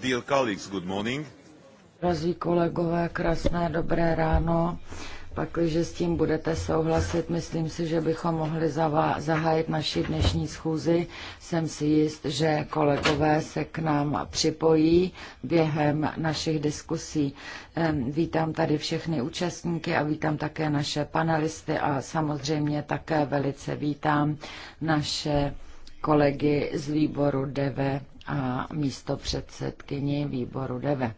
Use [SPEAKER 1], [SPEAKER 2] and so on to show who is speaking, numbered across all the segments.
[SPEAKER 1] Dear colleagues, good morning.
[SPEAKER 2] Drazí kolegové, krásné dobré ráno. Pak, když s tím budete souhlasit, myslím si, že bychom mohli zahájit naši dnešní schůzi. Jsem si jist, že kolegové se k nám připojí během našich diskusí. Vítám tady všechny účastníky a vítám také naše panelisty a samozřejmě také velice vítám naše kolegy z výboru DV a místo předsedkyni výboru DEVE.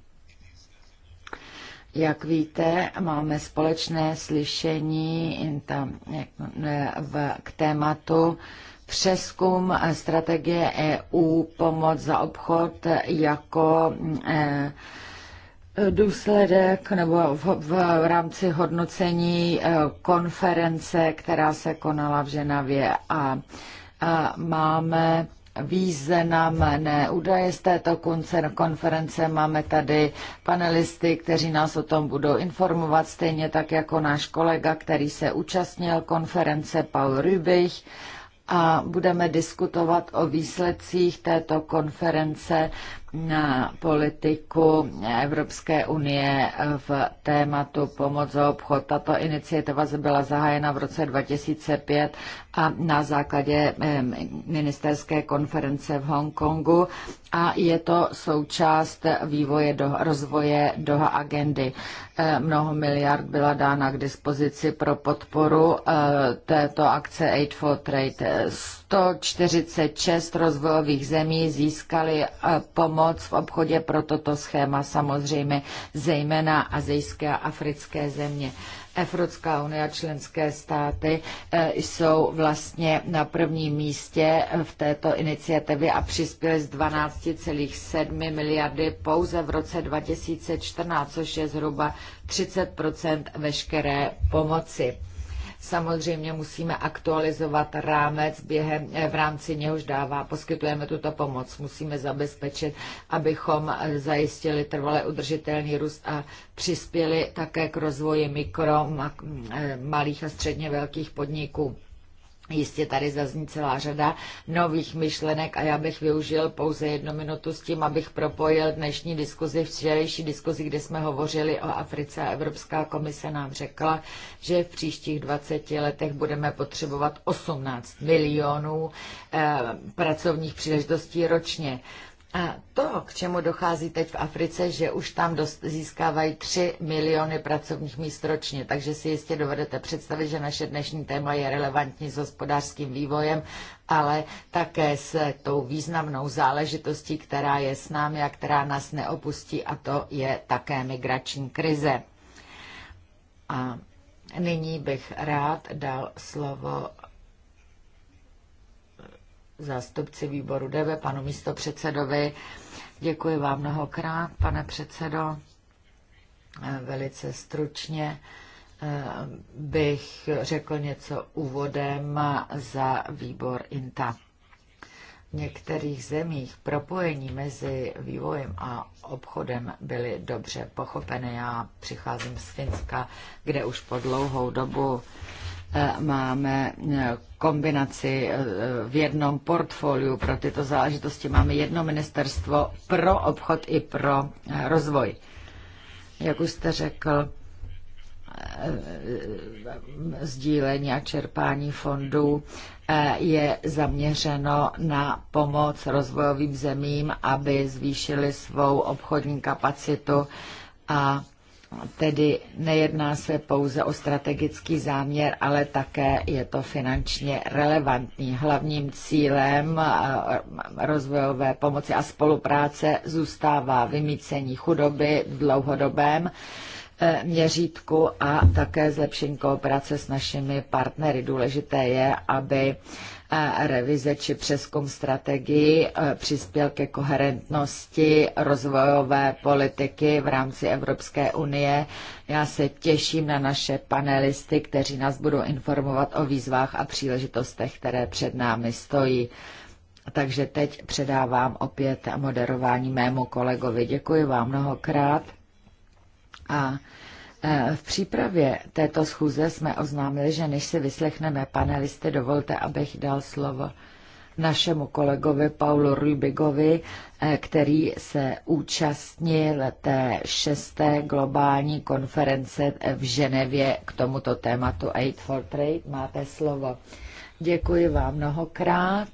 [SPEAKER 2] Jak víte, máme společné slyšení k tématu přeskum strategie EU pomoc za obchod jako eh, důsledek nebo v, v, v rámci hodnocení eh, konference, která se konala v Ženavě a, a máme významné údaje z této konference. Máme tady panelisty, kteří nás o tom budou informovat, stejně tak jako náš kolega, který se účastnil konference Paul Rübich a budeme diskutovat o výsledcích této konference na politiku Evropské unie v tématu pomoc za obchod. Tato iniciativa byla zahájena v roce 2005 a na základě ministerské konference v Hongkongu a je to součást vývoje do, rozvoje Doha agendy. E, mnoho miliard byla dána k dispozici pro podporu e, této akce Aid for Trade. 146 rozvojových zemí získali eh, pomoc v obchodě pro toto schéma, samozřejmě zejména azijské a africké země. Evropská unie a členské státy eh, jsou vlastně na prvním místě v této iniciativě a přispěly z 12,7 miliardy pouze v roce 2014, což je zhruba 30 veškeré pomoci. Samozřejmě musíme aktualizovat rámec, během, eh, v rámci něhož dává, poskytujeme tuto pomoc. Musíme zabezpečit, abychom eh, zajistili trvale udržitelný růst a přispěli také k rozvoji mikro, eh, malých a středně velkých podniků. Jistě tady zazní celá řada nových myšlenek a já bych využil pouze jednu minutu s tím, abych propojil dnešní diskuzi, včerejší diskuzi, kde jsme hovořili o Africe a Evropská komise nám řekla, že v příštích 20 letech budeme potřebovat 18 milionů eh, pracovních příležitostí ročně. Eh, a to, k čemu dochází teď v Africe, že už tam dost, získávají 3 miliony pracovních míst ročně, takže si jistě dovedete představit, že naše dnešní téma je relevantní s hospodářským vývojem, ale také s tou významnou záležitostí, která je s námi a která nás neopustí, a to je také migrační krize. A nyní bych rád dal slovo zástupci výboru DV, panu místopředsedovi. Děkuji vám mnohokrát, pane předsedo. Eh, velice stručně eh, bych řekl něco úvodem za výbor INTA. V některých zemích propojení mezi vývojem a obchodem byly dobře pochopeny. Já přicházím z Finska, kde už po dlouhou dobu Eh, máme eh, kombinaci eh, v jednom portfoliu pro tyto záležitosti. Máme jedno ministerstvo pro obchod i pro rozvoj. Jak už jste řekl, sdílení a čerpání fondů je zaměřeno na pomoc rozvojovým zemím, aby zvýšili svou obchodní kapacitu a Tedy nejedná se pouze o strategický záměr, ale také je to finančně relevantní. Hlavním cílem rozvojové pomoci a spolupráce zůstává vymícení chudoby v dlouhodobém e, měřítku a také zlepšení kooperace s našimi partnery. Důležité je, aby revize či přeskum strategii e, přispěl ke koherentnosti rozvojové politiky v rámci Evropské unie. Já se těším na naše panelisty, kteří nás budou informovat o výzvách a příležitostech, které před námi stojí. Takže teď předávám opět moderování mému kolegovi. Děkuji vám mnohokrát. A Eh, v přípravě této schůze jsme oznámili, že než si vyslechneme panelisty, dovolte, abych dal slovo našemu kolegovi Paulu Rubigovi, eh, který se účastnil té šesté globální konference v Ženevě k tomuto tématu Aid for Trade. Máte slovo. Děkuji vám mnohokrát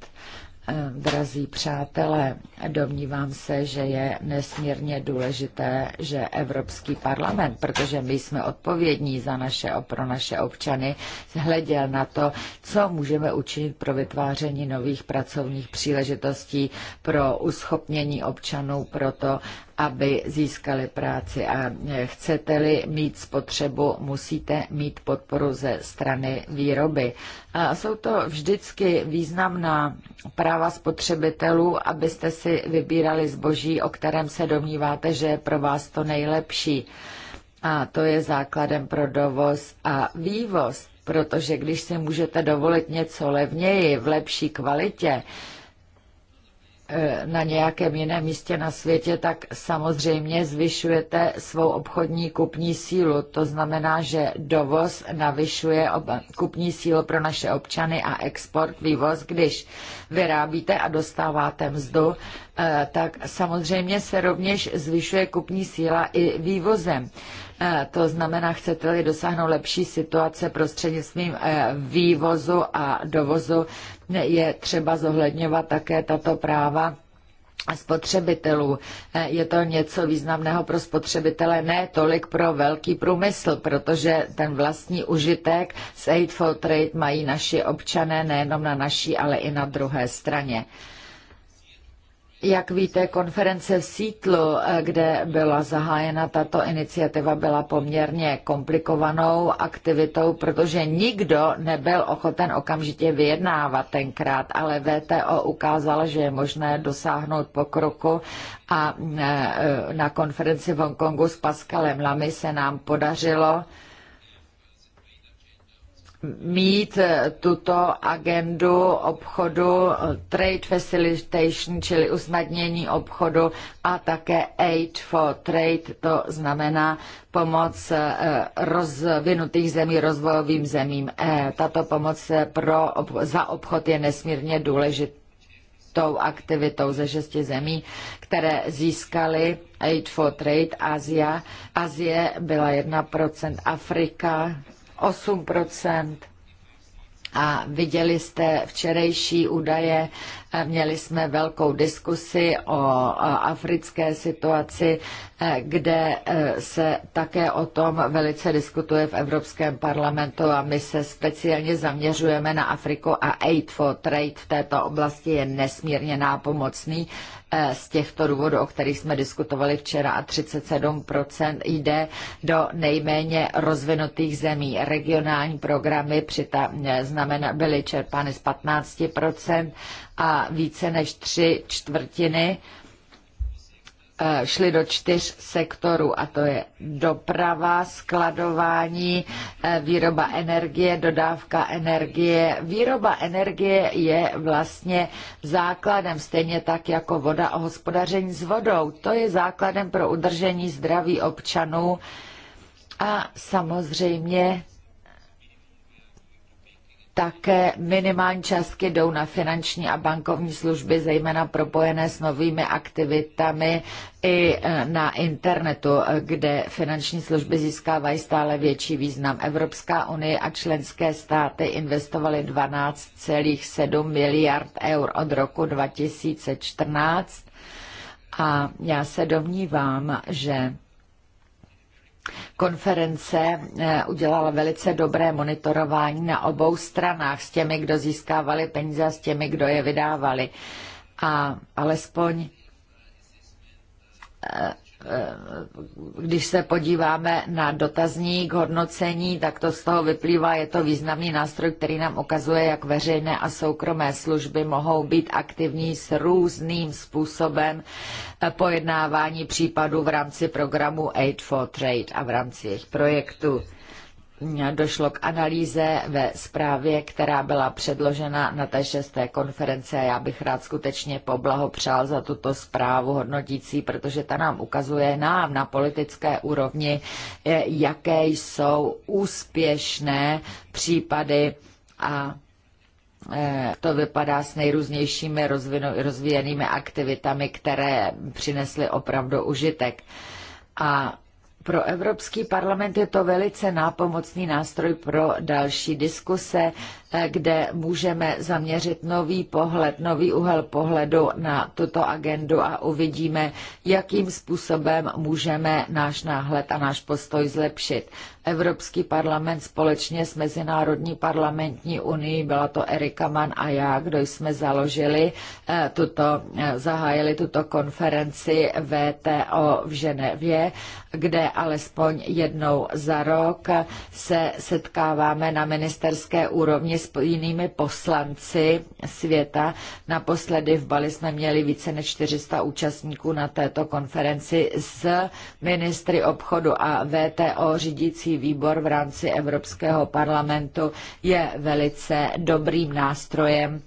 [SPEAKER 2] Eh, drazí přátelé, domnívám se, že je nesmírně důležité, že Evropský parlament, protože my jsme odpovědní za naše, pro naše občany, hleděl na to, co můžeme učinit pro vytváření nových pracovních příležitostí, pro uschopnění občanů, pro to, aby získali práci. A chcete-li mít spotřebu, musíte mít podporu ze strany výroby. A jsou to vždycky významná práva spotřebitelů, abyste si vybírali zboží, o kterém se domníváte, že je pro vás to nejlepší. A to je základem pro dovoz a vývoz, protože když si můžete dovolit něco levněji, v lepší kvalitě, E, na nějakém jiném místě na světě, tak samozřejmě zvyšujete svou obchodní kupní sílu. To znamená, že dovoz navyšuje kupní sílu pro naše občany a export, vývoz, když vyrábíte a dostáváte mzdu, e, tak samozřejmě se rovněž zvyšuje kupní síla i vývozem. Eh, to znamená, chcete-li dosáhnout lepší situace prostřednictvím eh, vývozu a dovozu, je třeba zohledňovat také tato práva spotřebitelů. Eh, je to něco významného pro spotřebitele, ne tolik pro velký průmysl, protože ten vlastní užitek z Aid for Trade mají naši občané nejenom na naší, ale i na druhé straně. Jak víte, konference v Sítlu, eh, kde byla zahájena tato iniciativa, byla poměrně komplikovanou aktivitou, protože nikdo nebyl ochoten okamžitě vyjednávat tenkrát, ale VTO ukázala, že je možné dosáhnout pokroku a eh, na konferenci v Hongkongu s Pascalem Lamy se nám podařilo mít eh, tuto agendu obchodu eh, Trade Facilitation, čili usnadnění obchodu a také Aid for Trade, to znamená pomoc eh, rozvinutých zemí rozvojovým zemím. Tato pomoc pro, za obchod je nesmírně důležitá. Tou aktivitou ze šesti zemí, které získaly Aid for Trade Asia. Azie byla 1%, Afrika 8 a viděli jste včerejší údaje Měli jsme velkou diskusi o africké situaci, eh, kde eh, se také o tom velice diskutuje v Evropském parlamentu a my se speciálně zaměřujeme na Afriku a Aid for Trade v této oblasti je nesmírně nápomocný eh, z těchto důvodů, o kterých jsme diskutovali včera, a 37% jde do nejméně rozvinutých zemí. Regionální programy přita, znamená, byly čerpány z 15% a více než tři čtvrtiny eh, šly do čtyř sektorů, a to je doprava, skladování, eh, výroba energie, dodávka energie. Výroba energie je vlastně základem, stejně tak jako voda a hospodaření s vodou. To je základem pro udržení zdraví občanů a samozřejmě také minimální částky jdou na finanční a bankovní služby, zejména propojené s novými aktivitami i e, na internetu, e, kde finanční služby získávají stále větší význam. Evropská unie a členské státy investovaly 12,7 miliard eur od roku 2014 a já se domnívám, že konference eh, udělala velice dobré monitorování na obou stranách s těmi, kdo získávali peníze a s těmi, kdo je vydávali. A alespoň eh, Eh, když se podíváme na dotazník hodnocení, tak to z toho vyplývá, je to významný nástroj, který nám ukazuje, jak veřejné a soukromé služby mohou být aktivní s různým způsobem eh, pojednávání případů v rámci programu Aid for Trade a v rámci jejich projektů došlo k analýze ve zprávě, která byla předložena na té šesté konferenci a já bych rád skutečně poblahopřál za tuto zprávu hodnotící, protože ta nám ukazuje nám na politické úrovni, eh, jaké jsou úspěšné případy a eh, to vypadá s nejrůznějšími rozvíjenými aktivitami, které přinesly opravdu užitek. A pro Evropský parlament je to velice nápomocný nástroj pro další diskuse, kde můžeme zaměřit nový pohled, nový úhel pohledu na tuto agendu a uvidíme, jakým způsobem můžeme náš náhled a náš postoj zlepšit. Evropský parlament společně s Mezinárodní parlamentní unii, byla to Erika Mann a já, kdo jsme založili eh, tuto, eh, zahájili tuto konferenci VTO v Ženevě, kde alespoň jednou za rok se setkáváme na ministerské úrovni s jinými poslanci světa. Naposledy v Bali jsme měli více než 400 účastníků na této konferenci s ministry obchodu a VTO řídící výbor v rámci Evropského parlamentu je velice dobrým nástrojem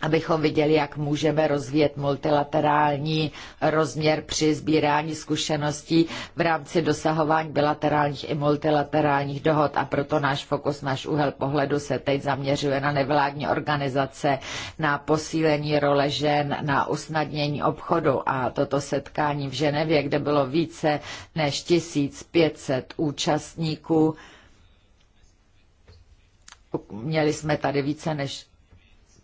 [SPEAKER 2] abychom viděli, jak můžeme rozvíjet multilaterální rozměr při sbírání zkušeností v rámci dosahování bilaterálních i multilaterálních dohod. A proto náš fokus, náš úhel pohledu se teď zaměřuje na nevládní organizace, na posílení role žen, na usnadnění obchodu. A toto setkání v Ženevě, kde bylo více než 1500 účastníků, Měli jsme tady více než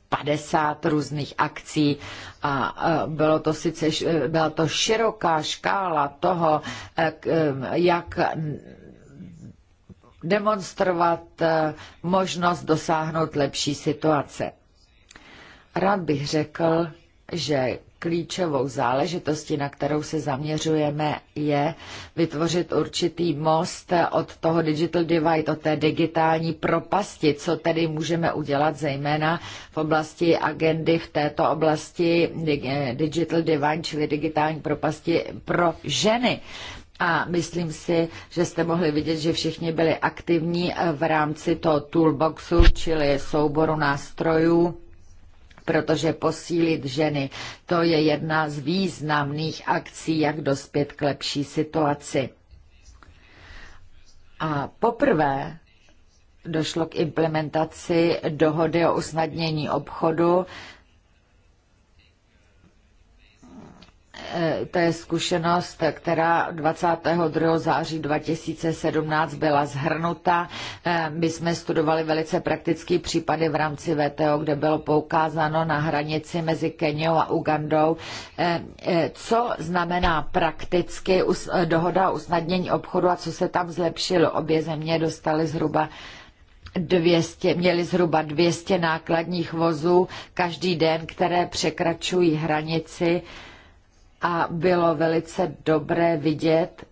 [SPEAKER 2] 50 různých akcí a bylo to sice, byla to široká škála toho, e, e, jak demonstrovat e, možnost dosáhnout lepší situace. Rád bych řekl, že klíčovou záležitostí, na kterou se zaměřujeme, je vytvořit určitý most od toho digital divide, od té digitální propasti, co tedy můžeme udělat zejména v oblasti agendy v této oblasti eh, digital divide, čili digitální propasti pro ženy. A myslím si, že jste mohli vidět, že všichni byli aktivní v rámci toho toolboxu, čili souboru nástrojů protože posílit ženy, to je jedna z významných akcí, jak dospět k lepší situaci. A poprvé došlo k implementaci dohody o usnadnění obchodu Eh, to je zkušenost, která 22. září 2017 byla zhrnuta. Eh, my jsme studovali velice praktické případy v rámci VTO, kde bylo poukázáno na hranici mezi Keniou a Ugandou, eh, co znamená prakticky dohoda o usnadnění obchodu a co se tam zlepšilo. Obě země dostaly zhruba 200, měli zhruba 200 nákladních vozů každý den, které překračují hranici a bylo velice dobré vidět,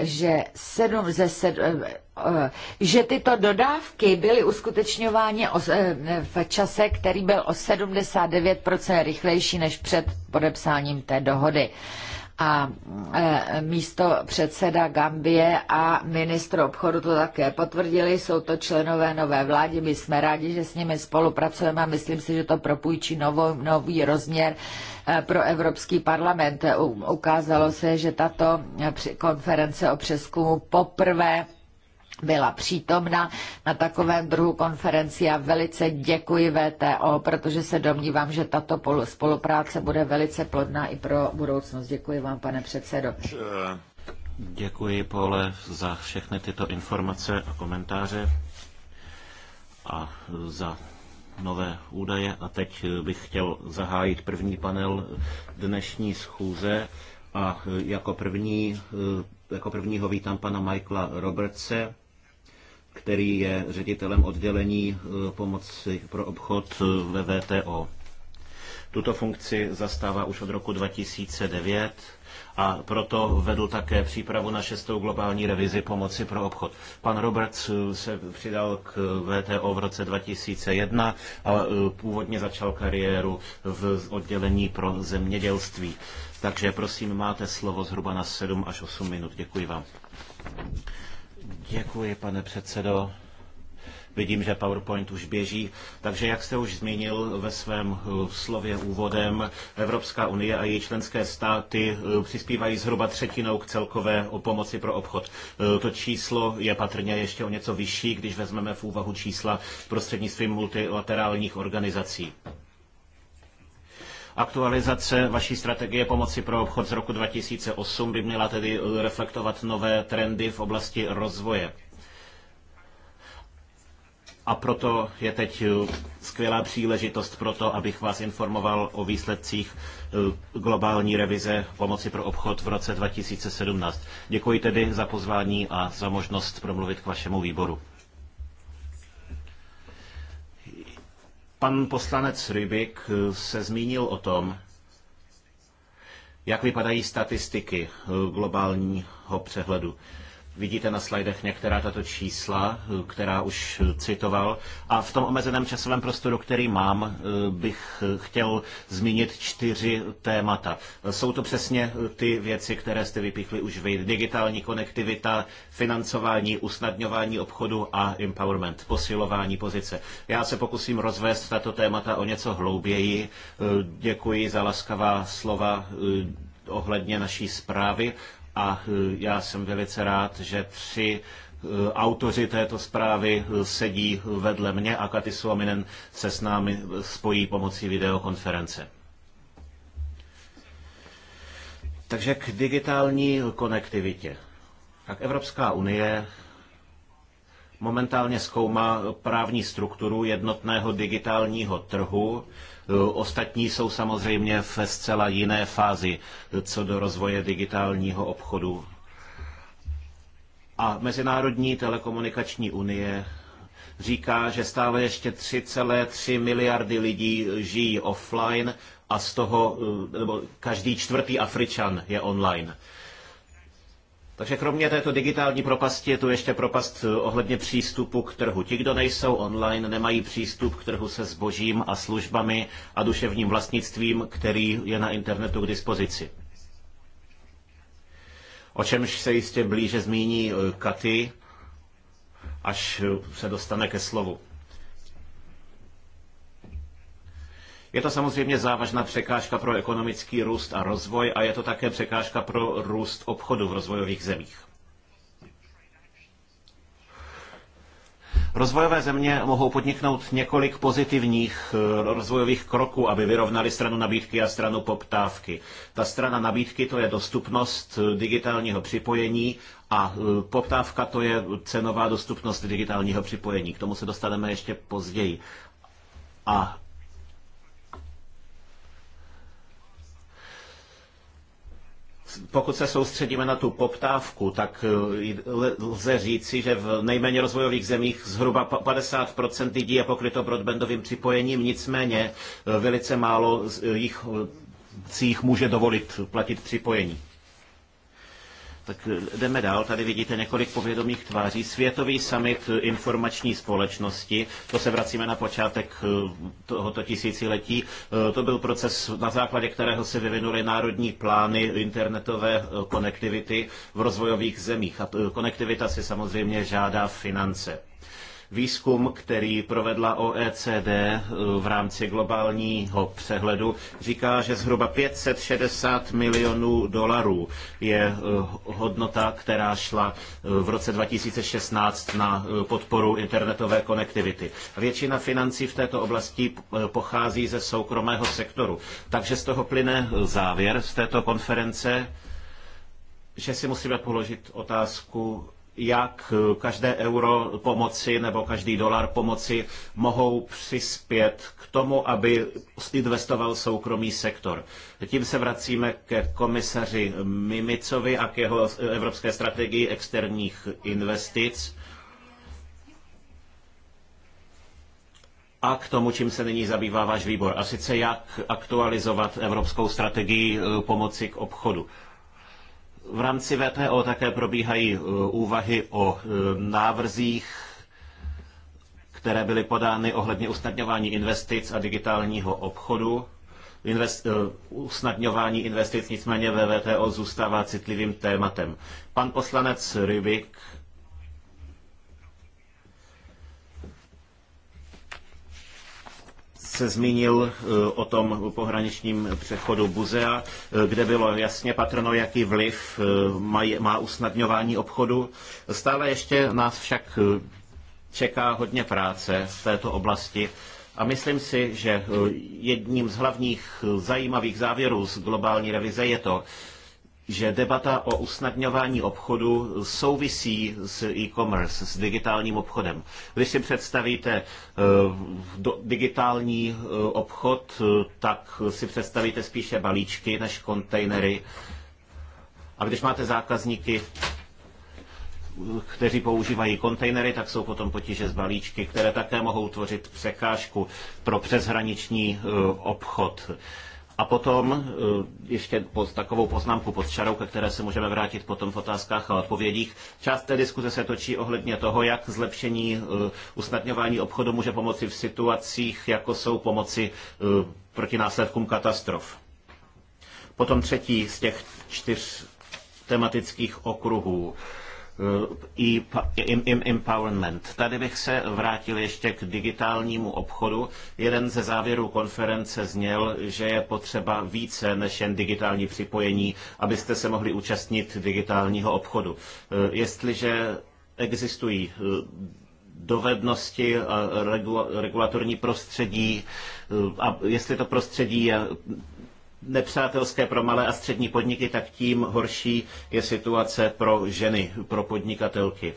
[SPEAKER 2] že, sedm ze sedm, eh, eh, že tyto dodávky byly uskutečňovány eh, v čase, který byl o 79% rychlejší než před podepsáním té dohody a e, místo předseda Gambie a ministr obchodu to také potvrdili. Jsou to členové nové vlády. My jsme rádi, že s nimi spolupracujeme a myslím si, že to propůjčí novou, nový rozměr e, pro Evropský parlament. E, ukázalo se, že tato konference o přeskumu poprvé byla přítomna na takovém druhu konferenci a velice děkuji VTO, protože se domnívám, že tato spolupráce bude velice plodná i pro budoucnost. Děkuji vám, pane předsedo.
[SPEAKER 1] Děkuji, Pole, za všechny tyto informace a komentáře a za nové údaje. A teď bych chtěl zahájit první panel dnešní schůze a jako první eh, jako prvního vítám pana Michaela Robertse, který je ředitelem oddělení e, pomoci pro obchod e, ve VTO. Tuto funkci zastává už od roku 2009 a proto vedl také přípravu na šestou globální revizi pomoci pro obchod. Pan Roberts e, se přidal k VTO v roce 2001 a původně začal kariéru v oddělení pro zemědělství. Takže prosím, máte slovo zhruba na 7 až 8 minut. Děkuji vám. Děkuji, pane předsedo. Vidím, že PowerPoint už běží. Takže jak jste už zmínil ve svém eh, slově úvodem, Evropská unie a její členské státy eh, přispívají zhruba třetinou k celkové pomoci pro obchod. Eh, to číslo je patrně ještě o něco vyšší, když vezmeme v úvahu čísla prostřednictvím multilaterálních organizací. Aktualizace vaší strategie pomoci pro obchod z roku 2008 by měla tedy reflektovat nové trendy v oblasti rozvoje. A proto je teď eh, skvělá příležitost pro to, abych vás informoval o výsledcích eh, globální revize pomoci pro obchod v roce 2017. Děkuji tedy za pozvání a za možnost promluvit k vašemu výboru. Pan poslanec Rybik eh, se zmínil o tom, jak vypadají statistiky eh, globálního přehledu. Vidíte na slajdech některá tato čísla, která už citoval. A v tom omezeném časovém prostoru, který mám, eh, bych chtěl zmínit čtyři témata. Jsou to přesně ty věci, které jste vypíchli už vy. Digitální konektivita, financování, usnadňování obchodu a empowerment, posilování pozice. Já se pokusím rozvést tato témata o něco hlouběji. Eh, děkuji za laskavá slova eh, ohledně naší zprávy a eh, já jsem velice rád, že tři eh, autoři této zprávy eh, sedí vedle mě a Katy Suominen se s námi spojí pomocí videokonference. Takže k digitální konektivitě. Tak Evropská unie momentálně zkoumá právní strukturu jednotného digitálního trhu Ostatní jsou samozřejmě ve zcela jiné fázi co do rozvoje digitálního obchodu. A Mezinárodní telekomunikační unie říká, že stále ještě 3,3 miliardy lidí žijí offline a z toho eh, nebo každý čtvrtý Afričan je online. Takže kromě této digitální propasti je tu ještě propast ohledně přístupu k trhu. Ti, kdo nejsou online, nemají přístup k trhu se zbožím a službami a duševním vlastnictvím, který je na internetu k dispozici. O čemž se jistě blíže zmíní eh, Katy, až se dostane ke slovu. Je to samozřejmě závažná překážka pro ekonomický růst a rozvoj a je to také překážka pro růst obchodu v rozvojových zemích. Rozvojové země mohou podniknout několik pozitivních eh, rozvojových kroků, aby vyrovnali stranu nabídky a stranu poptávky. Ta strana nabídky to je dostupnost eh, digitálního připojení a eh, poptávka to je cenová dostupnost digitálního připojení. K tomu se dostaneme ještě později. A pokud se soustředíme na tu poptávku, tak eh, lze říci, že v nejméně rozvojových zemích zhruba 50% lidí je pokryto broadbandovým připojením, nicméně eh, velice málo jich, eh, si jich může dovolit platit připojení. Tak eh, jdeme dál. Tady vidíte několik povědomých tváří. Světový summit eh, informační společnosti. To se vracíme na počátek eh, tohoto tisíciletí. To byl proces, na základě kterého se vyvinuly národní plány internetové konektivity v rozvojových zemích. A konektivita si samozřejmě žádá finance. Výzkum, který provedla OECD eh, v rámci globálního přehledu, říká, že zhruba 560 milionů dolarů je eh, hodnota, která šla eh, v roce 2016 na podporu internetové konektivity. Většina financí v této oblasti pochází ze soukromého sektoru. Takže z toho plyne závěr z této konference, že si musíme položit otázku, jak každé euro pomoci nebo každý dolar pomoci mohou přispět k tomu, aby investoval soukromý sektor. Tím se vracíme ke komisaři Mimicovi a k jeho evropské strategii externích investic a k tomu, čím se nyní zabývá váš výbor. A sice jak aktualizovat evropskou strategii eh, pomoci k obchodu. V rámci VTO také probíhají e, úvahy o e, návrzích, které byly podány ohledně usnadňování investic a digitálního obchodu. Invest, e, usnadňování investic nicméně ve VTO zůstává citlivým tématem. Pan poslanec Rybik se zmínil e, o tom pohraničním přechodu Buzea, e, kde bylo jasně patrno, jaký vliv e, má usnadňování obchodu. Stále ještě nás však čeká hodně práce v této oblasti. A myslím si, že jedním z hlavních zajímavých závěrů z globální revize je to, že debata o usnadňování obchodu souvisí s e-commerce, s digitálním obchodem. Když si představíte eh, digitální eh, obchod, eh, tak si představíte spíše balíčky než kontejnery. A když máte zákazníky, kteří používají kontejnery, tak jsou potom potíže z balíčky, které také mohou tvořit překážku pro přeshraniční obchod. A potom eh, ještě pod takovou poznámku pod čarou, ke které se můžeme vrátit potom v otázkách a odpovědích. Část té diskuze se točí ohledně toho, jak zlepšení eh, usnadňování obchodu může pomoci v situacích, jako jsou pomoci eh, proti následkům katastrof. Potom třetí z těch čtyř tematických okruhů empowerment. Tady bych se vrátil ještě k digitálnímu obchodu. Jeden ze závěrů konference zněl, že je potřeba více než jen digitální připojení, abyste se mohli účastnit digitálního obchodu. Eh, jestliže existují eh, dovednosti a regulatorní prostředí eh, a jestli to prostředí je nepřátelské pro malé a střední podniky, tak tím horší je situace pro ženy, pro podnikatelky.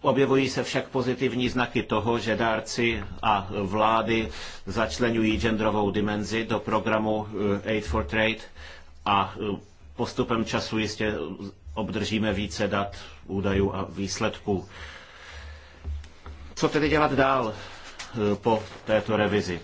[SPEAKER 1] Objevují se však pozitivní znaky toho, že dárci a vlády začlenují genderovou dimenzi do programu eh, Aid for Trade a eh, postupem času jistě obdržíme více dat, údajů a výsledků. Co tedy dělat dál eh, po této revizi?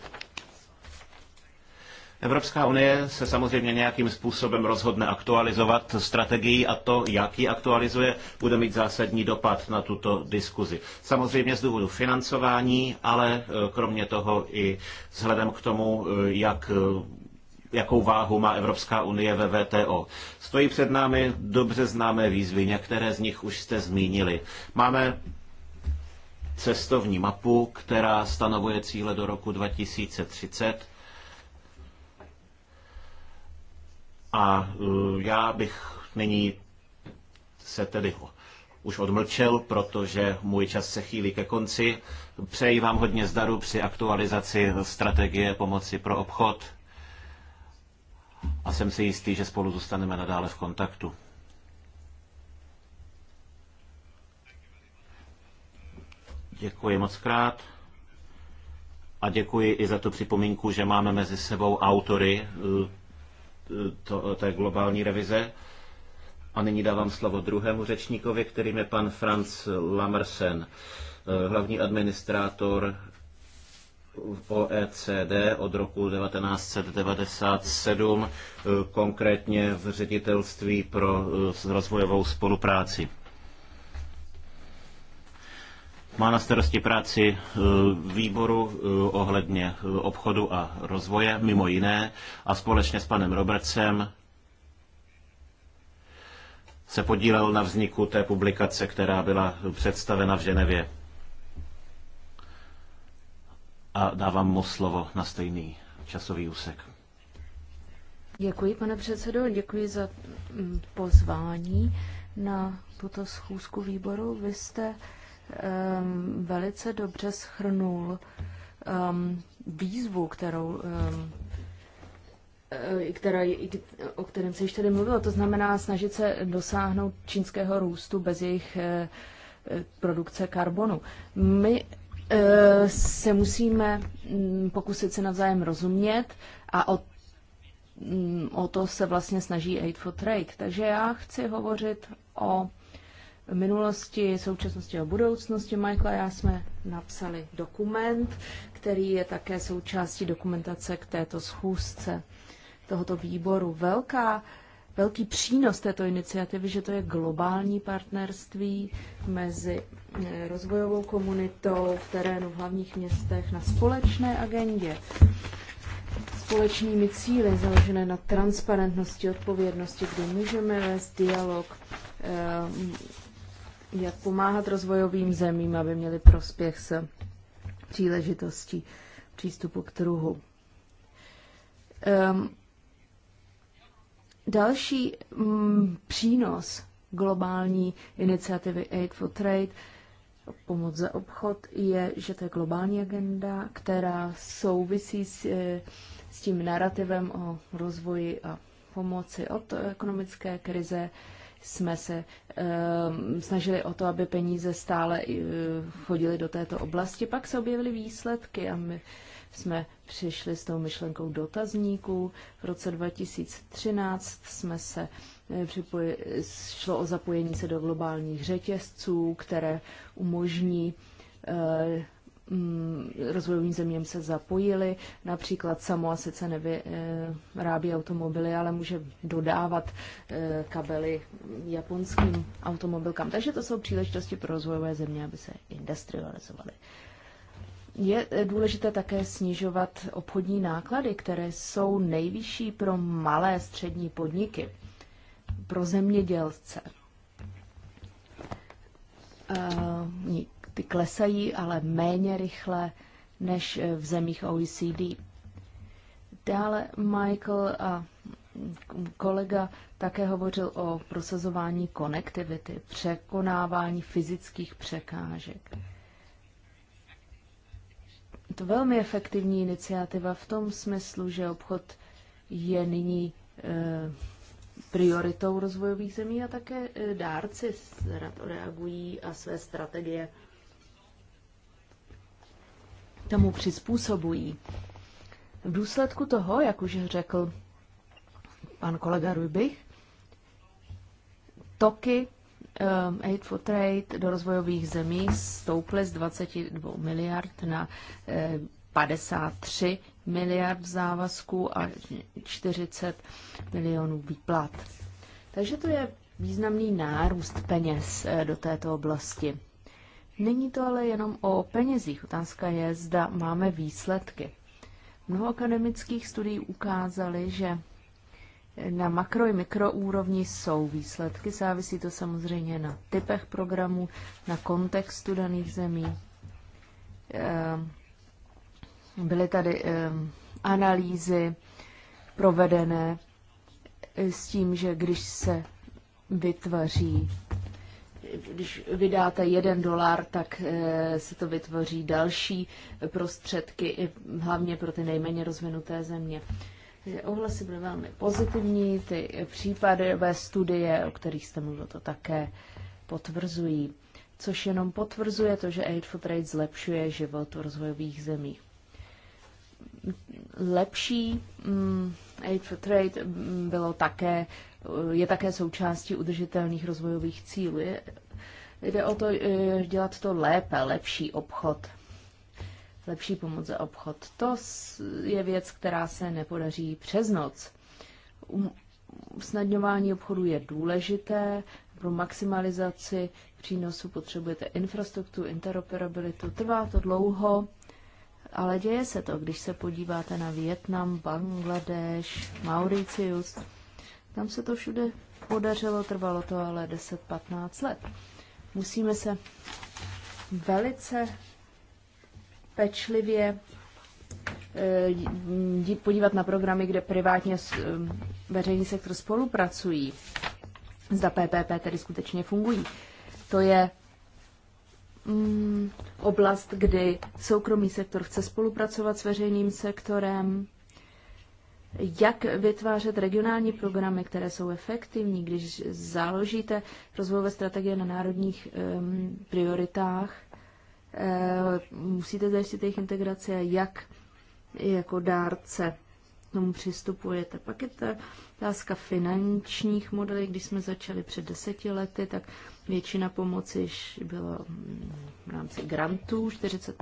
[SPEAKER 1] Evropská unie se samozřejmě nějakým způsobem rozhodne aktualizovat strategii a to, jak ji aktualizuje, bude mít zásadní dopad na tuto diskuzi. Samozřejmě z důvodu financování, ale e, kromě toho i vzhledem k tomu, e, jak e, jakou váhu má Evropská unie ve VTO. Stojí před námi dobře známé výzvy, některé z nich už jste zmínili. Máme cestovní mapu, která stanovuje cíle do roku 2030 A e, já bych nyní se tedy už odmlčel, protože můj čas se chýlí ke konci. Přeji vám hodně zdaru při aktualizaci strategie pomoci pro obchod a jsem si jistý, že spolu zůstaneme nadále v kontaktu. Děkuji moc krát. A děkuji i za tu připomínku, že máme mezi sebou autory e, to, té globální revize. A nyní dávám slovo druhému řečníkovi, kterým je pan Franz Lamersen, eh, hlavní administrátor OECD od roku 1997, eh, konkrétně v ředitelství pro eh, rozvojovou spolupráci má na starosti práci eh, výboru eh, ohledně eh, obchodu a rozvoje, mimo jiné, a společně s panem Robertsem se podílel na vzniku té publikace, která byla představena v Ženevě. A dávám mu slovo na stejný časový úsek.
[SPEAKER 3] Děkuji, pane předsedo, děkuji za mm, pozvání na tuto schůzku výboru. Vy jste um, velice dobře schrnul um, výzvu, kterou, um, eh, která, o kterém se již tady mluvilo, to znamená snažit se dosáhnout čínského růstu bez jejich uh, produkce karbonu. My uh, se musíme um, pokusit se navzájem rozumět a o mm, o to se vlastně snaží Aid for Trade. Takže já chci hovořit o minulosti, současnosti a budoucnosti. Michael a já jsme napsali dokument, který je také součástí dokumentace k této schůzce tohoto výboru. Velká, velký přínos této iniciativy, že to je globální partnerství mezi eh, rozvojovou komunitou v terénu v hlavních městech na společné agendě společnými cíly založené na transparentnosti, odpovědnosti, kdy můžeme vést dialog, eh, jak pomáhat rozvojovým zemím, aby měli prospěch s příležitostí přístupu k trhu. Um, další um, přínos globální iniciativy Aid for Trade, pomoc za obchod, je, že to je globální agenda, která souvisí s, e, s tím narrativem o rozvoji a pomoci od ekonomické krize jsme se ehm, snažili o to, aby peníze stále e, chodily do této oblasti. Pak se objevily výsledky a my jsme přišli s tou myšlenkou dotazníků. V roce 2013 jsme se e, připoji, šlo o zapojení se do globálních řetězců, které umožní e, Mm, rozvojovým zemím se zapojili. Například Samoa sice nevyrábí automobily, ale může dodávat eh, kabely japonským automobilkám. Takže to jsou příležitosti pro rozvojové země, aby se industrializovaly. Je eh, důležité také snižovat obchodní náklady, které jsou nejvyšší pro malé střední podniky, pro zemědělce. Uh, ty klesají, ale méně rychle než eh, v zemích OECD. Dále Michael a kolega také hovořil o prosazování konektivity, překonávání fyzických překážek. To velmi efektivní iniciativa v tom smyslu, že obchod je nyní eh, prioritou rozvojových zemí a také eh, dárci reagují a své strategie tomu přizpůsobují. V důsledku toho, jak už řekl pan kolega Rubich, toky um, Aid for Trade do rozvojových zemí stouply z 22 miliard na eh, 53 miliard závazků a 40 milionů výplat. Takže to je významný nárůst peněz eh, do této oblasti. Není to ale jenom o penězích. Otázka je, zda máme výsledky. Mnoho akademických studií ukázaly, že na makro i mikroúrovni jsou výsledky, závisí to samozřejmě na typech programů, na kontextu daných zemí. Ehm, byly tady ehm, analýzy provedené s tím, že když se vytvoří když vydáte jeden dolar, tak eh, se to vytvoří další prostředky, hlavně pro ty nejméně rozvinuté země. Takže eh, Ohlasy byly velmi pozitivní, ty případové studie, o kterých jste mluvil, to také potvrzují, což jenom potvrzuje to, že Aid for Trade zlepšuje život v rozvojových zemích. Lepší mm, Aid for Trade mm, bylo také je také součástí udržitelných rozvojových cílů. Je, jde o to e, dělat to lépe, lepší obchod, lepší pomoc za obchod. To je věc, která se nepodaří přes noc. Um, usnadňování obchodu je důležité, pro maximalizaci přínosu potřebujete infrastrukturu, interoperabilitu. Trvá to dlouho, ale děje se to, když se podíváte na Větnam, Bangladeš, Mauricius. Tam se to všude podařilo, trvalo to ale 10-15 let. Musíme se velice pečlivě eh, podívat na programy, kde privátně eh, veřejný sektor spolupracují. Zda PPP tedy skutečně fungují. To je mm, oblast, kdy soukromý sektor chce spolupracovat s veřejným sektorem jak vytvářet regionální programy, které jsou efektivní, když založíte rozvojové strategie na národních um, prioritách, um, musíte zajistit jejich integraci a jak jako dárce k tomu přistupujete. Pak je ta otázka finančních modelů. Když jsme začali před deseti lety, tak Většina pomoci byla mm, v rámci grantů, 40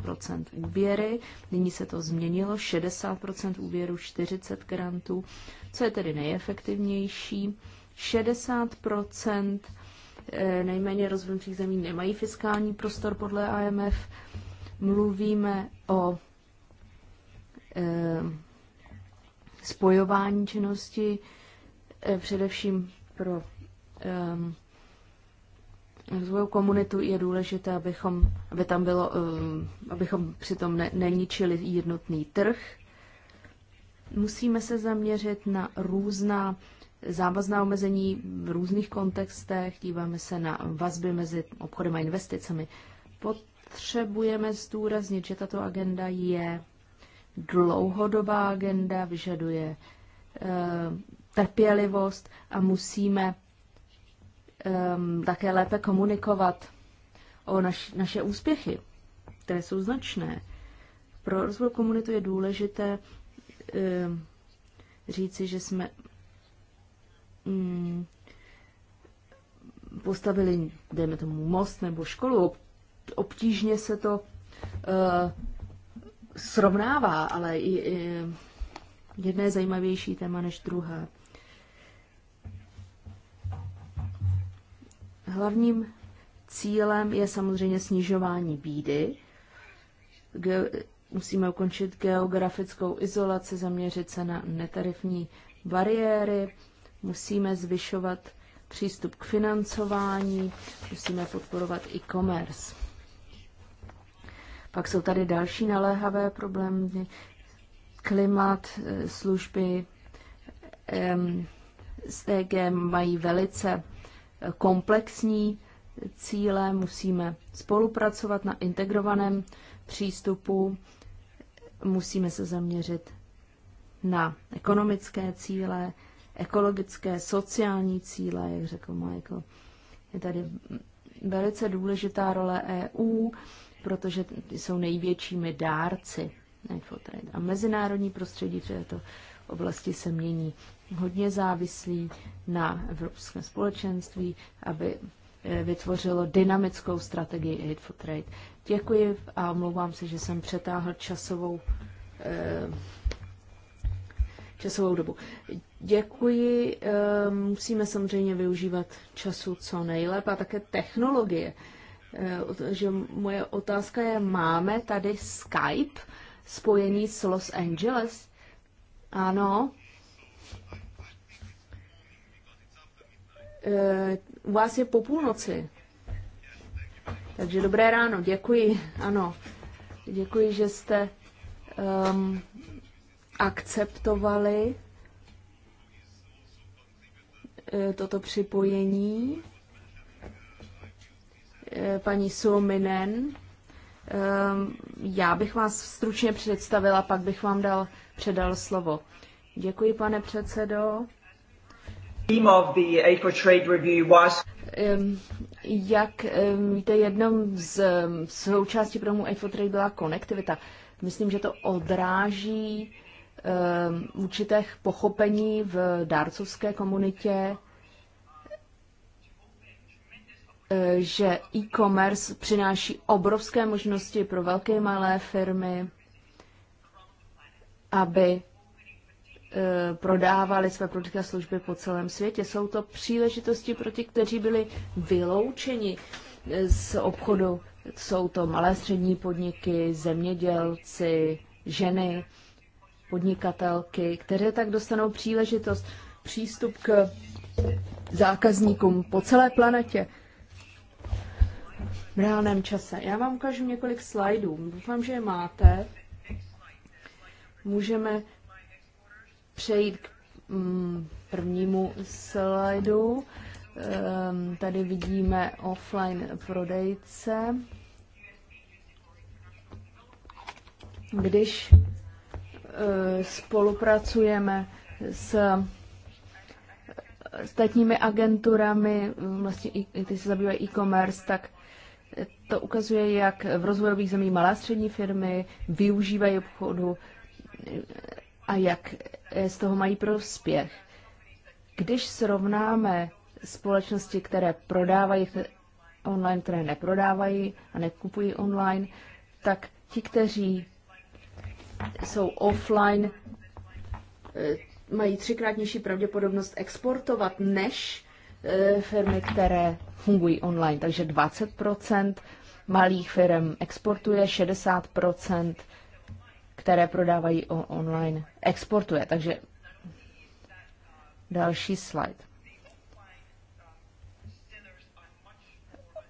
[SPEAKER 3] úvěry, nyní se to změnilo, 60 úvěru, 40 grantů, co je tedy nejefektivnější. 60 eh, nejméně rozvinutých zemí nemají fiskální prostor podle AMF Mluvíme o eh, spojování činnosti, eh, především pro rozvojovou komunitu je důležité, abychom, aby tam bylo, um, abychom přitom ne, neničili jednotný trh. Musíme se zaměřit na různá závazná omezení v různých kontextech, díváme se na vazby mezi obchodem a investicemi. Potřebujeme zdůraznit, že tato agenda je dlouhodobá agenda, vyžaduje e, trpělivost a musíme um, také lépe komunikovat o naš, naše úspěchy, které jsou značné. Pro rozvoj komunity je důležité um, říci, že jsme um, postavili, dejme tomu, most nebo školu. Obtížně se to uh, srovnává, ale i, i jedné zajímavější téma než druhé. Hlavním cílem je samozřejmě snižování bídy. Ge- musíme ukončit geografickou izolaci, zaměřit se na netarifní bariéry, musíme zvyšovat přístup k financování, musíme podporovat e-commerce. Pak jsou tady další naléhavé problémy, klimat, eh, služby, STG mají velice komplexní cíle, musíme spolupracovat na integrovaném přístupu, musíme se zaměřit na ekonomické cíle, ekologické, sociální cíle, jak řekl Michael. Je tady velice důležitá role EU, protože jsou největšími dárci. A mezinárodní prostředí v této oblasti se mění hodně závislí na evropském společenství, aby eh, vytvořilo dynamickou strategii Aid for Trade. Děkuji a omlouvám se, že jsem přetáhl časovou, eh, časovou dobu. Děkuji. Eh, musíme samozřejmě využívat času co nejlépe a také technologie. Že moje otázka je, máme tady Skype spojený s Los Angeles? Ano, Eh, u vás je po půlnoci. Takže dobré ráno, děkuji, ano. Děkuji, že jste um, akceptovali eh, toto připojení. Eh, paní Suominen, ehm, já bych vás stručně představila, pak bych vám dal, předal slovo. Děkuji, pane předsedo. Jak víte, jednou z součástí programu Aid for Trade byla konektivita. Myslím, že to odráží um, určitých pochopení v dárcovské komunitě, e, že e-commerce přináší obrovské možnosti pro velké malé firmy, aby Eh, prodávali své produkty a služby po celém světě. Jsou to příležitosti pro ty, kteří byli vyloučeni eh, z obchodu. Jsou to malé střední podniky, zemědělci, ženy, podnikatelky, které tak dostanou příležitost, přístup k zákazníkům po celé planetě v reálném čase. Já vám ukážu několik slajdů. Doufám, že je máte. Můžeme přejít k mm, prvnímu slajdu. Ehm, tady vidíme offline prodejce. Když eh, spolupracujeme s eh, ostatními agenturami, vlastně ty se zabývají e-commerce, tak to ukazuje, jak v rozvojových zemích malé střední firmy využívají obchodu a jak eh, z toho mají prospěch. Když srovnáme společnosti, které prodávají online, které neprodávají a nekupují online, tak ti, kteří jsou offline, eh, mají třikrát nižší pravděpodobnost exportovat než eh, firmy, které fungují online. Takže 20 malých firm exportuje, 60 které prodávají online, exportuje. Takže další slide.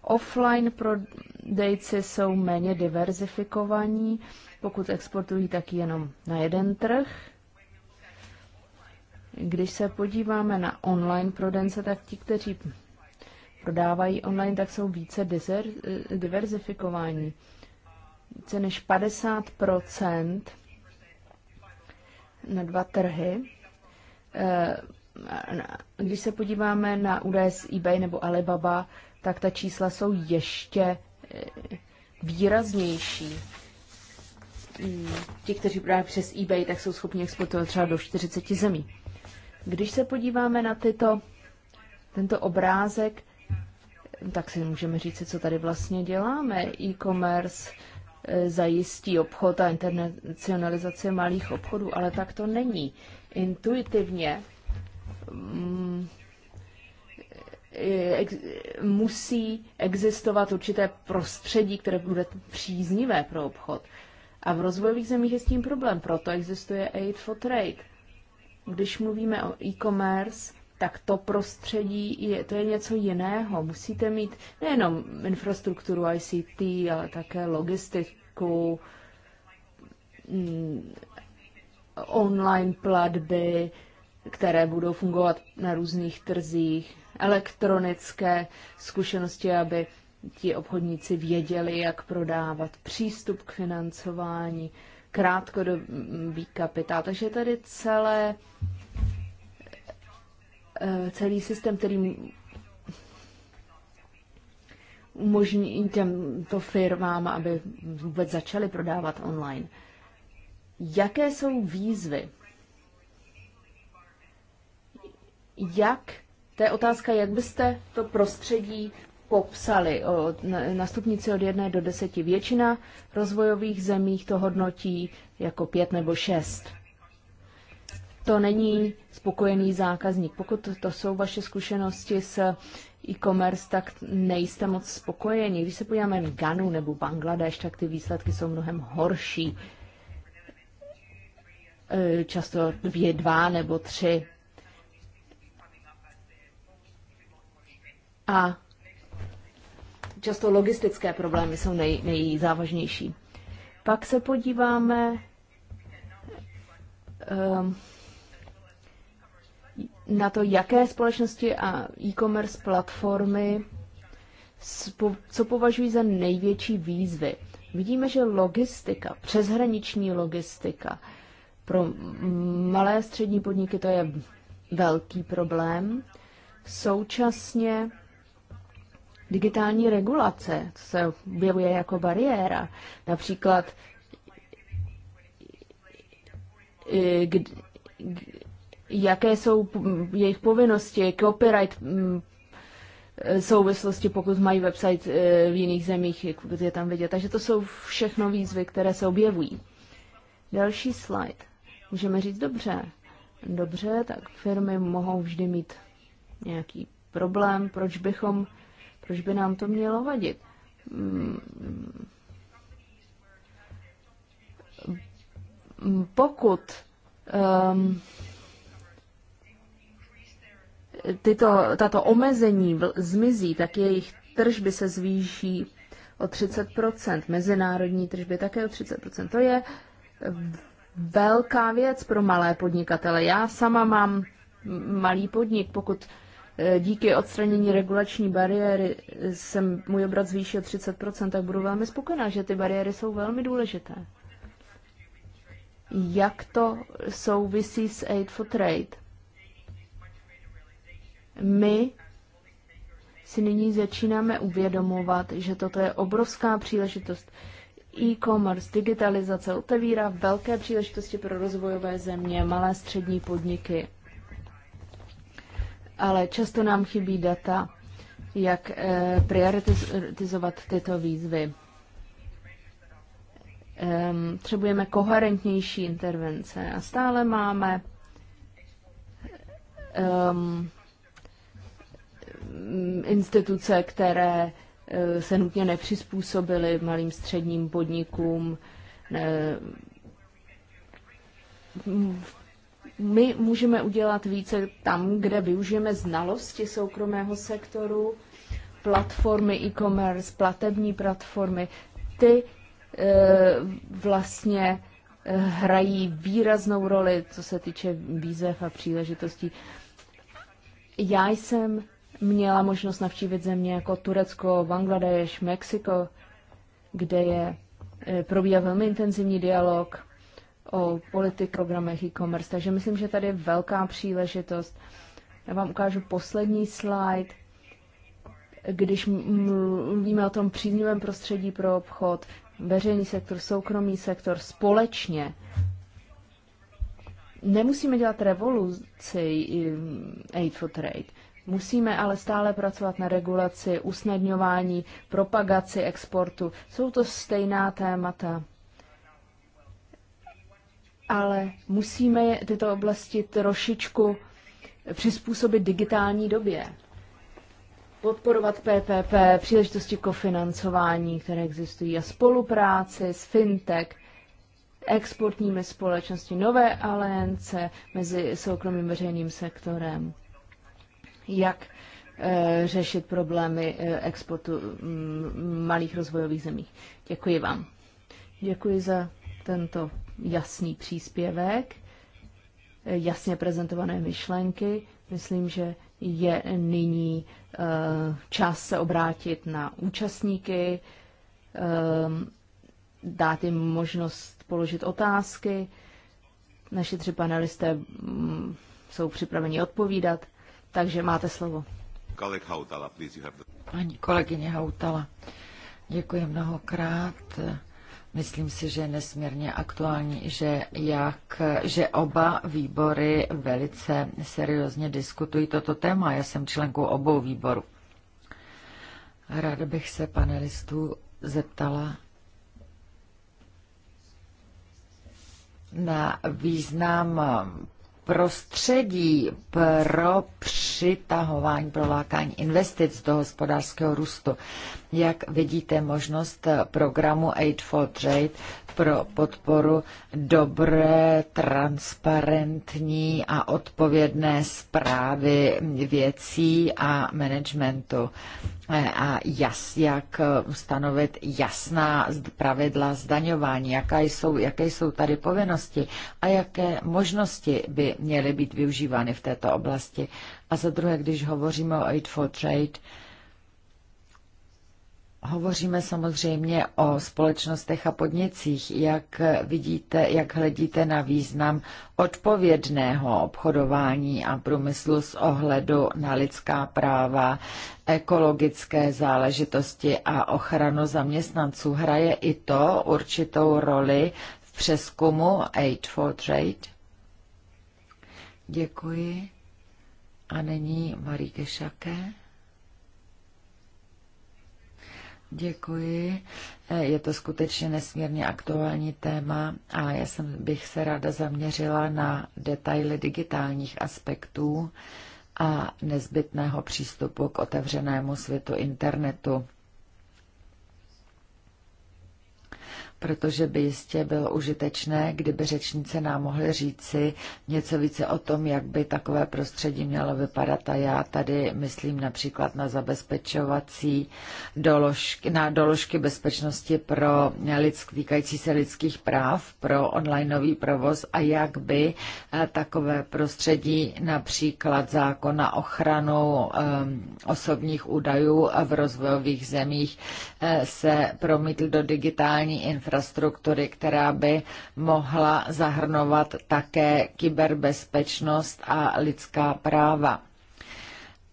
[SPEAKER 3] Offline prodejci jsou méně diverzifikovaní, pokud exportují tak jenom na jeden trh. Když se podíváme na online prodence, tak ti, kteří prodávají online, tak jsou více diverzifikováni více než 50 na dva trhy. Eh, když se podíváme na údaje z eBay nebo Alibaba, tak ta čísla jsou ještě eh, výraznější. Ti, kteří právě přes eBay, tak jsou schopni exportovat třeba do 40 zemí. Když se podíváme na tyto, tento obrázek, tak si můžeme říct, co tady vlastně děláme. E-commerce, zajistí obchod a internacionalizace malých obchodů, ale tak to není. Intuitivně mm, ex, musí existovat určité prostředí, které bude příznivé pro obchod. A v rozvojových zemích je s tím problém, proto existuje Aid for Trade. Když mluvíme o e-commerce, tak to prostředí, je, to je něco jiného. Musíte mít nejenom infrastrukturu ICT, ale také logistiku, mm, online platby, které budou fungovat na různých trzích, elektronické zkušenosti, aby ti obchodníci věděli, jak prodávat, přístup k financování, krátkodobý kapitál. Takže tady celé Eh, celý systém, který umožní těmto firmám, aby vůbec začaly prodávat online. Jaké jsou výzvy? Jak, to je otázka, jak byste to prostředí popsali od, na, na stupnici od 1 do 10. Většina rozvojových zemích to hodnotí jako 5 nebo 6 to není spokojený zákazník. Pokud to jsou vaše zkušenosti s e-commerce, tak nejste moc spokojeni. Když se podíváme na Ganu nebo Bangladeš, tak ty výsledky jsou mnohem horší. E, často dvě, dva nebo tři. A často logistické problémy jsou nej, nejzávažnější. Pak se podíváme um, na to, jaké společnosti a e-commerce platformy co považují za největší výzvy. Vidíme, že logistika, přeshraniční logistika, pro malé a střední podniky to je velký problém. Současně digitální regulace se objevuje jako bariéra. Například jaké jsou jejich povinnosti, copyright e, souvislosti, pokud mají website e, v jiných zemích, pokud je tam vidět. Takže to jsou všechno výzvy, které se objevují. Další slide. Můžeme říct dobře. Dobře, tak firmy mohou vždy mít nějaký problém, proč bychom, proč by nám to mělo vadit. Pokud um, tyto, tato omezení zmizí, tak jejich tržby se zvýší o 30 mezinárodní tržby také o 30 To je velká věc pro malé podnikatele. Já sama mám malý podnik, pokud eh, díky odstranění regulační bariéry jsem můj obrat zvýšil 30 tak budu velmi spokojená, že ty bariéry jsou velmi důležité. Jak to souvisí s Aid for Trade? My si nyní začínáme uvědomovat, že toto je obrovská příležitost. E-commerce, digitalizace otevírá velké příležitosti pro rozvojové země, malé střední podniky. Ale často nám chybí data, jak eh, prioritizovat tyto výzvy. Ehm, třebujeme koherentnější intervence a stále máme um, Mm, instituce, které eh, se nutně nepřizpůsobily malým středním podnikům. Mm, my můžeme udělat více tam, kde využijeme znalosti soukromého sektoru, platformy e-commerce, platební platformy. Ty eh, vlastně eh, hrají výraznou roli, co se týče výzev a příležitostí. Já jsem měla možnost navštívit země jako Turecko, Bangladeš, Mexiko, kde je, e, probíhá velmi intenzivní dialog o politik, programech e-commerce. Takže myslím, že tady je velká příležitost. Já vám ukážu poslední slide. Když mluvíme o tom příznivém prostředí pro obchod, veřejný sektor, soukromý sektor společně, nemusíme dělat revoluci Aid for Trade Musíme ale stále pracovat na regulaci, usnadňování, propagaci exportu. Jsou to stejná témata. Ale musíme tyto oblasti trošičku přizpůsobit digitální době. Podporovat PPP, příležitosti kofinancování, které existují, a spolupráci s fintech, exportními společnosti, nové aliance mezi soukromým veřejným sektorem jak eh, řešit problémy eh, exportu mm, malých rozvojových zemí. Děkuji vám. Děkuji za tento jasný příspěvek, eh, jasně prezentované myšlenky. Myslím, že je nyní čas se obrátit na účastníky, dát jim možnost položit otázky. Naši tři panelisté mm, jsou připraveni odpovídat. Takže máte slovo. Paní kolegyně
[SPEAKER 2] Hautala, děkuji mnohokrát. Myslím si, že je nesmírně aktuální, že, jak, že oba výbory velice seriózně diskutují toto téma. Já jsem členkou obou výborů. Ráda bych se panelistů zeptala na význam prostředí pro přitahování, pro lákání investic do hospodářského růstu. Jak vidíte možnost programu Aid for Trade pro podporu dobré, transparentní a odpovědné zprávy věcí a managementu a jas, jak stanovit jasná pravidla zdaňování, jaká jsou, jaké jsou tady povinnosti a jaké možnosti by měly být využívány v této oblasti. A za druhé, když hovoříme o Aid for Trade, Hovoříme samozřejmě o společnostech a podnicích. Jak vidíte, jak hledíte na význam odpovědného obchodování a průmyslu s ohledu na lidská práva, ekologické záležitosti a ochranu zaměstnanců? Hraje i to určitou roli v přeskumu Aid for Trade? Děkuji. A nyní Marie Šaké? Děkuji. E, je to skutečně nesmírně aktuální téma a já jsem, bych se ráda zaměřila na detaily digitálních aspektů a nezbytného přístupu k otevřenému světu internetu. protože by jistě bylo užitečné, kdyby řečnice nám mohly říci něco více o tom, jak by takové prostředí mělo vypadat. A já tady myslím například na zabezpečovací doložky, na doložky bezpečnosti pro lidsk, týkající se lidských práv pro onlineový provoz a jak by eh, takové prostředí například zákon na ochranu um, osobních údajů v rozvojových zemích eh, se promítl do digitální informace infrastruktury, která by mohla zahrnovat také kyberbezpečnost a lidská práva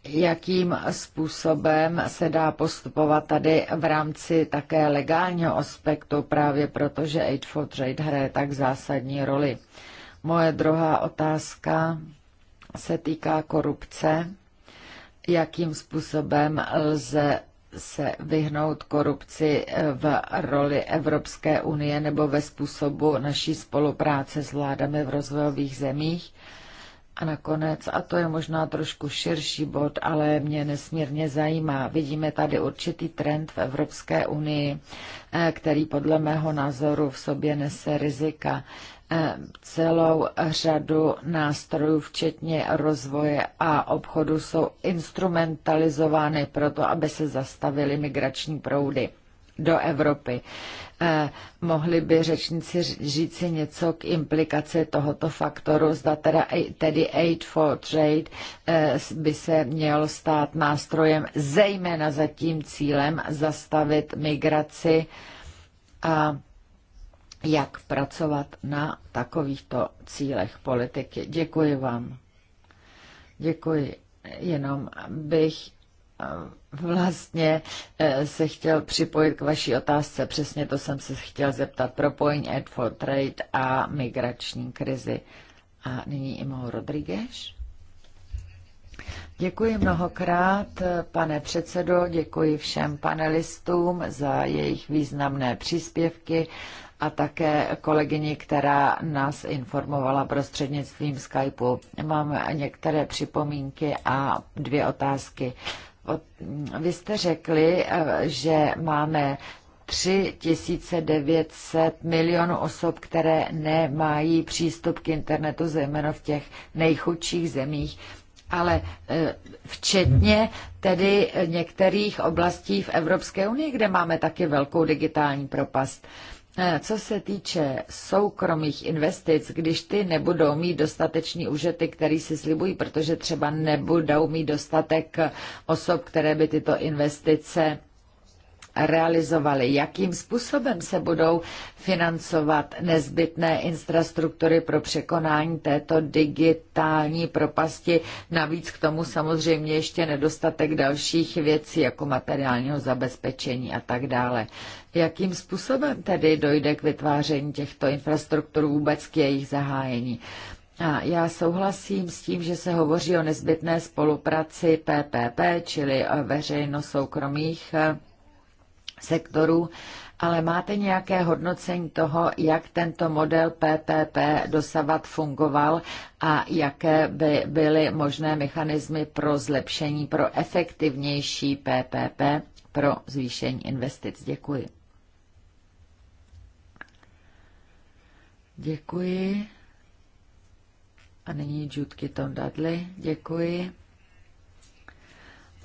[SPEAKER 2] jakým způsobem se dá postupovat tady v rámci také legálního aspektu, právě protože Aid for Trade hraje tak zásadní roli. Moje druhá otázka se týká korupce. Jakým způsobem lze se vyhnout korupci v roli Evropské unie nebo ve způsobu naší spolupráce s vládami v rozvojových zemích a nakonec, a to je možná trošku širší bod, ale mě nesmírně zajímá, vidíme tady určitý trend v Evropské unii, eh, který podle mého názoru v sobě nese rizika eh, celou řadu nástrojů, včetně rozvoje a obchodu, jsou instrumentalizovány proto, aby se zastavily migrační proudy do Evropy. Eh, mohli by řečníci říci něco k implikaci tohoto faktoru, zda teda, tedy Aid for Trade eh, by se měl stát nástrojem zejména za tím cílem zastavit migraci a jak pracovat na takovýchto cílech politiky. Děkuji vám. Děkuji. Jenom bych vlastně e, se chtěl připojit k vaší otázce. Přesně to jsem se chtěl zeptat. Propojení Ed for Trade a migrační krizi. A nyní Imo Rodriguez. Děkuji mnohokrát, pane předsedo, děkuji všem panelistům za jejich významné příspěvky a také kolegyni, která nás informovala prostřednictvím Skypeu. Mám některé připomínky a dvě otázky. Vy jste řekli, eh, že máme 3900 milionů osob, které nemají přístup k internetu, zejména v těch nejchudších zemích, ale eh, včetně tedy některých oblastí v Evropské unii, kde máme taky velkou digitální propast. Eh, co se týče soukromých investic, když ty nebudou mít dostatečný užity, který si slibují, protože třeba nebudou mít dostatek osob, které by tyto investice realizovaly, jakým způsobem se budou financovat nezbytné infrastruktury pro překonání této digitální propasti. Navíc k tomu samozřejmě ještě nedostatek dalších věcí, jako materiálního zabezpečení a tak dále. Jakým způsobem tedy dojde k vytváření těchto infrastruktur vůbec k jejich zahájení? A já souhlasím s tím, že se hovoří o nezbytné spolupráci PPP, čili veřejno-soukromých sektorů, ale máte nějaké hodnocení toho, jak tento model PPP dosavat fungoval a jaké by byly možné mechanismy pro zlepšení, pro efektivnější PPP, pro zvýšení investic? Děkuji. Děkuji. A nyní Judky Tom Dudley. Děkuji.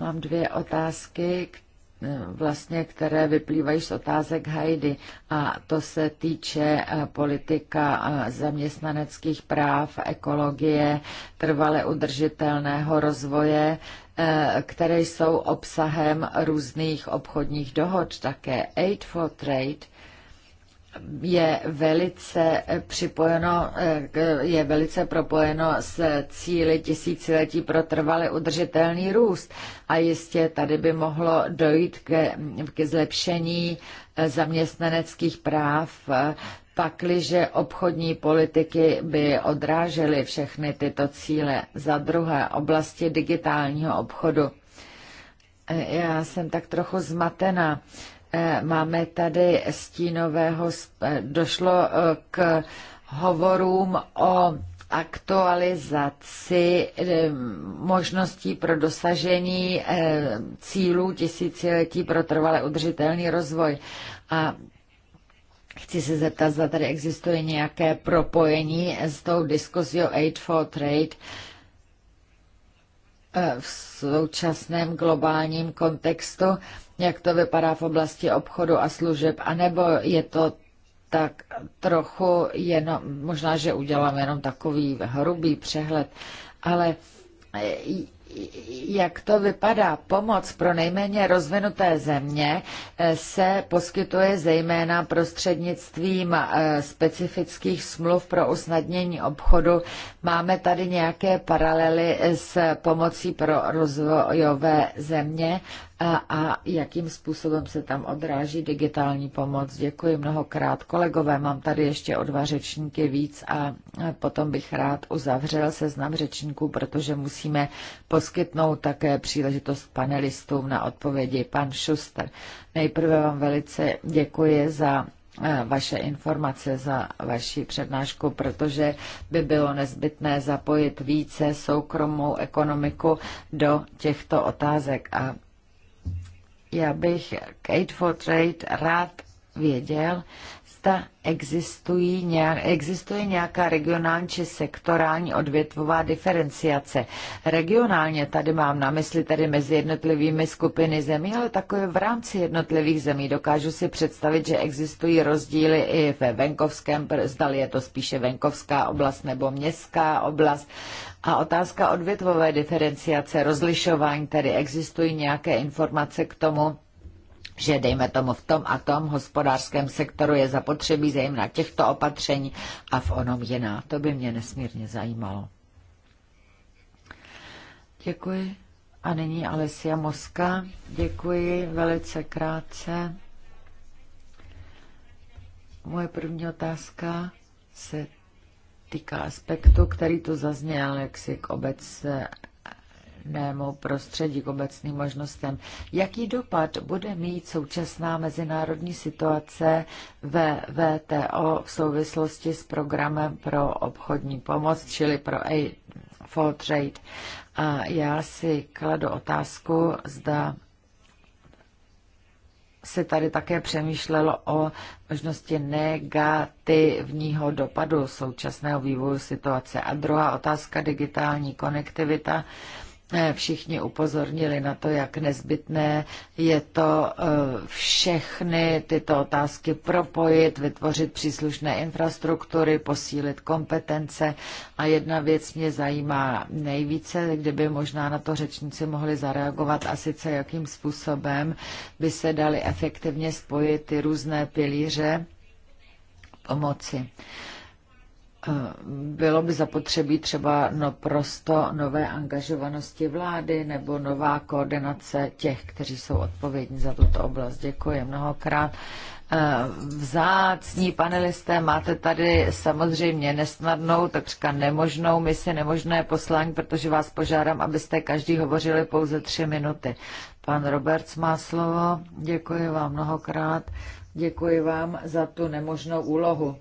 [SPEAKER 2] Mám dvě otázky, které Eh, vlastně, které vyplývají z otázek Heidi. A to se týče eh, politika eh, zaměstnaneckých práv, ekologie, trvale udržitelného rozvoje, které jsou obsahem různých obchodních dohod, také Aid for Trade – je velice připojeno, eh, je velice propojeno s cíly tisíciletí pro trvalý udržitelný růst. A jistě tady by mohlo dojít ke, ke zlepšení eh, zaměstnaneckých práv, eh, pakliže obchodní politiky by odrážely všechny tyto cíle. Za druhé, oblasti digitálního obchodu. Já jsem tak trochu zmatená Eh, máme tady stínového, eh, došlo eh, k hovorům o aktualizaci možností pro dosažení cílů tisíciletí pro trvale udržitelný rozvoj. A Chci se zeptat, zda tady existuje nějaké propojení s tou diskuzí o Aid for Trade Eh, v současném globálním kontextu, jak to vypadá v oblasti obchodu a služeb, anebo je to tak trochu jenom, možná, že udělám jenom takový hrubý přehled, ale jak to vypadá? Pomoc pro nejméně rozvinuté země eh, se poskytuje zejména prostřednictvím eh, specifických smluv pro usnadnění obchodu. Máme tady nějaké paralely s pomocí pro rozvojové země a jakým způsobem se tam odráží digitální pomoc. Děkuji mnohokrát. Kolegové, mám tady ještě o dva řečníky víc a potom bych rád uzavřel seznam řečníků, protože musíme poskytnout také příležitost panelistům na odpovědi. Pan Šuster, nejprve vám velice děkuji za vaše informace za vaši přednášku, protože by bylo nezbytné zapojit více soukromou ekonomiku do těchto otázek. A já bych Kate for Trade rád věděl, zda existují nějak, existuje nějaká regionální či sektorální odvětvová diferenciace. Regionálně tady mám na mysli tedy mezi jednotlivými skupiny zemí, ale takové v rámci jednotlivých zemí. Dokážu si představit, že existují rozdíly i ve venkovském, zdali je to spíše venkovská oblast nebo městská oblast. A otázka odvětvové diferenciace, rozlišování, tedy existují nějaké informace k tomu, že dejme tomu v tom a tom hospodářském sektoru je zapotřebí zejména těchto opatření a v onom jiná. To by mě nesmírně zajímalo. Děkuji. A nyní Alessia Moska. Děkuji velice krátce. Moje první otázka se týká aspektu, který tu zazněl, jak si k obec obecnému prostředí, k obecným možnostem. Jaký dopad bude mít současná mezinárodní situace ve VTO v souvislosti s programem pro obchodní pomoc, čili pro Aid for Trade? A já si kladu otázku, zda se tady také přemýšlelo o možnosti negativního dopadu současného vývoje situace. A druhá otázka, digitální konektivita všichni upozornili na to, jak nezbytné je to eh, všechny tyto otázky propojit, vytvořit příslušné infrastruktury, posílit kompetence. A jedna věc mě zajímá nejvíce, kdyby možná na to řečníci mohli zareagovat a sice jakým způsobem by se daly efektivně spojit ty různé pilíře pomoci bylo by zapotřebí třeba no prosto nové angažovanosti vlády nebo nová koordinace těch, kteří jsou odpovědní za tuto oblast. Děkuji mnohokrát. E, vzácní panelisté, máte tady samozřejmě nesnadnou, takřka nemožnou misi, nemožné poslání, protože vás požádám, abyste každý hovořili pouze tři minuty. Pan Roberts má slovo, děkuji vám mnohokrát, děkuji vám za tu nemožnou úlohu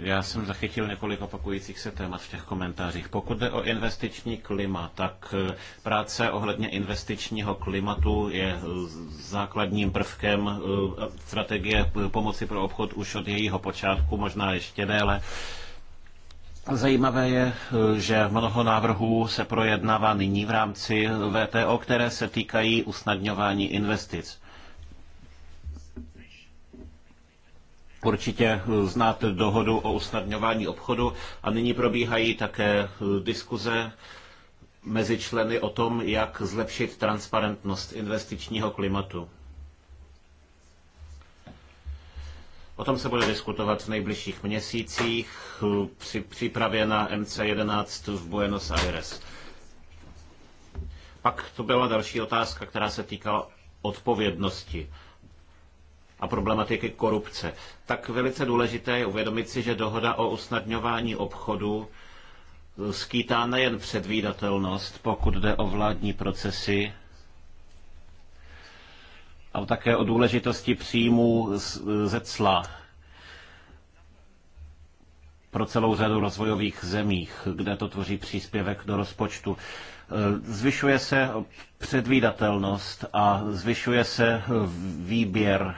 [SPEAKER 1] já jsem zachytil několik opakujících se témat v těch komentářích. Pokud jde o investiční klima, tak eh, práce ohledně investičního klimatu je eh, základním prvkem eh, strategie pomoci pro obchod už od jejího počátku, možná ještě déle. Zajímavé je, že mnoho návrhů se projednává nyní v rámci VTO, které se týkají usnadňování investic. Určitě eh, znáte dohodu o usnadňování obchodu a nyní probíhají také eh, diskuze mezi členy o tom, jak zlepšit transparentnost investičního klimatu. O tom se bude diskutovat v nejbližších měsících eh, při přípravě na MC11 v Buenos Aires. Pak to byla další otázka, která se týkala odpovědnosti a problematiky korupce, tak velice důležité je uvědomit si, že dohoda o usnadňování obchodu eh, skýtá nejen předvídatelnost, pokud jde o vládní procesy, ale také o důležitosti příjmů eh, ze cla pro celou řadu rozvojových zemích, kde to tvoří příspěvek do rozpočtu. E, zvyšuje se předvídatelnost a zvyšuje se výběr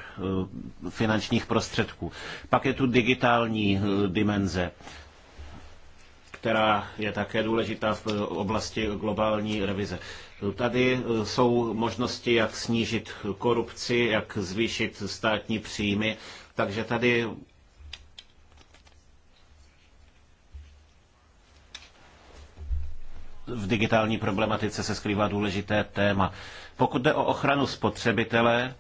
[SPEAKER 1] e, finančních prostředků. Pak je tu digitální e, dimenze která je také důležitá v oblasti globální revize. Tady jsou možnosti, jak snížit korupci, jak zvýšit státní příjmy, takže tady v digitální problematice se skrývá důležité téma. Pokud jde o ochranu spotřebitele,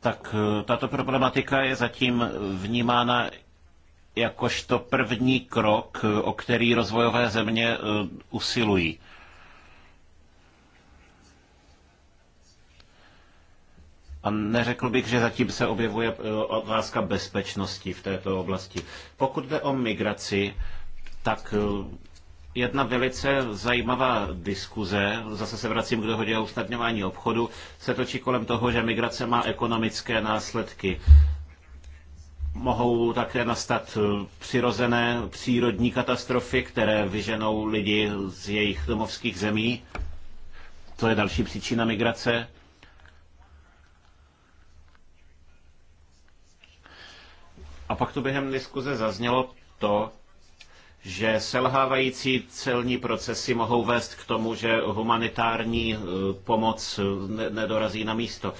[SPEAKER 1] tak eh, tato problematika je zatím vnímána jakožto první krok, eh, o který rozvojové země eh, usilují. A neřekl bych, že zatím se objevuje otázka bezpečnosti v této oblasti. Pokud jde o migraci, tak eh, jedna velice zajímavá diskuze, zase se vracím k dohodě o usnadňování obchodu, se točí kolem toho, že migrace má ekonomické následky. Mohou také nastat eh, přirozené přírodní katastrofy, které vyženou lidi z jejich domovských zemí. To je další příčina migrace. A pak tu během diskuze zaznělo to, že selhávající celní procesy mohou vést k tomu, že humanitární eh, pomoc eh, nedorazí na místo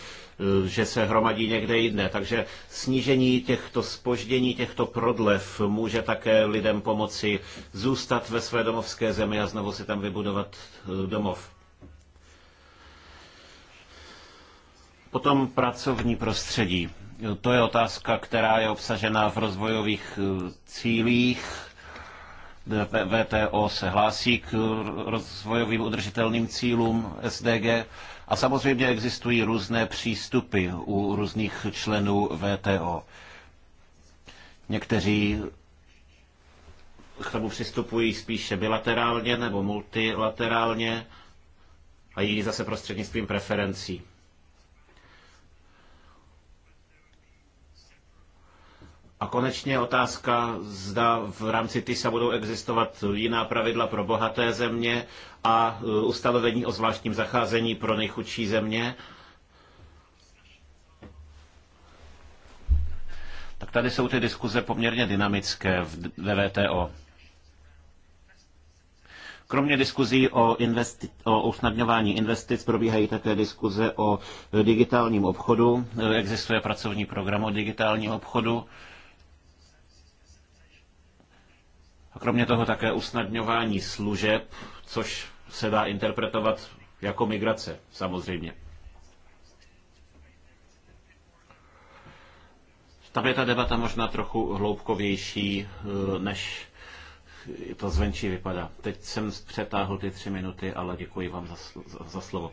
[SPEAKER 1] eh, že se hromadí někde jinde. Takže snížení těchto spoždění, těchto prodlev může také lidem pomoci zůstat ve své domovské zemi a znovu si tam vybudovat domov. Potom pracovní prostředí. To je otázka, která je obsažena v rozvojových cílích VTO se hlásí k rozvojovým udržitelným cílům SDG a samozřejmě existují různé přístupy u různých členů VTO. Někteří k tomu přistupují spíše bilaterálně nebo multilaterálně a jiní zase prostřednictvím preferencí. A konečně otázka, zda v rámci TISA budou existovat jiná pravidla pro bohaté země a e, ustanovení o zvláštním zacházení pro nejchudší země. Tak tady jsou ty diskuze poměrně dynamické v VTO. Kromě diskuzí o, investi- o usnadňování investic probíhají také diskuze o e, digitálním obchodu. E, existuje pracovní program o digitálním obchodu. A kromě toho také usnadňování služeb, což se dá interpretovat jako migrace, samozřejmě. Tam je ta debata možná trochu hloubkovější, eh, než to zvenčí vypadá. Teď jsem přetáhl ty tři minuty, ale děkuji vám za, za slovo.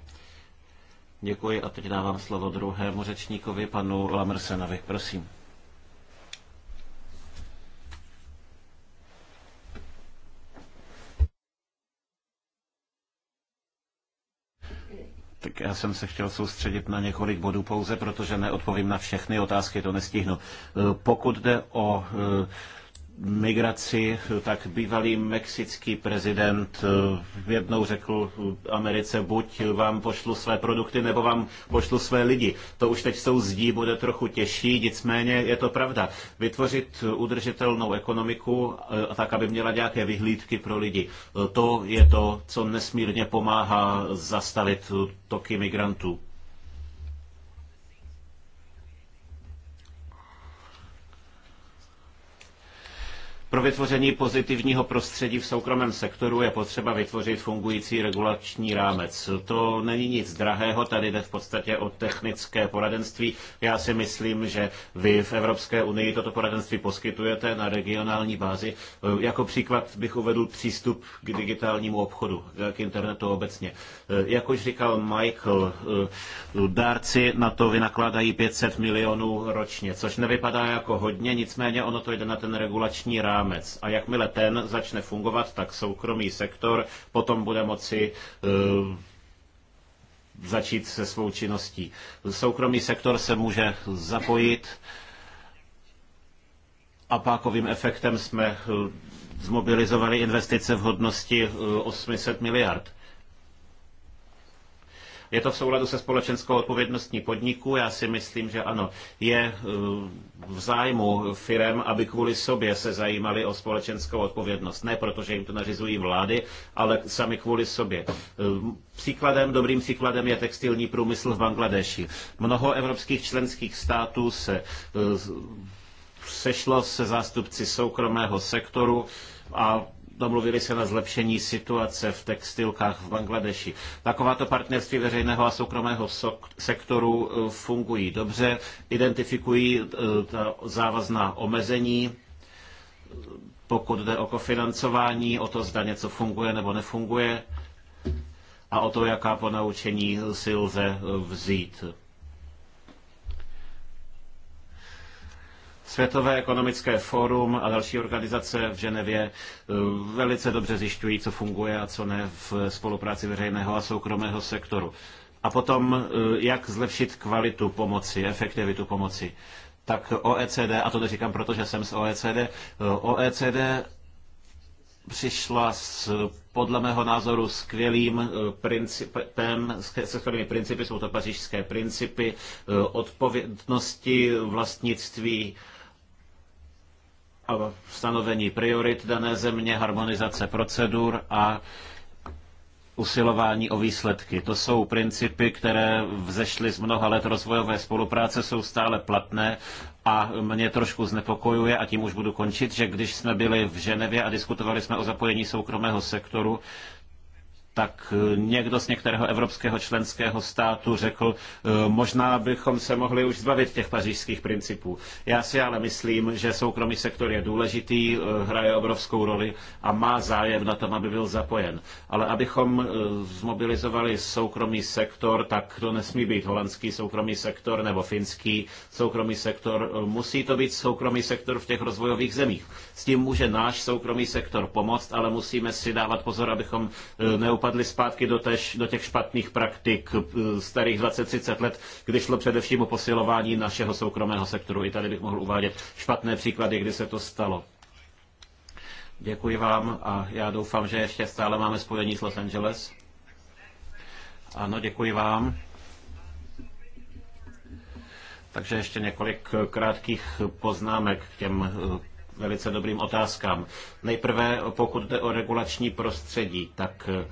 [SPEAKER 1] Děkuji a teď dávám slovo druhému řečníkovi, panu Lamersenovi. Prosím. tak já jsem se chtěl soustředit na několik bodů pouze, protože neodpovím na všechny otázky, to nestihnu. E, pokud jde o e, migraci, tak bývalý mexický prezident eh, jednou řekl Americe, buď vám pošlu své produkty, nebo vám pošlu své lidi. To už teď jsou zdí, bude trochu těžší, nicméně je to pravda. Vytvořit udržitelnou ekonomiku eh, tak, aby měla nějaké vyhlídky pro lidi. Eh, to je to, co nesmírně pomáhá zastavit toky migrantů. Pro vytvoření pozitivního prostředí v soukromém sektoru je potřeba vytvořit fungující regulační rámec. To není nic drahého, tady jde v podstatě o technické poradenství. Já si myslím, že vy v Evropské unii toto poradenství poskytujete na regionální bázi. Jako příklad bych uvedl přístup k digitálnímu obchodu, k internetu obecně. Jak už říkal Michael, dárci na to vynakládají 500 milionů ročně, což nevypadá jako hodně, nicméně ono to jde na ten regulační rámec rámec. A jakmile ten začne fungovat, tak soukromý sektor potom bude moci eh, začít se svou činností. Soukromý sektor se může zapojit a pákovým efektem jsme eh, zmobilizovali investice v hodnosti 800 eh, miliard. Je to v souladu se společenskou odpovědností podniků? Já si myslím, že ano. Je eh, v zájmu firem, aby kvůli sobě se zajímali o společenskou odpovědnost. Ne proto, že jim to nařizují vlády, ale sami kvůli sobě. Eh, příkladem, dobrým příkladem je textilní průmysl v Bangladeši. Mnoho evropských členských států se eh, sešlo se zástupci soukromého sektoru a domluvili se na zlepšení situace v textilkách v Bangladeši. Takováto partnerství veřejného a soukromého sektoru eh, fungují dobře, identifikují eh, ta závazná omezení, pokud jde o kofinancování, o to, zda něco funguje nebo nefunguje a o to, jaká ponaučení si lze eh, vzít. Světové ekonomické fórum a další organizace v Ženevě eh, velice dobře zjišťují, co funguje a co ne v spolupráci veřejného a soukromého sektoru. A potom, eh, jak zlepšit kvalitu pomoci, efektivitu pomoci. Tak OECD, a to neříkám, protože jsem z OECD, eh, OECD přišla s podle mého názoru skvělým principem, se skvělými principy, jsou to pařížské principy, odpovědnosti, vlastnictví stanovení priorit dané země, harmonizace procedur a usilování o výsledky. To jsou principy, které vzešly z mnoha let rozvojové spolupráce, jsou stále platné a mě trošku znepokojuje, a tím už budu končit, že když jsme byli v Ženevě a diskutovali jsme o zapojení soukromého sektoru, tak eh, někdo z některého evropského členského státu řekl, eh, možná bychom se mohli už zbavit těch pařížských principů. Já si ale myslím, že soukromý sektor je důležitý, eh, hraje obrovskou roli a má zájem na tom, aby byl zapojen. Ale abychom zmobilizovali soukromý sektor, tak to nesmí být holandský soukromý sektor nebo finský soukromý sektor. Musí to být soukromý sektor v těch rozvojových zemích s tím může náš soukromý sektor pomoct, ale musíme si dávat pozor, abychom e, neupadli zpátky do, tež, do těch špatných praktik e, starých 20-30 let, kdy šlo především o posilování našeho soukromého sektoru. I tady bych mohl uvádět špatné příklady, kdy se to stalo. Děkuji vám a já doufám, že ještě stále máme spojení s Los Angeles. Ano, děkuji vám. Takže ještě několik krátkých poznámek k těm e, velice dobrým otázkám. Nejprve, pokud jde o regulační prostředí, tak eh,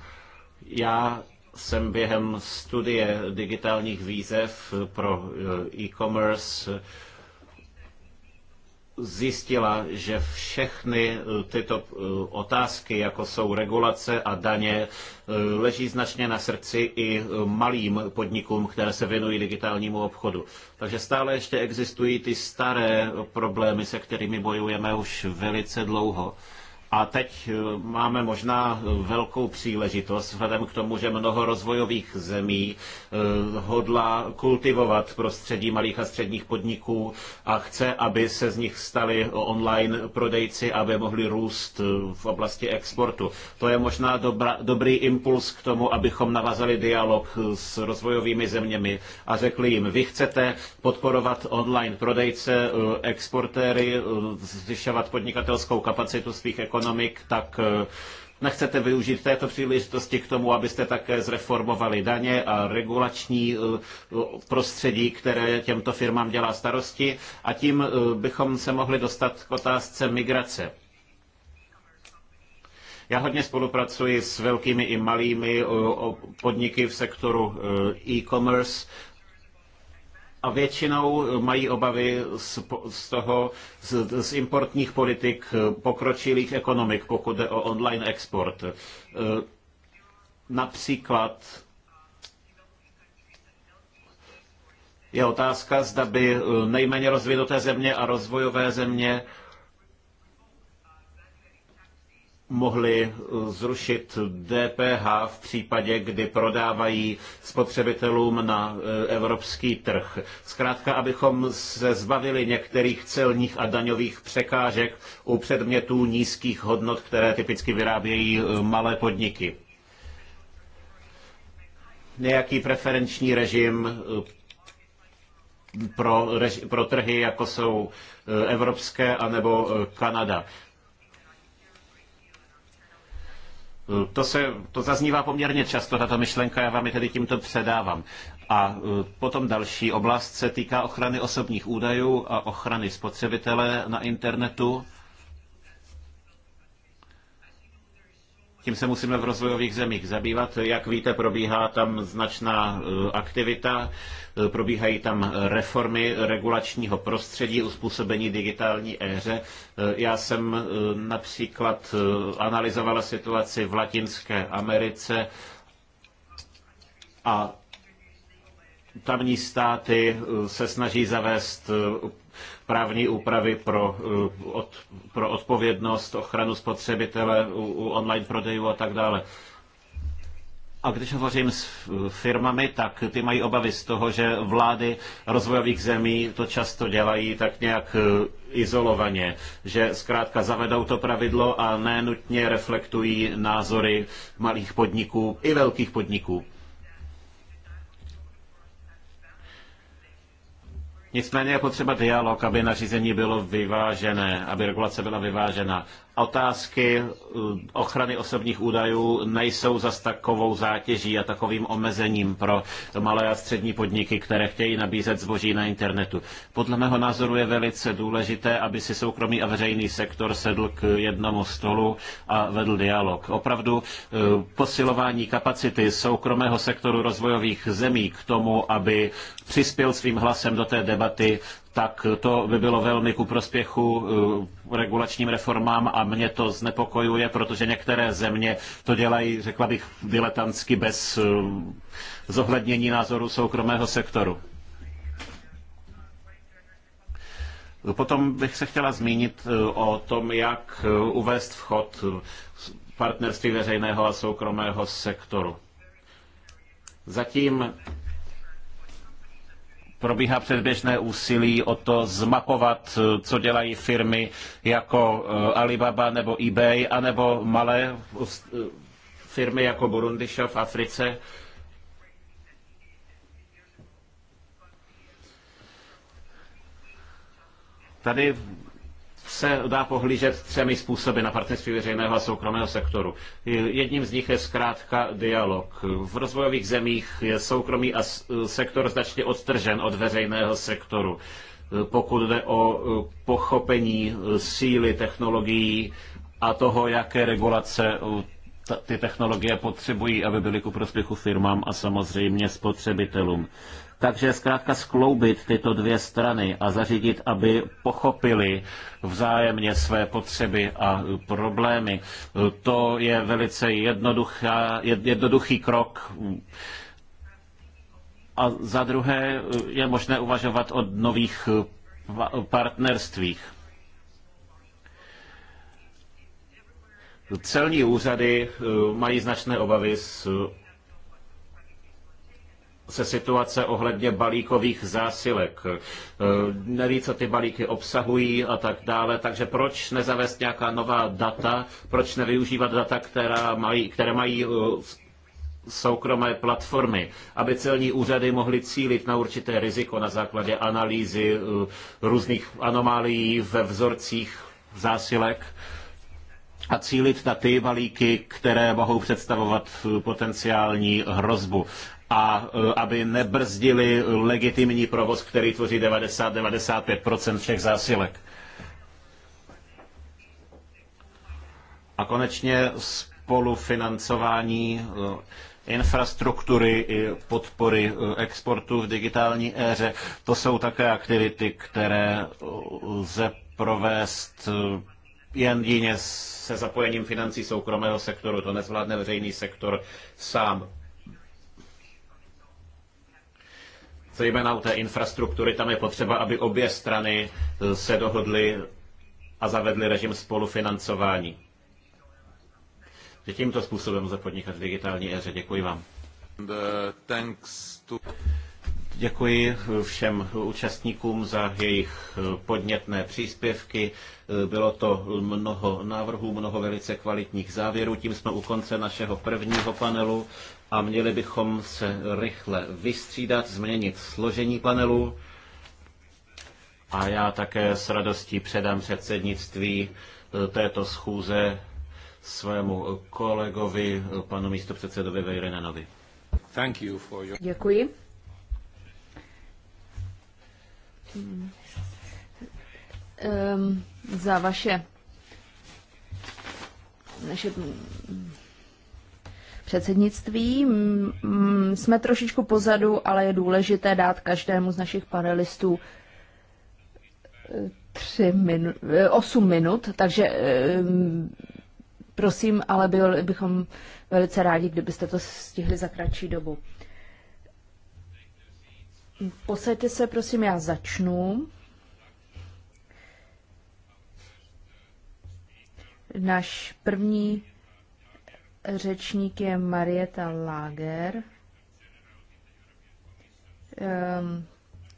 [SPEAKER 1] já jsem během studie digitálních výzev pro eh, e-commerce zjistila, že všechny eh, tyto eh, otázky, jako jsou regulace a daně, eh, leží značně na srdci i malým podnikům, které se věnují digitálnímu obchodu. Takže stále ještě existují ty staré problémy, se kterými bojujeme už velice dlouho. A teď eh, máme možná eh, velkou příležitost, vzhledem k tomu, že mnoho rozvojových zemí eh, hodlá kultivovat prostředí malých a středních podniků a chce, aby se z nich stali online prodejci, aby mohli růst v oblasti exportu. To je možná dobra, dobrý impuls k tomu, abychom navazali dialog s rozvojovými zeměmi a řekli jim, vy chcete podporovat online prodejce, exportéry, zvyšovat podnikatelskou kapacitu svých ekonomik, ekonomik, tak eh, nechcete využít této příležitosti k tomu, abyste také zreformovali daně a regulační eh, prostředí, které těmto firmám dělá starosti a tím eh, bychom se mohli dostat k otázce migrace. Já hodně spolupracuji s velkými i malými podniky v sektoru e-commerce a většinou mají obavy z, z toho, z, z importních politik pokročilých ekonomik, pokud jde o online export. E, například je otázka, zda by e, nejméně rozvinuté země a rozvojové země mohli zrušit DPH v případě, kdy prodávají spotřebitelům na eh, evropský trh. Zkrátka, abychom se zbavili některých celních a daňových překážek u předmětů nízkých hodnot, které typicky vyrábějí eh, malé podniky. Nějaký preferenční režim eh, pro, pro trhy, jako jsou evropské anebo Kanada. Mm, to, se, to zaznívá poměrně často, tato myšlenka, já vám ji tedy tímto předávám. A mm, potom další oblast se týká ochrany osobních údajů a ochrany spotřebitele na internetu. tím se musíme v rozvojových zemích zabývat. Jak víte, probíhá tam značná eh, aktivita, eh, probíhají tam reformy regulačního prostředí, uspůsobení digitální éře. Eh, já jsem například analyzovala situaci v Latinské Americe a tamní státy se snaží zavést právní úpravy pro, eh, od, pro odpovědnost, ochranu spotřebitele u, u online prodejů a tak dále. A když hovořím s eh, firmami, tak ty mají obavy z toho, že vlády rozvojových zemí to často dělají tak nějak eh, izolovaně, že zkrátka zavedou to pravidlo a nenutně reflektují názory malých podniků i velkých podniků. Nicméně je potřeba dialog, aby nařízení bylo vyvážené, aby regulace byla vyvážená otázky eh, ochrany osobních údajů nejsou zas takovou zátěží a takovým omezením pro malé a střední podniky, které chtějí nabízet zboží na internetu. Podle mého názoru je velice důležité, aby si soukromý a veřejný sektor sedl k jednomu stolu a vedl dialog. Opravdu eh, posilování kapacity soukromého sektoru rozvojových zemí k tomu, aby přispěl svým hlasem do té debaty, tak to by bylo velmi ku prospěchu eh, regulačním reformám a mě to znepokojuje, protože některé země to dělají, řekla bych, diletantsky bez eh, zohlednění názoru soukromého sektoru. Potom bych se chtěla zmínit eh, o tom, jak eh, uvést vchod partnerství veřejného a soukromého sektoru. Zatím probíhá předběžné úsilí o to zmapovat, eh, co dělají firmy jako eh, Alibaba nebo eBay, anebo malé eh, firmy jako Burundiša v Africe. Tady se dá pohlížet třemi způsoby na partnerství veřejného a soukromého sektoru. Jedním z nich je zkrátka dialog. V rozvojových zemích je soukromý a sektor značně odtržen od veřejného sektoru pokud jde o e, pochopení e, síly technologií a toho, jaké regulace e, ty technologie potřebují, aby byly ku prospěchu firmám a samozřejmě spotřebitelům. Takže zkrátka skloubit tyto dvě strany a zařídit, aby pochopili vzájemně své potřeby a problémy. To je velice jednoduchá, jednoduchý krok. A za druhé je možné uvažovat o nových partnerstvích. Celní úřady eh, mají značné obavy z se situace ohledně balíkových zásilek. E, neví, co ty balíky obsahují a tak dále, takže proč nezavést nějaká nová data, proč nevyužívat data, která mají, které mají e, soukromé platformy, aby celní úřady mohly cílit na určité riziko na základě analýzy e, různých anomálií ve vzorcích zásilek a cílit na ty balíky, které mohou představovat potenciální hrozbu a e, aby nebrzdili legitimní provoz, který tvoří 90-95% všech zásilek. A konečně spolufinancování e, infrastruktury i podpory e, exportu v digitální éře. To jsou také aktivity, které lze provést jen jině se zapojením financí soukromého sektoru. To nezvládne veřejný sektor sám. zejména u té infrastruktury, tam je potřeba, aby obě strany eh, se dohodly a zavedly režim spolufinancování. Že tímto způsobem lze podnikat v digitální éře. Děkuji vám. Děkuji všem účastníkům za jejich eh, podnětné příspěvky. Eh, bylo to mnoho návrhů, mnoho velice kvalitních závěrů. Tím jsme u konce našeho prvního panelu a měli bychom se rychle vystřídat, změnit složení panelu. A já také s radostí předám předsednictví eh, této schůze svému kolegovi, eh, panu místopředsedovi Vejrenanovi. You your...
[SPEAKER 3] Děkuji. Um, za vaše naše předsednictví. Jsme trošičku pozadu, ale je důležité dát každému z našich panelistů eh, tři minu, eh, osm minut, takže eh, prosím, ale byl, bychom velice rádi, kdybyste to stihli za kratší dobu. Posaďte se, prosím, já začnu. Náš první řečník je Marieta Lager, ehm,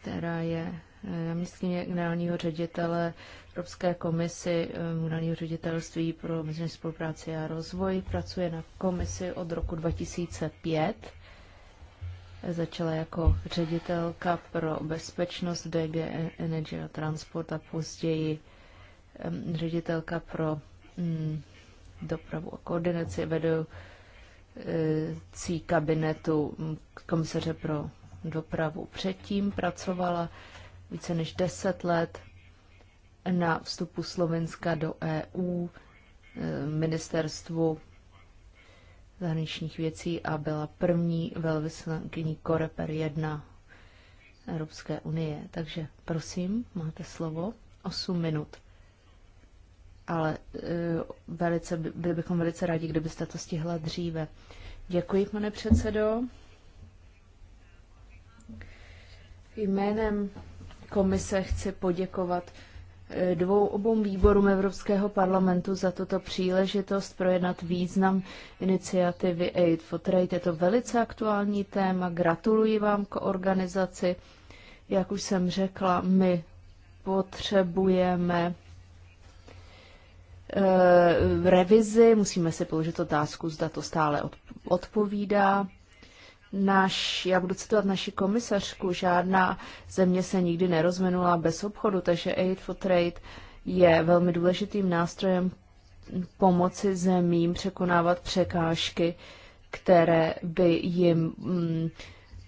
[SPEAKER 3] která je eh, náměstkyně generálního ředitele Evropské komisy, ehm, generálního ředitelství pro mezinárodní spolupráci a rozvoj. Pracuje na komisi od roku 2005. Začala jako ředitelka pro bezpečnost DG Energy a Transport a později ehm, ředitelka pro mm, dopravu a koordinaci vedoucí e, kabinetu komisaře pro dopravu. Předtím pracovala více než 10 let na vstupu Slovenska do EU e, ministerstvu zahraničních věcí a byla první velvyslankyní Koreper 1 Evropské unie. Takže prosím, máte slovo. 8 minut ale eh, velice, byli bychom velice rádi, kdybyste to stihla dříve. Děkuji, pane předsedo. Jménem komise chci poděkovat eh, dvou obou výborům Evropského parlamentu za tuto příležitost projednat význam iniciativy Aid for Trade. Je to velice aktuální téma. Gratuluji vám k organizaci. Jak už jsem řekla, my potřebujeme v eh, revizi, musíme si položit otázku, zda to stále odpovídá. Naš, já budu citovat naši komisařku, žádná země se nikdy nerozmenula bez obchodu, takže Aid for Trade je velmi důležitým nástrojem pomoci zemím překonávat překážky, které by jim mm,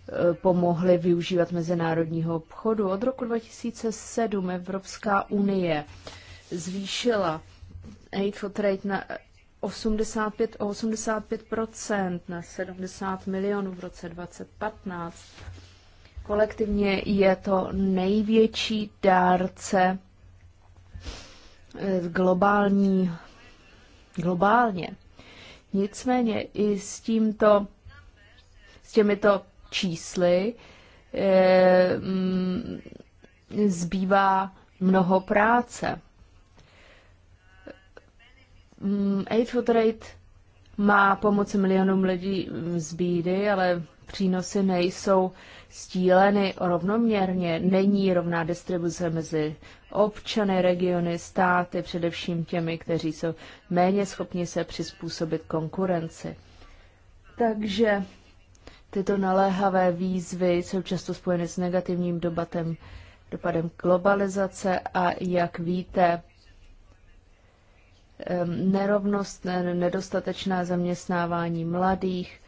[SPEAKER 3] eh, pomohly využívat mezinárodního obchodu. Od roku 2007 Evropská unie zvýšila 85 trade na 85, 85% na 70 milionů v roce 2015. Kolektivně je to největší dárce eh, globální, globálně. Nicméně i s tímto, s těmito čísly e, zbývá mnoho práce. Mm, Aid for Trade má pomoc milionům lidí mm, z bídy, ale přínosy nejsou stíleny rovnoměrně. Není rovná distribuce mezi občany, regiony, státy, především těmi, kteří jsou méně schopni se přizpůsobit konkurenci. Takže tyto naléhavé výzvy jsou často spojeny s negativním dobatem, dopadem globalizace a jak víte, nerovnost, nedostatečná zaměstnávání mladých,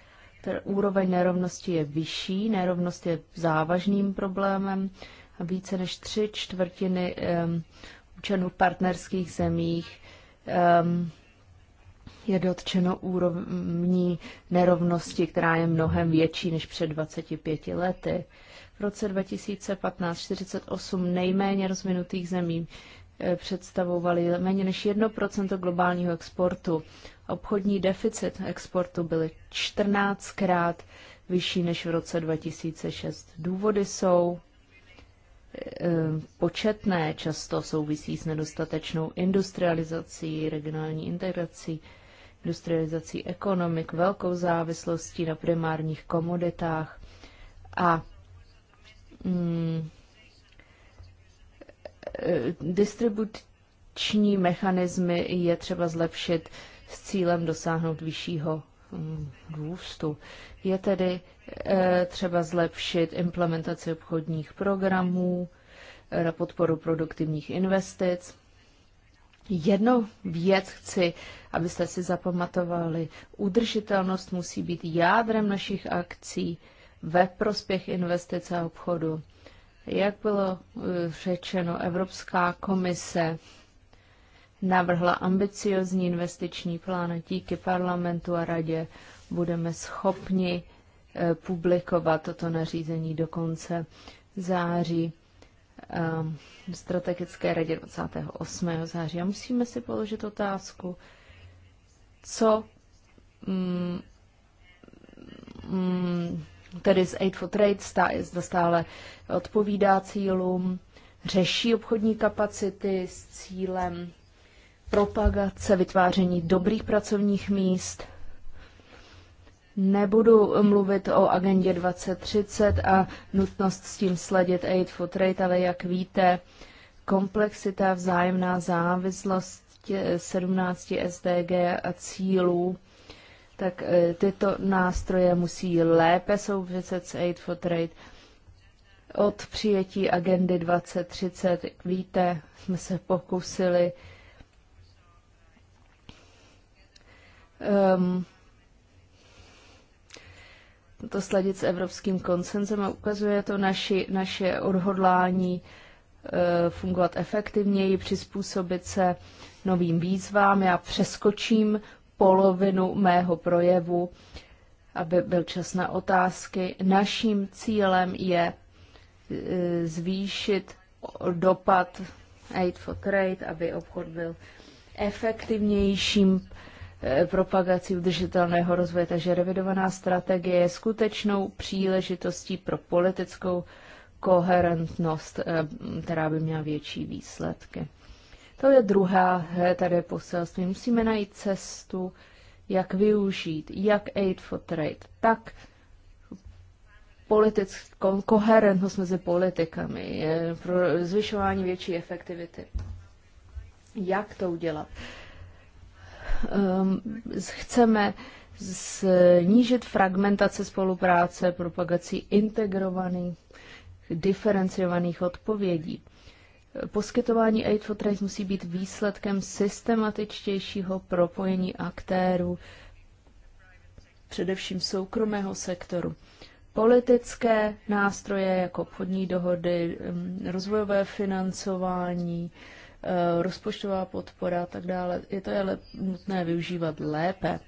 [SPEAKER 3] úroveň nerovnosti je vyšší, nerovnost je závažným problémem a více než tři čtvrtiny um, občanů v partnerských zemích je dotčeno úrovní nerovnosti, která je mnohem větší než před 25 lety. V roce 2015 48 nejméně rozvinutých zemí Eh, představovaly méně než 1% globálního exportu. Obchodní deficit exportu byl 14krát vyšší než v roce 2006. Důvody jsou eh, početné, často souvisí s nedostatečnou industrializací, regionální integrací, industrializací ekonomik, velkou závislostí na primárních komoditách a mm, Eh, distribuční mechanismy je třeba zlepšit s cílem dosáhnout vyššího hm, růstu. Je tedy eh, třeba zlepšit implementaci obchodních programů eh, na podporu produktivních investic. Jedno věc chci, abyste si zapamatovali. Udržitelnost musí být jádrem našich akcí ve prospěch investice a obchodu. Jak bylo eh, řečeno, Evropská komise navrhla ambiciozní investiční plán. Díky parlamentu a radě budeme schopni eh, publikovat toto nařízení do konce září ehm, v strategické radě 28. září. A musíme si položit otázku, co mm, mm, tedy z Aid for Trade zda stále odpovídá cílům, řeší obchodní kapacity s cílem propagace, vytváření dobrých pracovních míst. Nebudu mluvit o agendě 2030 a nutnost s tím sledit Aid for Trade, ale jak víte, komplexita, vzájemná závislost 17 SDG a cílů tak e, tyto nástroje musí lépe souviset s Aid for Trade. Od přijetí agendy 2030, víte, jsme se pokusili um, to sladit s evropským koncenzem a ukazuje to naši, naše odhodlání uh, fungovat efektivněji, přizpůsobit se novým výzvám. Já přeskočím polovinu mého projevu, aby byl čas na otázky. Naším cílem je e, zvýšit dopad Aid for Trade, aby obchod byl efektivnějším e, propagací udržitelného rozvoje. Takže revidovaná strategie je skutečnou příležitostí pro politickou koherentnost, e, která by měla větší výsledky. To je druhá tedy poselství. Musíme najít cestu, jak využít, jak aid for trade, tak politickou koherentnost mezi politikami, eh, pro zvyšování větší efektivity. Jak to udělat? Um, chceme snížit fragmentace spolupráce propagací integrovaných, diferenciovaných odpovědí. Poskytování Aid for trade musí být výsledkem systematičtějšího propojení aktérů, především soukromého sektoru. Politické nástroje jako obchodní dohody, mm, rozvojové financování, e, rozpočtová podpora a tak dále, je to ale nutné využívat lépe.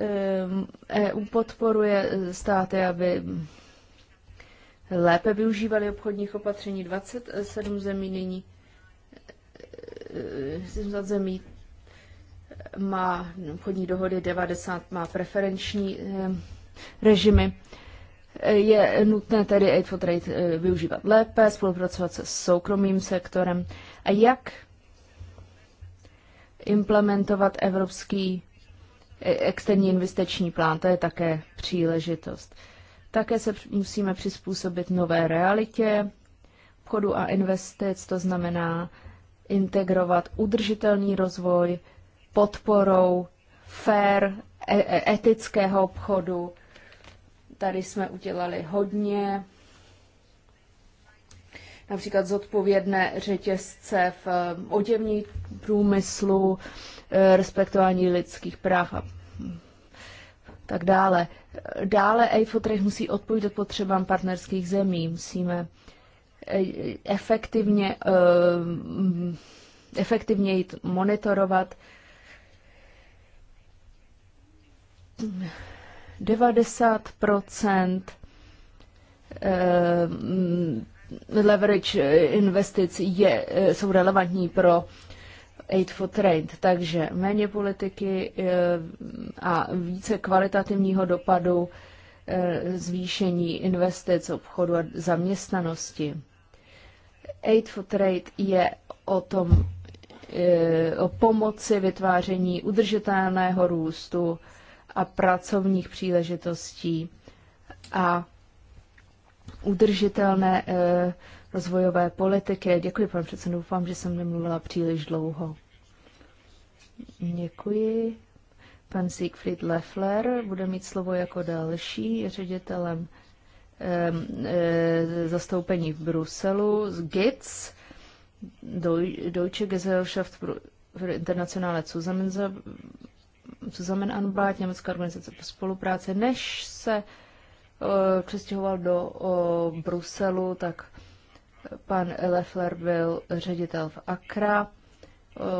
[SPEAKER 3] EU e podporuje státy, aby lépe využívali obchodních opatření. 27 zemí nyní 70 zemí má obchodní dohody, 90 má preferenční eh, režimy. Je nutné tedy Aid for Trade eh, využívat lépe, spolupracovat se soukromým sektorem. A jak implementovat evropský eh, externí investiční plán, to je také příležitost. Také se musíme přizpůsobit nové realitě obchodu a investic, to znamená integrovat udržitelný rozvoj podporou fair e, e, etického obchodu. Tady jsme udělali hodně, například zodpovědné řetězce v eh, oděvní průmyslu, eh, respektování lidských práv a tak dále. Dále EIFO musí odpovídat potřebám partnerských zemí. Musíme eh, efektivně, eh, efektivně jít monitorovat. 90 eh, leverage investic je, jsou relevantní pro Aid for Trade. Takže méně politiky eh, a více kvalitativního dopadu eh, zvýšení investic, obchodu a zaměstnanosti. Aid for Trade je o tom, eh, o pomoci vytváření udržitelného růstu a pracovních příležitostí a udržitelné rozvojové politiky. Děkuji, pane předsedo, doufám, že jsem nemluvila příliš dlouho. Děkuji. Pan Siegfried Leffler bude mít slovo jako další ředitelem e, zastoupení v Bruselu z GITS, Deutsche Gesellschaft für Internationale Zusammen Anbát, Německá organizace pro spolupráce. Než se e, přestěhoval do Bruselu, tak Pan Leffler byl ředitel v Akra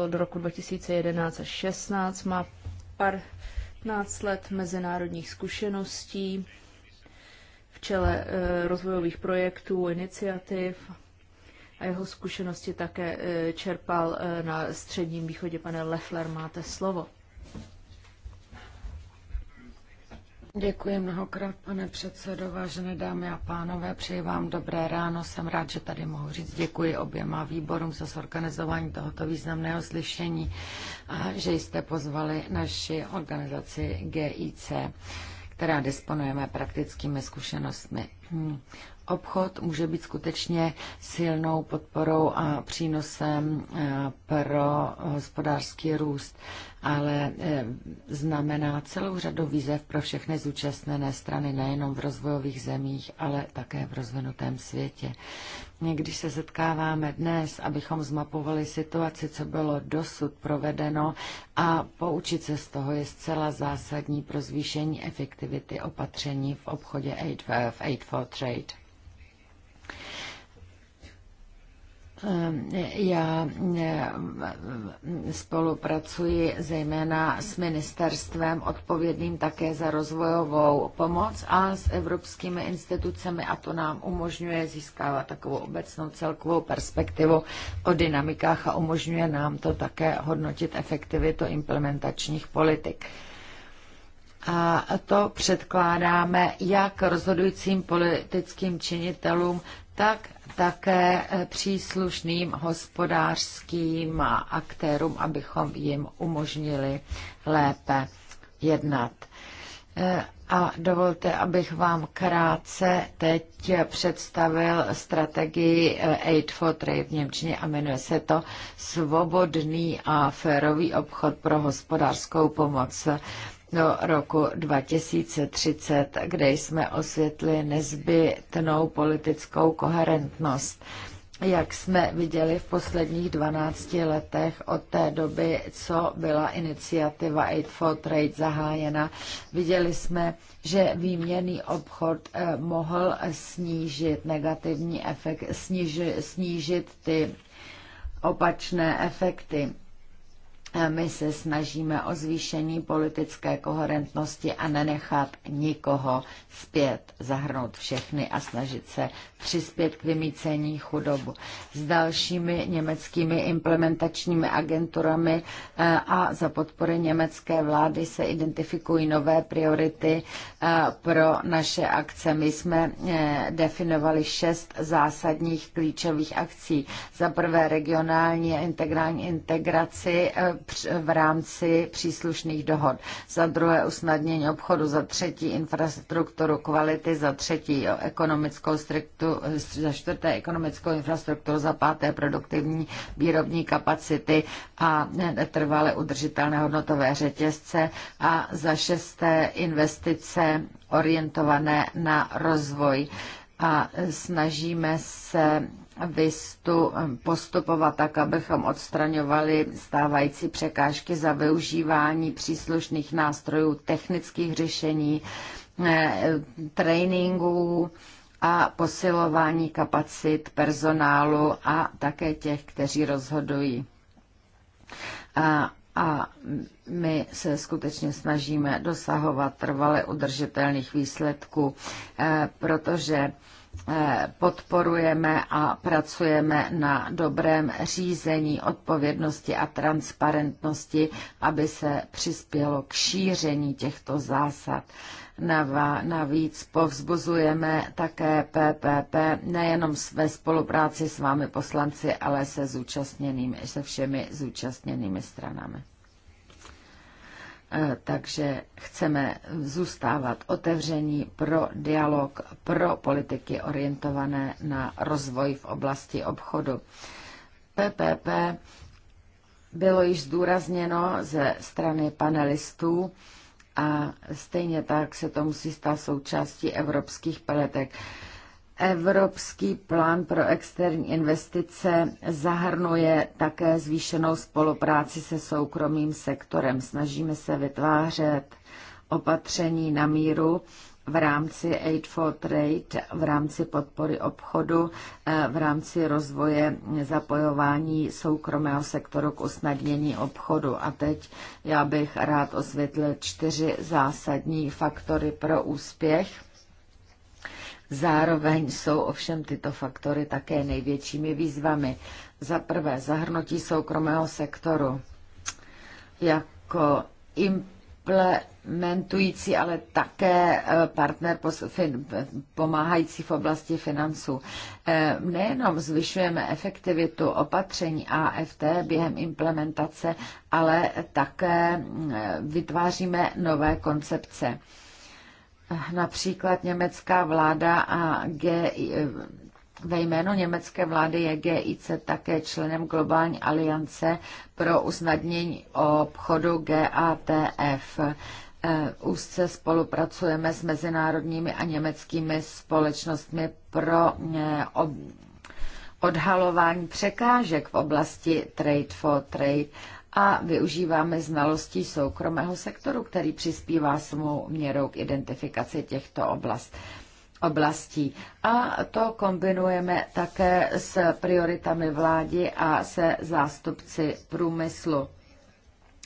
[SPEAKER 3] od roku 2011 až 16, má 15 let mezinárodních zkušeností v čele e, rozvojových projektů, iniciativ a jeho zkušenosti také e, čerpal e, na středním východě. Pane Leffler, máte slovo. Děkuji mnohokrát, pane předsedo,
[SPEAKER 2] vážené dámy a pánové, přeji vám dobré ráno, jsem rád, že tady mohu říct děkuji oběma výborům za zorganizování tohoto významného slyšení a že jste pozvali naši organizaci GIC, která disponujeme praktickými zkušenostmi. Obchod může být skutečně silnou podporou a přínosem eh, pro hospodářský růst, ale eh, znamená celou řadu výzev pro všechny zúčastněné strany, nejenom v rozvojových zemích, ale také v rozvinutém světě. Když se setkáváme dnes, abychom zmapovali situaci, co bylo dosud provedeno a poučit se z toho je zcela zásadní pro zvýšení efektivity opatření v obchodě Aid, eh, v for Trade. Já eh, spolupracuji zejména s ministerstvem odpovědným také za rozvojovou pomoc a s evropskými institucemi a to nám umožňuje získávat takovou obecnou celkovou perspektivu o dynamikách a umožňuje nám to také hodnotit efektivitu implementačních politik. A to předkládáme jak rozhodujícím politickým činitelům, tak také eh, příslušným hospodářským aktérům, abychom jim umožnili lépe jednat. Eh, a dovolte, abych vám krátce teď představil strategii eh, Aid for Trade v Němčině a jmenuje se to Svobodný a férový obchod pro hospodářskou pomoc do roku 2030, kde jsme osvětli nezbytnou politickou koherentnost. Jak jsme viděli v posledních 12 letech od té doby, co byla iniciativa Aid for Trade zahájena, viděli jsme, že výměný obchod eh, mohl snížit negativní efekt, sniž, snížit ty opačné efekty my se snažíme o zvýšení politické koherentnosti a nenechat nikoho zpět, zahrnout všechny a snažit se přispět k vymícení chudobu. S dalšími německými implementačními agenturami eh, a za podpory německé vlády se identifikují nové priority eh, pro naše akce. My jsme eh, definovali šest zásadních klíčových akcí. Za prvé regionální a integrální integraci v rámci příslušných dohod. Za druhé usnadnění obchodu, za třetí infrastrukturu kvality, za třetí ekonomickou striktu, za čtvrté ekonomickou infrastrukturu, za páté produktivní výrobní kapacity a trvale udržitelné hodnotové řetězce a za šesté investice orientované na rozvoj a snažíme se VISTu eh, postupovat tak, abychom odstraňovali stávající překážky za využívání příslušných nástrojů, technických řešení, eh, tréninků a posilování kapacit personálu a také těch, kteří rozhodují. A a my se skutečně snažíme dosahovat trvale udržitelných výsledků, eh, protože podporujeme a pracujeme na dobrém řízení odpovědnosti a transparentnosti, aby se přispělo k šíření těchto zásad. Navíc povzbuzujeme také PPP nejenom ve spolupráci s vámi poslanci, ale se, zúčastněnými, se všemi zúčastněnými stranami. Eh, takže chceme zůstávat otevření pro dialog, pro politiky orientované na rozvoj v oblasti obchodu. PPP bylo již zdůrazněno ze strany panelistů a stejně tak se to musí stát součástí evropských peletek. Evropský plán pro externí investice zahrnuje také zvýšenou spolupráci se soukromým sektorem. Snažíme se vytvářet opatření na míru v rámci Aid for Trade, v rámci podpory obchodu, eh, v rámci rozvoje zapojování soukromého sektoru k usnadnění obchodu. A teď já bych rád osvětlil čtyři zásadní faktory pro úspěch Zároveň jsou ovšem tyto faktory také největšími výzvami. Za prvé zahrnutí soukromého sektoru jako implementující, ale také eh, partner pomáhající v oblasti financů. Eh, nejenom zvyšujeme efektivitu opatření AFT během implementace, ale také mm, eh, vytváříme nové koncepce. Například německá vláda a G, eh, ve jménu německé vlády je GIC také členem Globální aliance pro usnadnění obchodu GATF. Eh, úzce spolupracujeme s mezinárodními a německými společnostmi pro eh, odhalování překážek v oblasti Trade for Trade a využíváme znalostí soukromého sektoru, který přispívá svou měrou k identifikaci těchto oblast, oblastí. A to kombinujeme také s prioritami vlády a se zástupci průmyslu.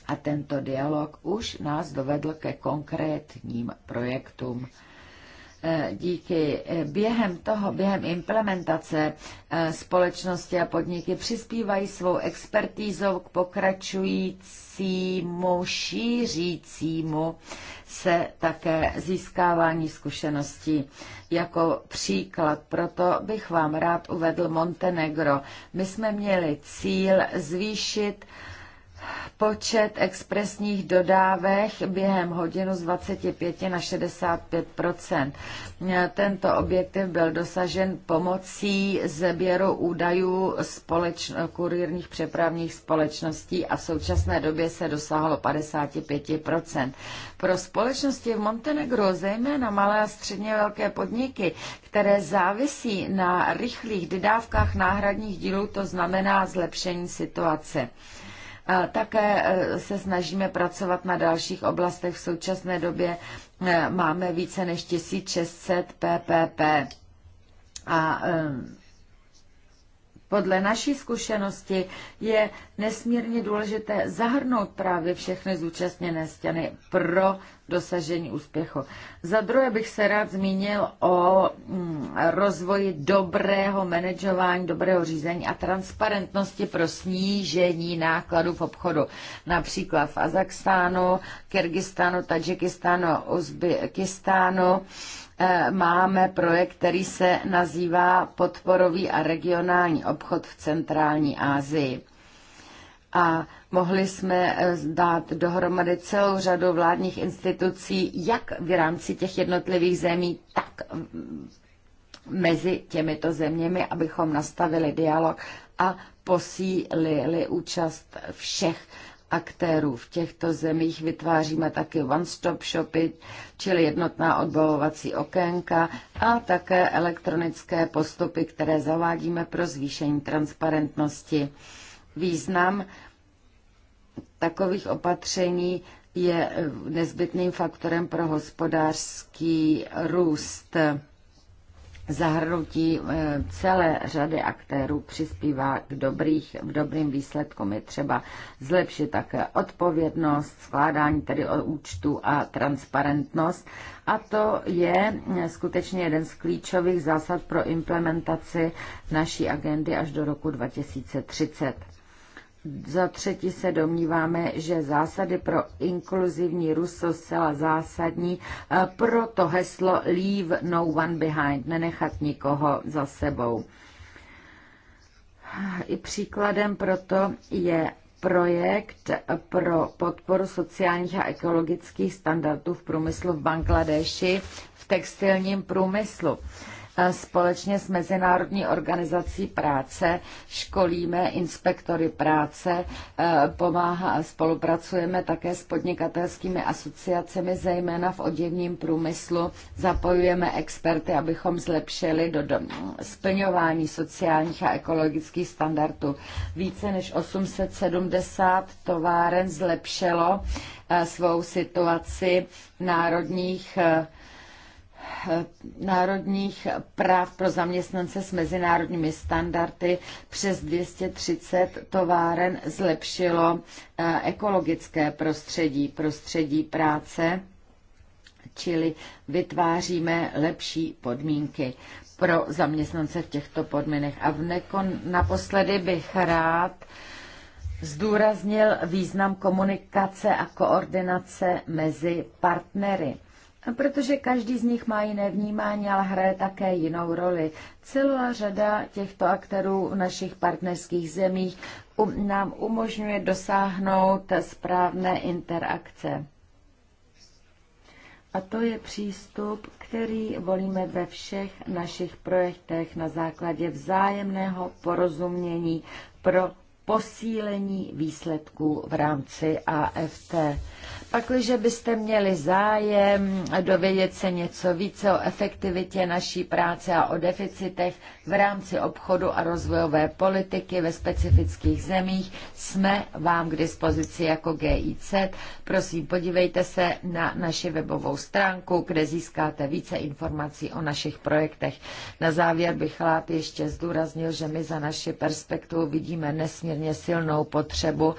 [SPEAKER 2] A tento dialog už nás dovedl ke konkrétním projektům. Eh, díky eh, během toho, během implementace eh, společnosti a podniky přispívají svou expertízou k pokračujícímu, šířícímu se také získávání zkušeností. Jako příklad proto bych vám rád uvedl Montenegro. My jsme měli cíl zvýšit počet expresních dodávek během hodinu z 25 na 65 Tento objektiv byl dosažen pomocí sběru údajů společno, kurírních přepravních společností a v současné době se dosáhlo 55 Pro společnosti v Montenegru, zejména malé a středně velké podniky, které závisí na rychlých dodávkách náhradních dílů, to znamená zlepšení situace. Také e, se snažíme pracovat na dalších oblastech. V současné době e, máme více než 1600 PPP. A e, podle naší zkušenosti je nesmírně důležité zahrnout právě všechny zúčastněné stěny pro dosažení úspěchu. Za druhé bych se rád zmínil o mm, rozvoji dobrého manažování, dobrého řízení a transparentnosti pro snížení nákladů v obchodu. Například v Azakstánu, Kyrgyzstánu, Tadžikistánu, Uzbekistánu Eh, máme projekt, který se nazývá Podporový a regionální obchod v centrální Asii. A mohli jsme eh, dát dohromady celou řadu vládních institucí, jak v rámci těch jednotlivých zemí, tak mezi těmito zeměmi, abychom nastavili dialog a posílili účast všech aktérů v těchto zemích. Vytváříme taky one-stop shopy, čili jednotná odbavovací okénka a také elektronické postupy, které zavádíme pro zvýšení transparentnosti. Význam takových opatření je nezbytným faktorem pro hospodářský růst zahrnutí eh, celé řady aktérů přispívá k dobrých, k dobrým výsledkům. Je třeba zlepšit také odpovědnost, skládání tedy o účtu a transparentnost. A to je eh, skutečně jeden z klíčových zásad pro implementaci naší agendy až do roku 2030. Za třetí se domníváme, že zásady pro inkluzivní Rus jsou zcela zásadní, e, proto heslo Leave no one behind, nenechat nikoho za sebou. I příkladem proto je projekt pro podporu sociálních a ekologických standardů v průmyslu v Bangladeši v textilním průmyslu. Společně s Mezinárodní organizací práce školíme inspektory práce, e, pomáhá a spolupracujeme také s podnikatelskými asociacemi, zejména v oděvním průmyslu. Zapojujeme experty, abychom zlepšili do, do splňování sociálních a ekologických standardů. Více než 870 továren zlepšilo e, svou situaci národních e, Eh, národních práv pro zaměstnance s mezinárodními standardy přes 230 továren zlepšilo eh, ekologické prostředí, prostředí práce, čili vytváříme lepší podmínky pro zaměstnance v těchto podmínech. A v nekon, naposledy bych rád zdůraznil význam komunikace a koordinace mezi partnery Protože každý z nich má jiné vnímání, ale hraje také jinou roli. Celá řada těchto aktérů v našich partnerských zemích um, nám umožňuje dosáhnout správné interakce. A to je přístup, který volíme ve všech našich projektech na základě vzájemného porozumění pro posílení výsledků v rámci AFT. Pakliže byste měli zájem dovědět se něco více o efektivitě naší práce a o deficitech v rámci obchodu a rozvojové politiky ve specifických zemích, jsme vám k dispozici jako GIC. Prosím, podívejte se na naši webovou stránku, kde získáte více informací o našich projektech. Na závěr bych rád ještě zdůraznil, že my za naši perspektivu vidíme nesmírně nesmírně silnou potřebu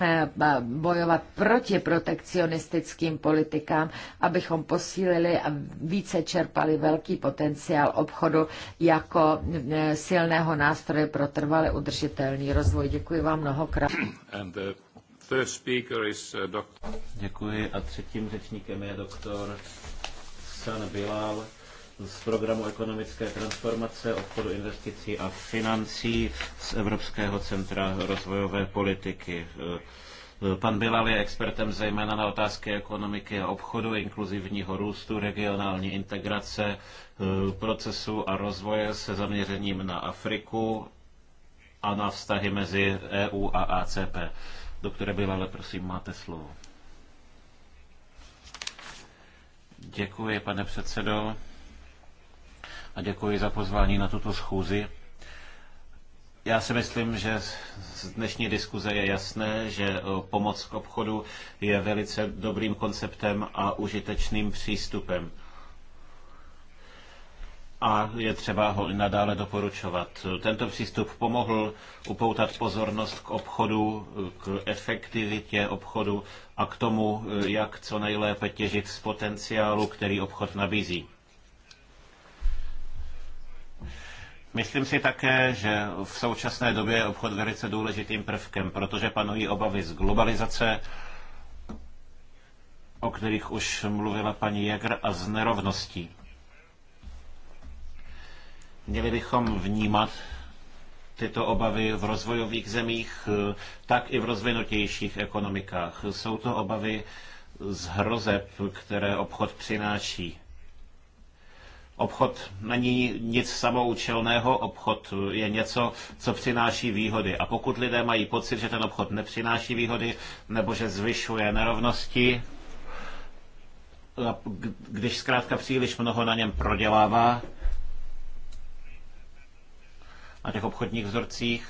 [SPEAKER 2] eh, bojovat proti protekcionistickým politikám, abychom posílili a více čerpali velký potenciál obchodu jako eh, silného nástroje pro trvale udržitelný rozvoj. Děkuji vám mnohokrát.
[SPEAKER 1] Is, uh, Děkuji a třetím řečníkem je doktor San Bilal z programu ekonomické transformace, obchodu investicí a financí z Evropského centra rozvojové politiky. Pan Bilal je expertem zejména na otázky ekonomiky a obchodu, inkluzivního růstu, regionální integrace, procesu a rozvoje se zaměřením na Afriku a na vztahy mezi EU a ACP. Doktore Bilale, prosím, máte slovo. Děkuji, pane předsedo a děkuji za pozvání na tuto schůzi. Já si myslím, že z dnešní diskuze je jasné, že pomoc k obchodu je velice dobrým konceptem a užitečným přístupem. A je třeba ho nadále doporučovat. Tento přístup pomohl upoutat pozornost k obchodu, k efektivitě obchodu a k tomu, jak co nejlépe těžit z potenciálu, který obchod nabízí. Myslím si také, že v současné době je obchod velice důležitým prvkem, protože panují obavy z globalizace, o kterých už mluvila paní Jäger, a z nerovností. Měli bychom vnímat tyto obavy v rozvojových zemích, tak i v rozvinutějších ekonomikách. Jsou to obavy z hrozeb, které obchod přináší. Obchod není nic samoučelného, obchod je něco, co přináší výhody. A pokud lidé mají pocit, že ten obchod nepřináší výhody nebo že zvyšuje nerovnosti, když zkrátka příliš mnoho na něm prodělává, na těch obchodních vzorcích,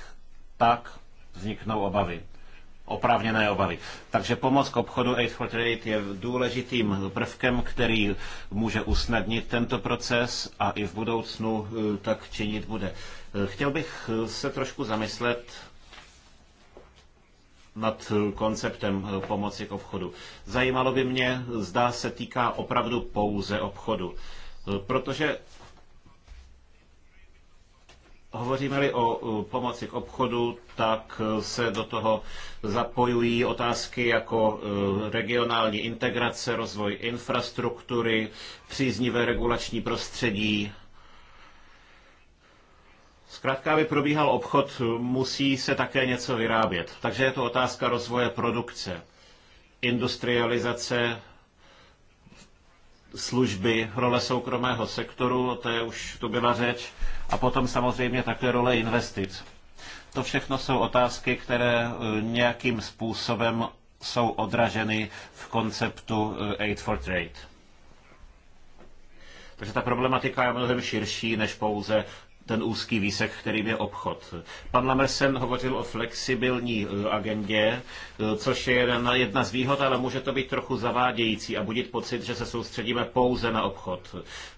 [SPEAKER 1] tak vzniknou obavy oprávněné obavy. Takže pomoc k obchodu Aid for Trade je důležitým prvkem, který může usnadnit tento proces a i v budoucnu eh, tak činit bude. Eh, chtěl bych eh, se trošku zamyslet nad konceptem pomoci k obchodu. Zajímalo by mě, zdá se týká opravdu pouze obchodu. Protože Hovoříme-li o pomoci k obchodu, tak e, se do toho zapojují otázky jako e, regionální integrace, rozvoj infrastruktury, příznivé regulační prostředí. Zkrátka, aby probíhal obchod, musí se také něco vyrábět. Takže je to otázka rozvoje produkce, industrializace, služby, role soukromého sektoru, o té už tu byla řeč a potom samozřejmě také role investic. To všechno jsou otázky, které eh, nějakým způsobem jsou odraženy v konceptu eh, Aid for Trade. Takže ta problematika je mnohem širší než pouze ten úzký výsek, kterým je obchod. Pan Lamersen hovořil o flexibilní e, agendě, e, což je jedna, z výhod, ale může to být trochu zavádějící a budit pocit, že se soustředíme pouze na obchod.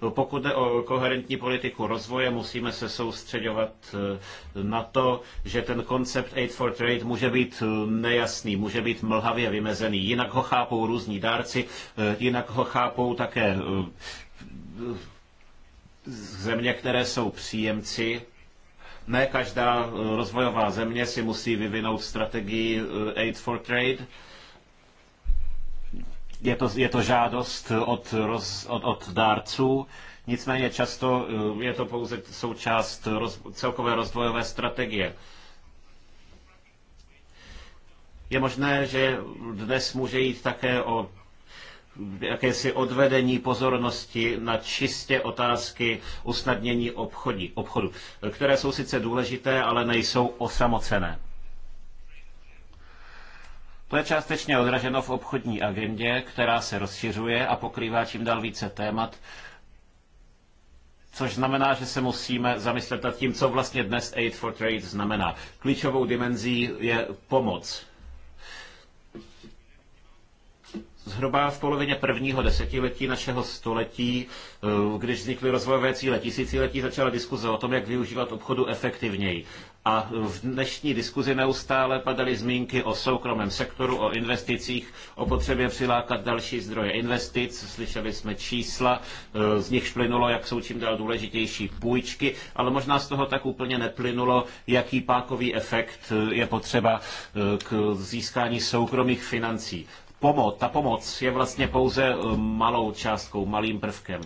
[SPEAKER 1] Pokud jde o koherentní politiku rozvoje, musíme se soustředovat e, na to, že ten koncept Aid for Trade může být nejasný, může být mlhavě vymezený. Jinak ho chápou různí dárci, jinak ho chápou také země, které jsou příjemci, ne každá eh, rozvojová země si musí vyvinout strategii eh, Aid for Trade. Je to, je to žádost od, roz, od, od dárců, nicméně často eh, je to pouze součást roz, celkové rozvojové strategie. Je možné, že dnes může jít také o jakési odvedení pozornosti na čistě otázky usnadnění obchodí, obchodu, které jsou sice důležité, ale nejsou osamocené. To je částečně odraženo v obchodní agendě, která se rozšiřuje a pokrývá čím dál více témat, což znamená, že se musíme zamyslet nad tím, co vlastně dnes Aid for Trade znamená. Klíčovou dimenzí je pomoc Zhruba v polovině prvního desetiletí našeho století, eh, když vznikly rozvojové cíle tisíciletí, začala diskuze o tom, jak využívat obchodu efektivněji. A v dnešní diskuzi neustále padaly zmínky o soukromém sektoru, o investicích, o potřebě přilákat další zdroje investic. Slyšeli jsme čísla, eh, z nichž plynulo, jak jsou čím dál důležitější půjčky, ale možná z toho tak úplně neplynulo, jaký pákový efekt eh, je potřeba k získání soukromých financí pomoc, ta pomoc je vlastně pouze eh, malou částkou, malým prvkem.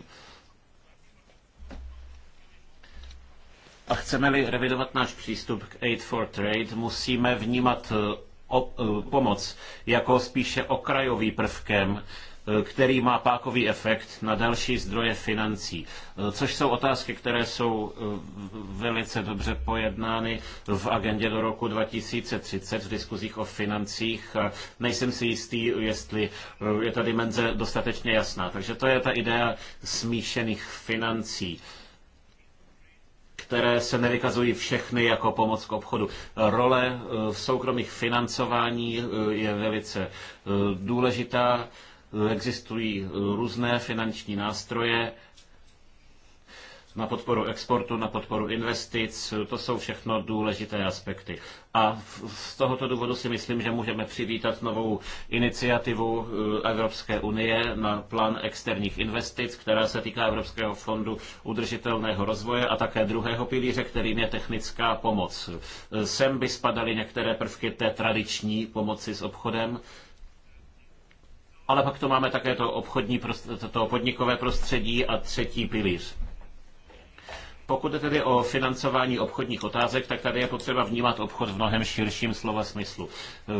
[SPEAKER 1] A chceme-li revidovat náš přístup k Aid for Trade, musíme vnímat eh, o, eh, pomoc jako spíše okrajový prvkem, který má pákový efekt na další zdroje financí, což jsou otázky, které jsou eh, velice dobře pojednány v agendě do roku 2030 v diskuzích o financích. Nejsem si jistý, jestli eh, je ta dimenze dostatečně jasná. Takže to je ta idea smíšených financí které se nevykazují všechny jako pomoc k obchodu. Role eh, v soukromých financování je velice důležitá Existují různé finanční nástroje na podporu exportu, na podporu investic, to jsou všechno důležité aspekty. A z tohoto důvodu si myslím, že můžeme přivítat novou iniciativu eh, Evropské unie na plán externích investic, která se týká Evropského fondu udržitelného rozvoje a také druhého pilíře, kterým je technická pomoc. Eh, sem by spadaly některé prvky té tradiční pomoci s obchodem, ale pak to máme také to obchodní, to podnikové prostředí a třetí pilíř. Pokud je tedy o financování obchodních otázek, tak tady je potřeba vnímat obchod v mnohem širším slova smyslu.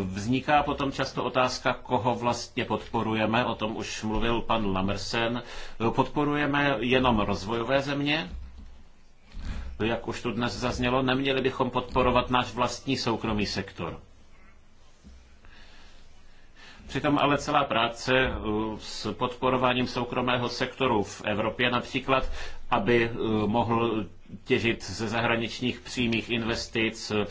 [SPEAKER 1] Vzniká potom často otázka, koho vlastně podporujeme, o tom už mluvil pan Lamersen. Podporujeme jenom rozvojové země, jak už tu dnes zaznělo, neměli bychom podporovat náš vlastní soukromý sektor. Přitom ale celá práce uh, s podporováním soukromého sektoru v Evropě například, aby uh, mohl těžit ze zahraničních přímých investic, uh,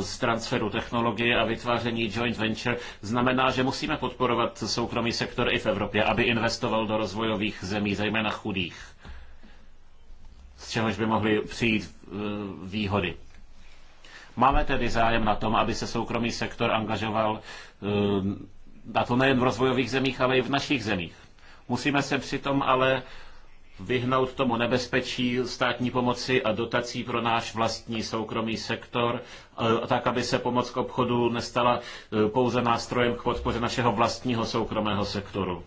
[SPEAKER 1] z transferu technologie a vytváření joint venture, znamená, že musíme podporovat soukromý sektor i v Evropě, aby investoval do rozvojových zemí, zejména chudých, z čehož by mohly přijít výhody. Máme tedy zájem na tom, aby se soukromý sektor angažoval a to nejen v rozvojových zemích, ale i v našich zemích. Musíme se přitom ale vyhnout tomu nebezpečí státní pomoci a dotací pro náš vlastní soukromý sektor, e, tak aby se pomoc k obchodu nestala e, pouze nástrojem k podpoře našeho vlastního soukromého sektoru,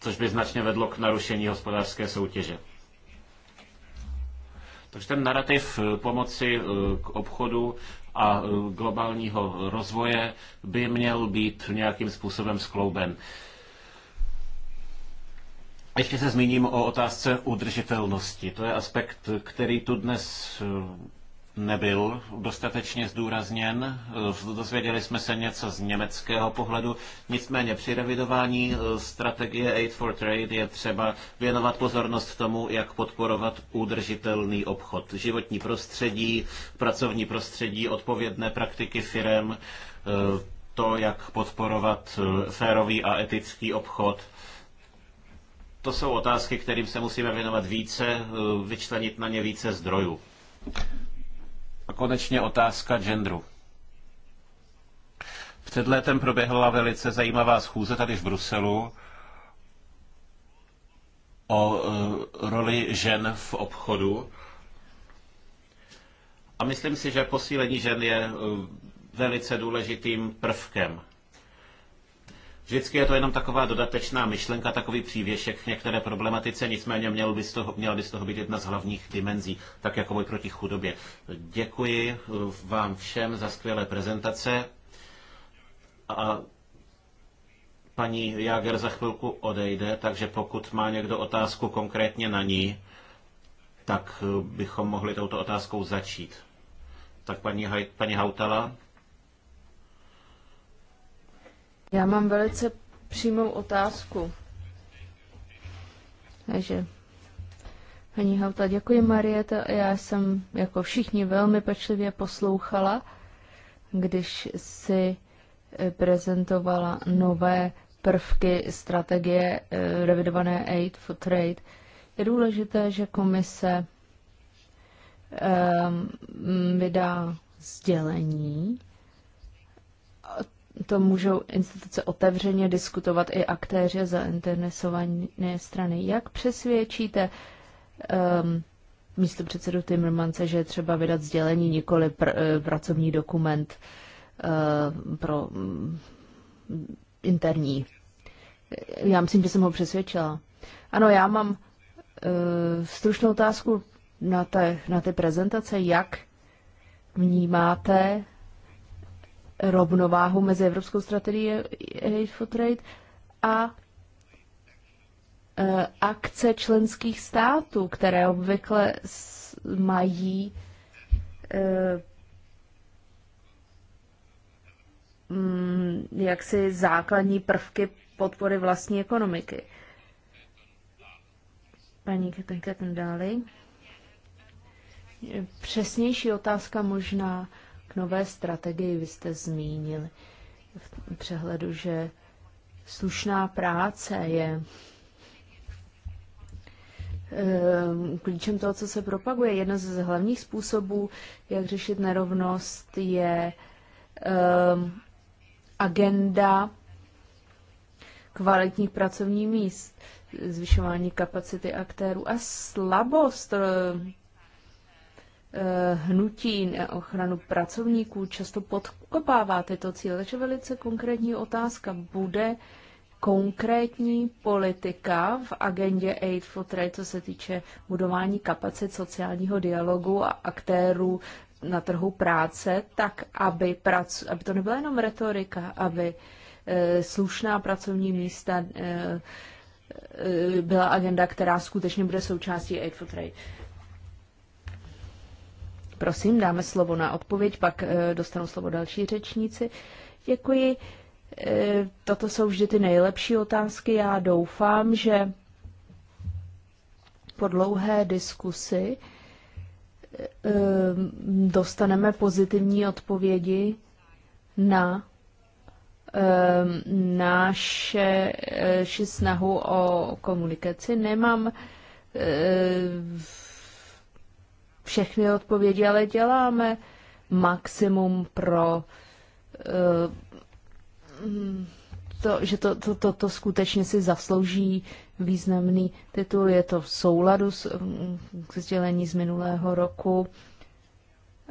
[SPEAKER 1] což by značně vedlo k narušení hospodářské soutěže. Takže ten narrativ eh, pomoci eh, k obchodu a eh, globálního rozvoje by měl být nějakým způsobem skloben. Ještě se zmíním o otázce udržitelnosti. To je aspekt, který tu dnes nebyl dostatečně zdůrazněn. Dozvěděli jsme se něco z německého pohledu. Nicméně při revidování e, strategie Aid for Trade je třeba věnovat pozornost tomu, jak podporovat udržitelný obchod. Životní prostředí, pracovní prostředí, odpovědné praktiky firem, e, to, jak podporovat e, férový a etický obchod, to jsou otázky, kterým se musíme věnovat více, vyčlenit na ně více zdrojů. A konečně otázka genderu. Před létem proběhla velice zajímavá schůze tady v Bruselu o e, roli žen v obchodu. A myslím si, že posílení žen je e, velice důležitým prvkem. Vždycky je to jenom taková dodatečná myšlenka, takový přívěšek k některé problematice, nicméně měl by z toho, měla by z toho být jedna z hlavních dimenzí, tak jako boj proti chudobě. Děkuji eh, vám všem za skvělé prezentace. A paní Jager za chvilku odejde, takže pokud má někdo otázku konkrétně na ní, tak eh, bychom mohli touto otázkou začít. Tak paní, paní Hautala.
[SPEAKER 3] Já mám velice přímou otázku. Takže, paní Hauta, děkuji Marieta. Já jsem jako všichni velmi pečlivě poslouchala, když si eh, prezentovala nové prvky strategie eh, revidované Aid for Trade. Je důležité, že komise ehm, vydá sdělení to můžou instituce otevřeně diskutovat i aktéři a zainteresované strany. Jak přesvědčíte um, místo předsedu Timmermance, že je třeba vydat sdělení, nikoli pr- eh, pracovní dokument uh, pro um, interní? Já myslím, že jsem ho přesvědčila. Ano, já mám uh, stručnou otázku na, te, na ty prezentace. Jak vnímáte rovnováhu mezi evropskou strategií Aid for Trade a e, akce členských států, které obvykle mají e, mm, jaksi základní prvky podpory vlastní ekonomiky. Paní Ketenka ten dáli. Přesnější otázka možná k nové strategii vy jste zmínil v přehledu, že slušná práce je ehm, klíčem toho, co se propaguje. jedno z hlavních způsobů, jak řešit nerovnost, je ehm, agenda kvalitních pracovních míst, zvyšování kapacity aktérů a slabost ehm, Eh, hnutí na ochranu pracovníků často podkopává tyto cíle. Takže velice konkrétní otázka. Bude konkrétní politika v agendě Aid for Trade, co se týče budování kapacit sociálního dialogu a aktérů na trhu práce, tak aby, prac, aby to nebyla jenom retorika, aby e, slušná pracovní místa e, e, byla agenda, která skutečně bude součástí Aid for Trade. Prosím, dáme slovo na odpověď, pak eh, dostanou slovo další řečníci. Děkuji. Eh, toto jsou vždy ty nejlepší otázky. Já doufám, že po dlouhé diskusi eh, dostaneme pozitivní odpovědi na naše snahu o komunikaci. Nemám všechny odpovědi, ale děláme maximum pro eh, to, že to, to, to, to skutečně si zaslouží významný titul. Je to v souladu s, k mm, sdělení z minulého roku.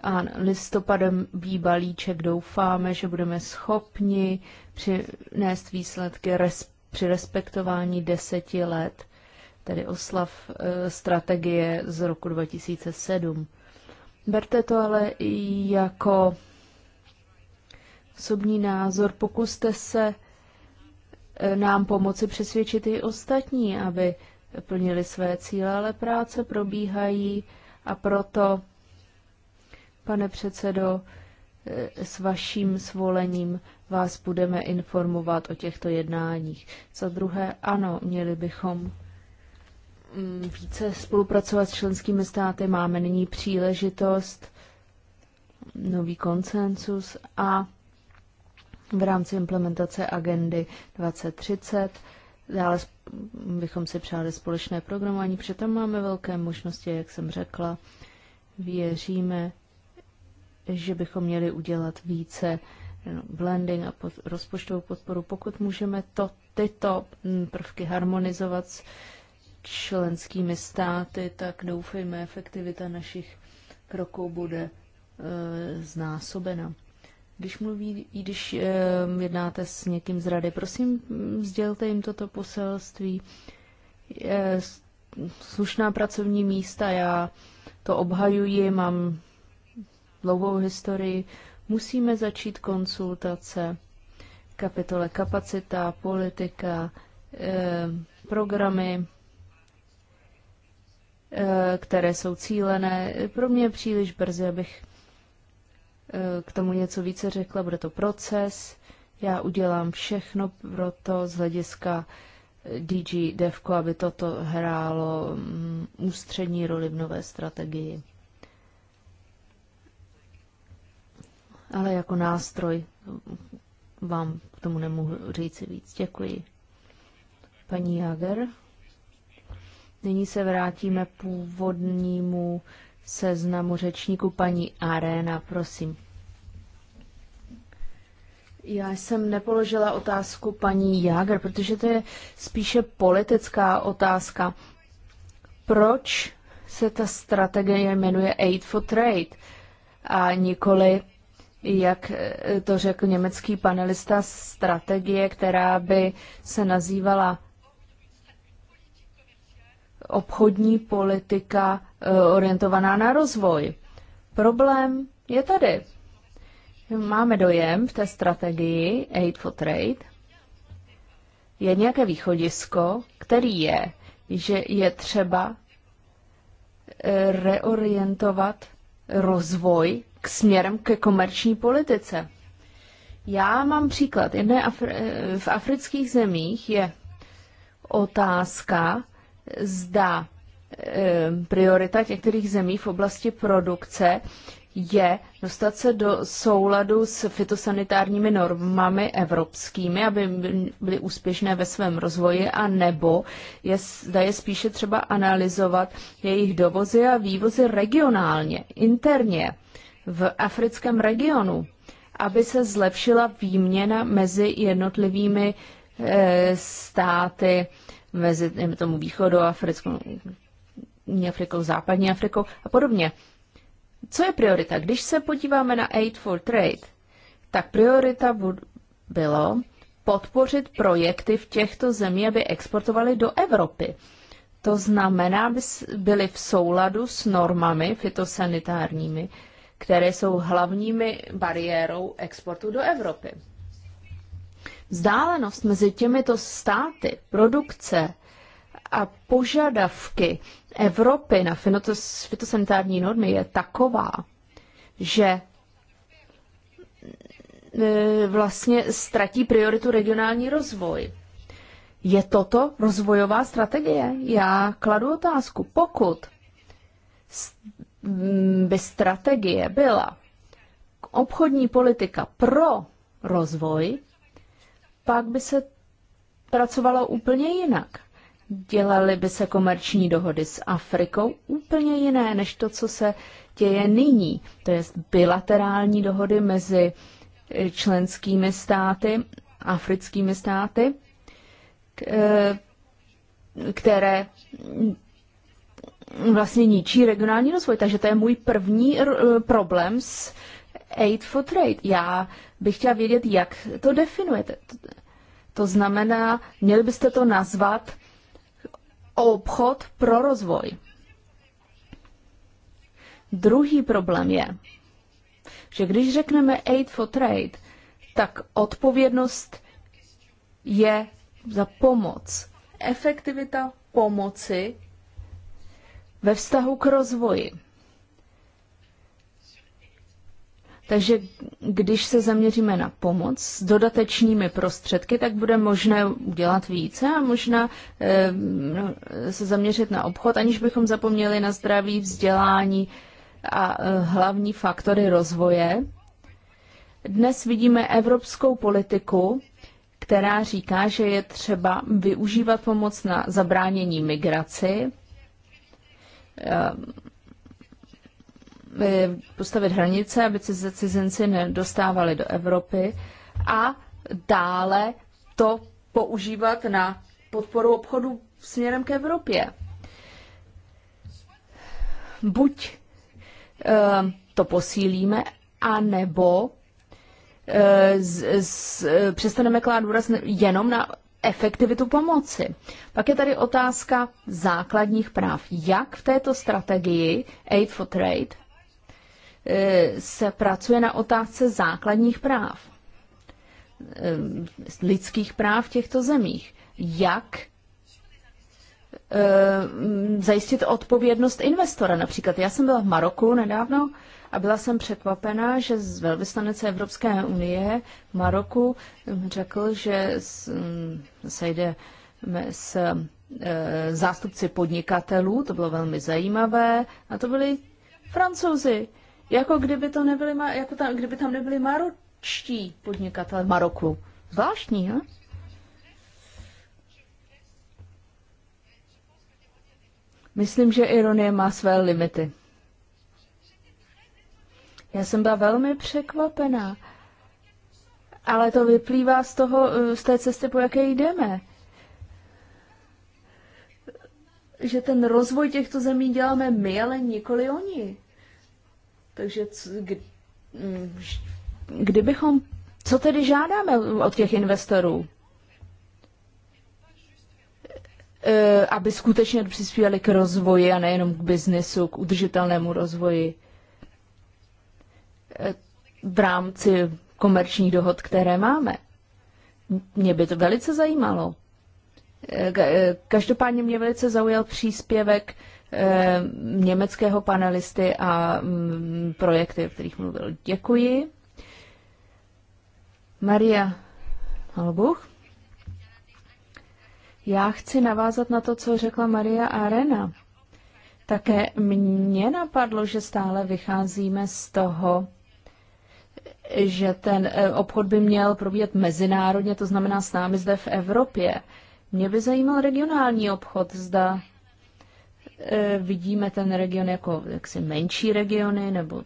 [SPEAKER 3] A listopadem balíček doufáme, že budeme schopni přinést výsledky res, při respektování deseti let tedy oslav e, strategie z roku 2007. Berte to ale jako osobní názor, pokuste se e, nám pomoci přesvědčit i ostatní, aby plnili své cíle, ale práce probíhají a proto, pane předsedo, e, s vaším svolením vás budeme informovat o těchto jednáních. Za druhé, ano, měli bychom Mm, více spolupracovat s členskými státy. Máme nyní příležitost, nový koncensus a v rámci implementace agendy 2030. Dále bychom si přáli společné programování, protože tam máme velké možnosti, jak jsem řekla. Věříme, že bychom měli udělat více no, blending a pod, rozpočtovou podporu, pokud můžeme to, tyto mm, prvky harmonizovat s členskými státy, tak doufejme, efektivita našich kroků bude e, znásobena. Když mluví, i když e, jednáte s někým z rady, prosím, sdělte jim toto poselství. E, slušná pracovní místa, já to obhajuji, mám dlouhou historii. Musíme začít konsultace kapitole kapacita, politika, e, programy, Eh, které jsou cílené. Pro mě je příliš brzy, abych eh, k tomu něco více řekla. Bude to proces. Já udělám všechno pro to z hlediska eh, DG Devko, aby toto hrálo mm, ústřední roli v nové strategii. Ale jako nástroj vám k tomu nemohu říct víc. Děkuji. Paní Jager. Nyní se vrátíme původnímu seznamu řečníku paní Arena, prosím. Já jsem nepoložila otázku paní Jager, protože to je spíše politická otázka. Proč se ta strategie jmenuje Aid for Trade a nikoli, jak to řekl německý panelista, strategie, která by se nazývala obchodní politika eh, orientovaná na rozvoj. Problém je tady. Máme dojem v té strategii Aid for Trade, je nějaké východisko, který je, že je třeba eh, reorientovat rozvoj k směrem ke komerční politice. Já mám příklad. Jedné Afri- eh, v afrických zemích je otázka zda eh, priorita některých zemí v oblasti produkce je dostat se do souladu s fitosanitárními normami evropskými, aby byly úspěšné ve svém rozvoji, a nebo je, zda je spíše třeba analyzovat jejich dovozy a vývozy regionálně, interně, v africkém regionu, aby se zlepšila výměna mezi jednotlivými e, státy mezi tomu východu Africkou, Afrikou, západní Afrikou a podobně. Co je priorita? Když se podíváme na Aid for Trade, tak priorita bylo podpořit projekty v těchto zemích, aby exportovali do Evropy. To znamená, aby byly v souladu s normami fitosanitárními, které jsou hlavními bariérou exportu do Evropy vzdálenost mezi těmito státy, produkce a požadavky Evropy na fitosanitární normy je taková, že e, vlastně ztratí prioritu regionální rozvoj. Je toto rozvojová strategie? Já kladu otázku. Pokud by strategie byla obchodní politika pro rozvoj, pak by se pracovalo úplně jinak. Dělaly by se komerční dohody s Afrikou úplně jiné než to, co se děje nyní. To je bilaterální dohody mezi členskými státy, africkými státy, e, které vlastně ničí regionální rozvoj. Takže to je můj první e, problém s Aid for Trade. Já bych chtěla vědět, jak to definujete. To znamená, měli byste to nazvat obchod pro rozvoj. Druhý problém je, že když řekneme Aid for Trade, tak odpovědnost je za pomoc. Efektivita pomoci ve vztahu k rozvoji. Takže když se zaměříme na pomoc s dodatečnými prostředky, tak bude možné udělat více a možná e, se zaměřit na obchod, aniž bychom zapomněli na zdraví, vzdělání a e, hlavní faktory rozvoje. Dnes vidíme evropskou politiku, která říká, že je třeba využívat pomoc na zabránění migraci, e, Eh, postavit hranice, aby se cizinci nedostávali do Evropy a dále to používat na podporu obchodu směrem k Evropě. Buď eh, to posílíme, anebo eh, z, z, přestaneme klát důraz jenom na efektivitu pomoci. Pak je tady otázka základních práv. Jak v této strategii Aid for Trade E, se pracuje na otázce základních práv, e, lidských práv v těchto zemích. Jak e, zajistit odpovědnost investora. Například já jsem byla v Maroku nedávno a byla jsem překvapená, že z velvyslanice Evropské unie v Maroku řekl, že sejde s mm, zástupci podnikatelů, to bylo velmi zajímavé, a to byli francouzi, jako kdyby, to nebyly, jako tam, kdyby tam nebyli maročtí podnikatelé Maroku. Zvláštní, ne? Myslím, že ironie má své limity. Já jsem byla velmi překvapená. Ale to vyplývá z toho, eh, z té cesty, po jaké jdeme. Že ten rozvoj těchto zemí děláme my, ale nikoli oni. Takže mm, kdybychom, co tedy žádáme od těch investorů? E, aby skutečně přispívali k rozvoji a nejenom k biznesu, k udržitelnému rozvoji e, v rámci komerčních dohod, které máme. Mě by to velice zajímalo. E, každopádně mě velice zaujal příspěvek Eh, německého panelisty a mm, projekty, o kterých mluvil. Děkuji. Maria Halbuch. Já chci navázat na to, co řekla Maria Arena. Také mně napadlo, že stále vycházíme z toho, že ten eh, obchod by měl probíhat mezinárodně, to znamená s námi zde v Evropě. Mě by zajímal regionální obchod, zda Eh, vidíme ten region jako jaksi menší regiony nebo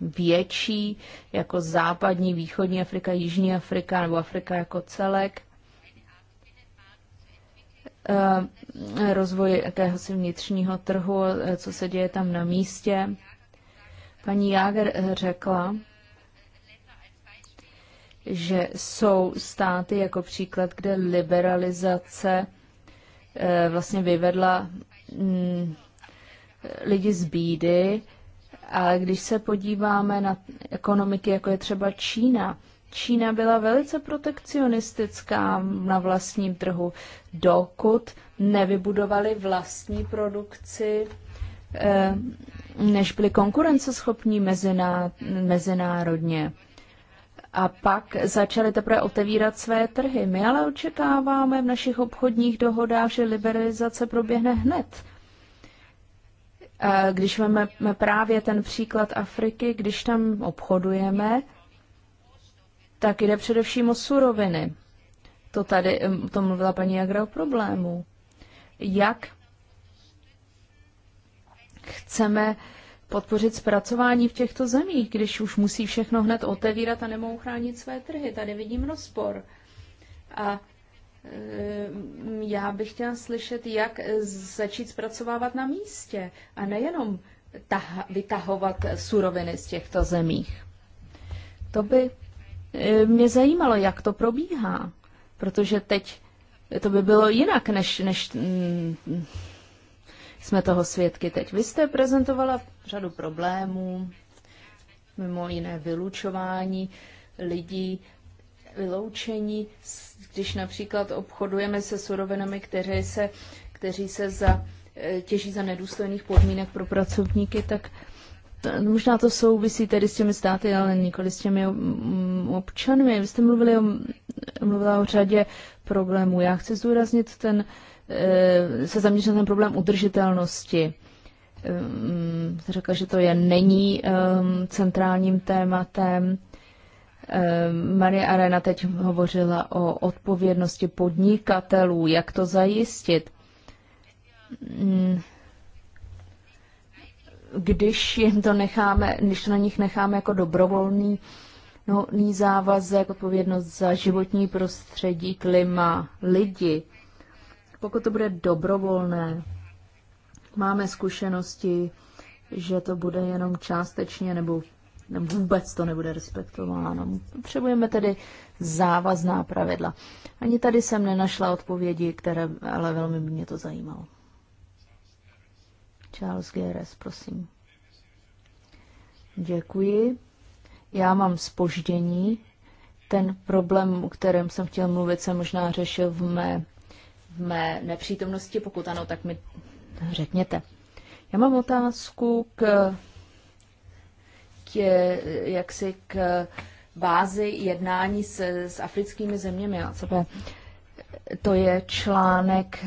[SPEAKER 3] větší, jako západní, východní Afrika, jižní Afrika nebo Afrika jako celek. Eh, rozvoj jakéhosi vnitřního trhu, eh, co se děje tam na místě. Paní Jager řekla, že jsou státy jako příklad, kde liberalizace vlastně vyvedla Mm, lidi z bídy, ale když se podíváme na ekonomiky, jako je třeba Čína, Čína byla velice protekcionistická na vlastním trhu, dokud nevybudovali vlastní produkci, eh, než byli konkurenceschopní mezinárodně a pak začaly teprve otevírat své trhy. My ale očekáváme v našich obchodních dohodách, že liberalizace proběhne hned. Když máme právě ten příklad Afriky, když tam obchodujeme, tak jde především o suroviny. To tady, to mluvila paní Jagra o problému. Jak chceme podpořit zpracování v těchto zemích, když už musí všechno hned otevírat a nemohou chránit své trhy. Tady vidím rozpor. A e, já bych chtěla slyšet, jak začít zpracovávat na místě a nejenom tah- vytahovat suroviny z těchto zemích. To by e, mě zajímalo, jak to probíhá, protože teď to by bylo jinak, než, než jsme toho svědky teď. Vy jste prezentovala řadu problémů, mimo jiné vylučování lidí, vyloučení, když například obchodujeme se surovinami, které se, kteří se za, e, těží za nedůstojných podmínek pro pracovníky, tak Možná to souvisí tedy s těmi státy, ale nikoli s těmi mm, občany. Vy jste mluvili o, mluvila o řadě problémů. Já chci zúraznit ten, eh, se zaměřit na ten problém udržitelnosti. Ehm, řekla, že to je není ehm, centrálním tématem. Ehm, Marie Arena teď hovořila o odpovědnosti podnikatelů, jak to zajistit hm, když jim to necháme, když to na nich necháme jako dobrovolný no, závazek, odpovědnost za životní prostředí, klima, lidi, pokud to bude dobrovolné, máme zkušenosti, že to bude jenom částečně nebo vůbec to nebude respektováno. Potřebujeme tedy závazná pravidla. Ani tady jsem nenašla odpovědi, které ale velmi mě to zajímalo. Charles Geres, prosím. Děkuji. Já mám spoždění. Ten problém, o kterém jsem chtěl mluvit, se možná řešil v mé, v mé nepřítomnosti. Pokud ano, tak mi řekněte. Já mám otázku k, k jaksi k bázi jednání se, s africkými zeměmi ACP. To je článek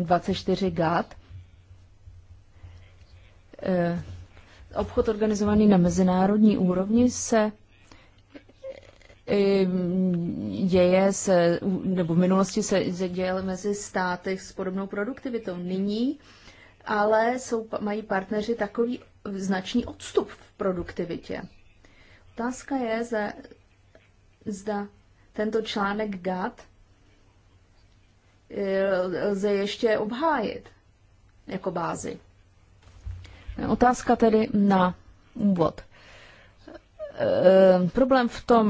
[SPEAKER 3] um, 24 GAT Eh, obchod organizovaný na mezinárodní úrovni se eh, děje se, nebo v minulosti se děje mezi státy s podobnou produktivitou. Nyní ale jsou, mají partneři takový značný odstup v produktivitě. Otázka je, zda, zda tento článek GATT eh, lze ještě obhájit jako bázi. Otázka tedy na úvod. E, problém v tom,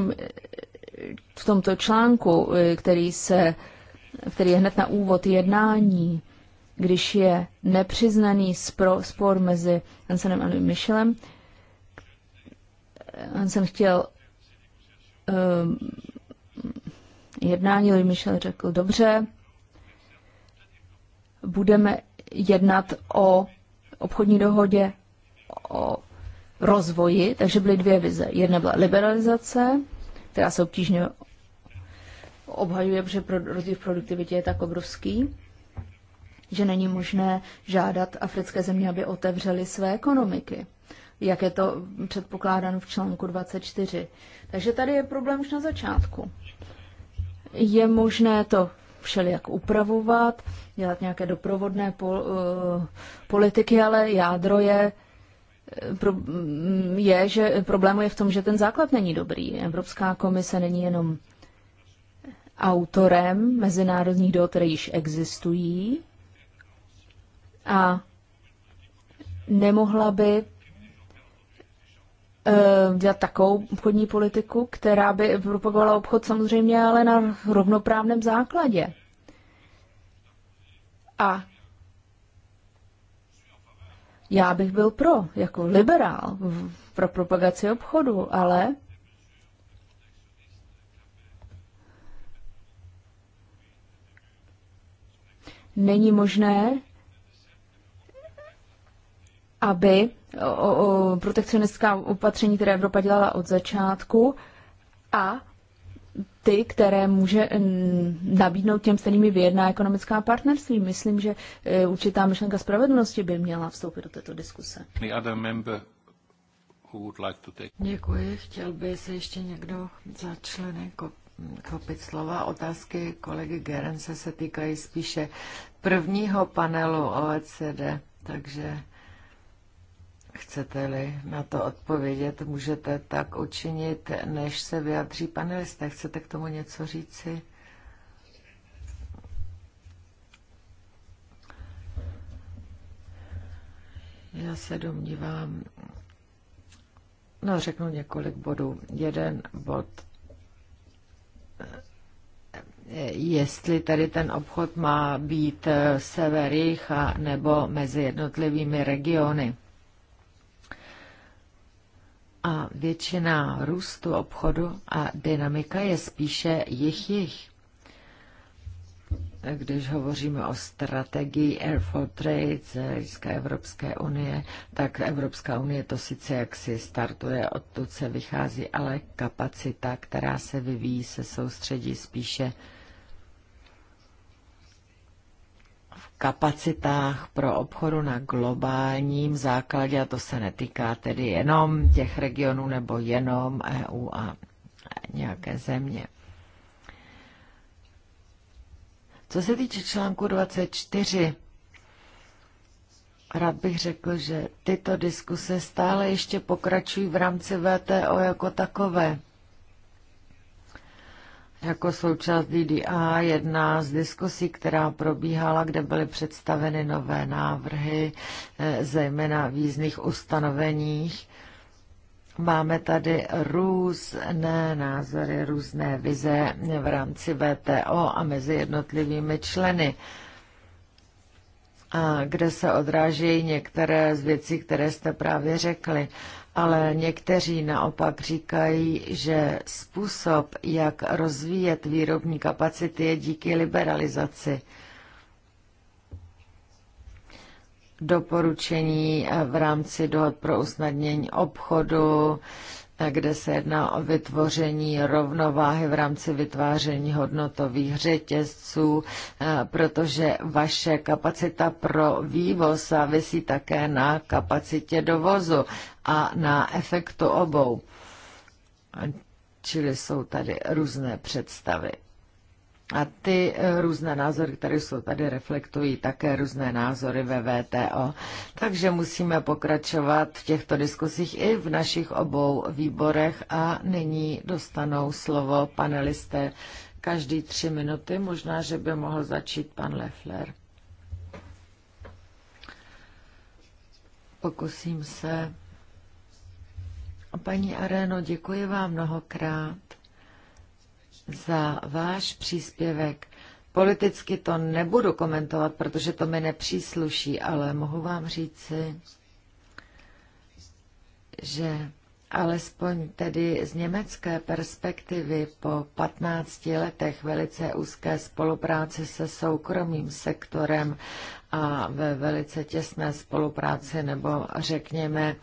[SPEAKER 3] v tomto článku, e, který se, který je hned na úvod jednání, když je nepřiznaný spor, spor mezi Hansenem a Michelem, Hansen chtěl um, jednání, Louis Michel řekl, dobře, budeme jednat o obchodní dohodě o rozvoji, takže byly dvě vize. Jedna byla liberalizace, která se obtížně obhajuje, protože rozdíl v produktivitě je tak obrovský, že není možné žádat africké země, aby otevřely své ekonomiky, jak je to předpokládáno v článku 24. Takže tady je problém už na začátku. Je možné to všelijak upravovat, dělat nějaké doprovodné pol, eh, politiky, ale jádro je, eh, mm, je, že problém je v tom, že ten základ není dobrý. Evropská komise není jenom autorem mezinárodních dohod, které již existují a nemohla by Eh, dělat takovou obchodní politiku, která by propagovala obchod samozřejmě, ale na rovnoprávném základě. A já bych byl pro, jako liberál, pro propagaci obchodu, ale není možné aby o, o, protekcionistická opatření, které Evropa dělala od začátku, a ty, které může nabídnout těm, s kterými vyjedná ekonomická partnerství. Myslím, že e, určitá myšlenka spravedlnosti by měla vstoupit do této diskuse.
[SPEAKER 1] Děkuji. Chtěl by se
[SPEAKER 2] ještě někdo za členy kopit slova. Otázky kolegy Gerence se týkají spíše prvního panelu OECD, takže Chcete-li na to odpovědět, můžete tak učinit, než se vyjadří panelisté. Chcete k tomu něco říci? Já se domnívám, no řeknu několik bodů. Jeden bod jestli tady ten obchod má být sever a nebo mezi jednotlivými regiony. A většina růstu obchodu a dynamika je spíše jich-jich. Když hovoříme o strategii Air for Trade z hlediska Evropské unie, tak Evropská unie to sice jaksi startuje, odtud se vychází, ale kapacita, která se vyvíjí, se soustředí spíše kapacitách pro obchodu na globálním základě, a to se netýká tedy jenom těch regionů nebo jenom EU a nějaké země. Co se týče článku 24, rád bych řekl, že tyto diskuse stále ještě pokračují v rámci VTO jako takové. Jako součást DDA jedna z diskusí, která probíhala, kde byly představeny nové návrhy, eh, zejména v jízdných ustanoveních, Máme tady různé názory, různé vize v rámci VTO a mezi jednotlivými členy, kde se odrážejí některé z věcí, které jste právě řekli ale někteří naopak říkají, že způsob, jak rozvíjet výrobní kapacity, je díky liberalizaci. Doporučení v rámci dohod pro usnadnění obchodu, kde se jedná o vytvoření rovnováhy v rámci vytváření hodnotových řetězců, eh, protože vaše kapacita pro vývoz závisí také na kapacitě dovozu a na efektu obou. Čili jsou tady různé představy. A ty eh, různé názory, které jsou tady, reflektují také různé názory ve VTO. Takže musíme pokračovat v těchto diskusích i v našich obou výborech a nyní dostanou slovo panelisté každý tři minuty. Možná, že by mohl začít pan Leffler. Pokusím se. Paní Areno, děkuji vám mnohokrát za váš příspěvek. Politicky to nebudu komentovat, protože to mi nepřísluší, ale mohu vám říci, že alespoň tedy z německé perspektivy po 15 letech velice úzké spolupráce se soukromým sektorem a ve velice těsné spolupráci nebo řekněme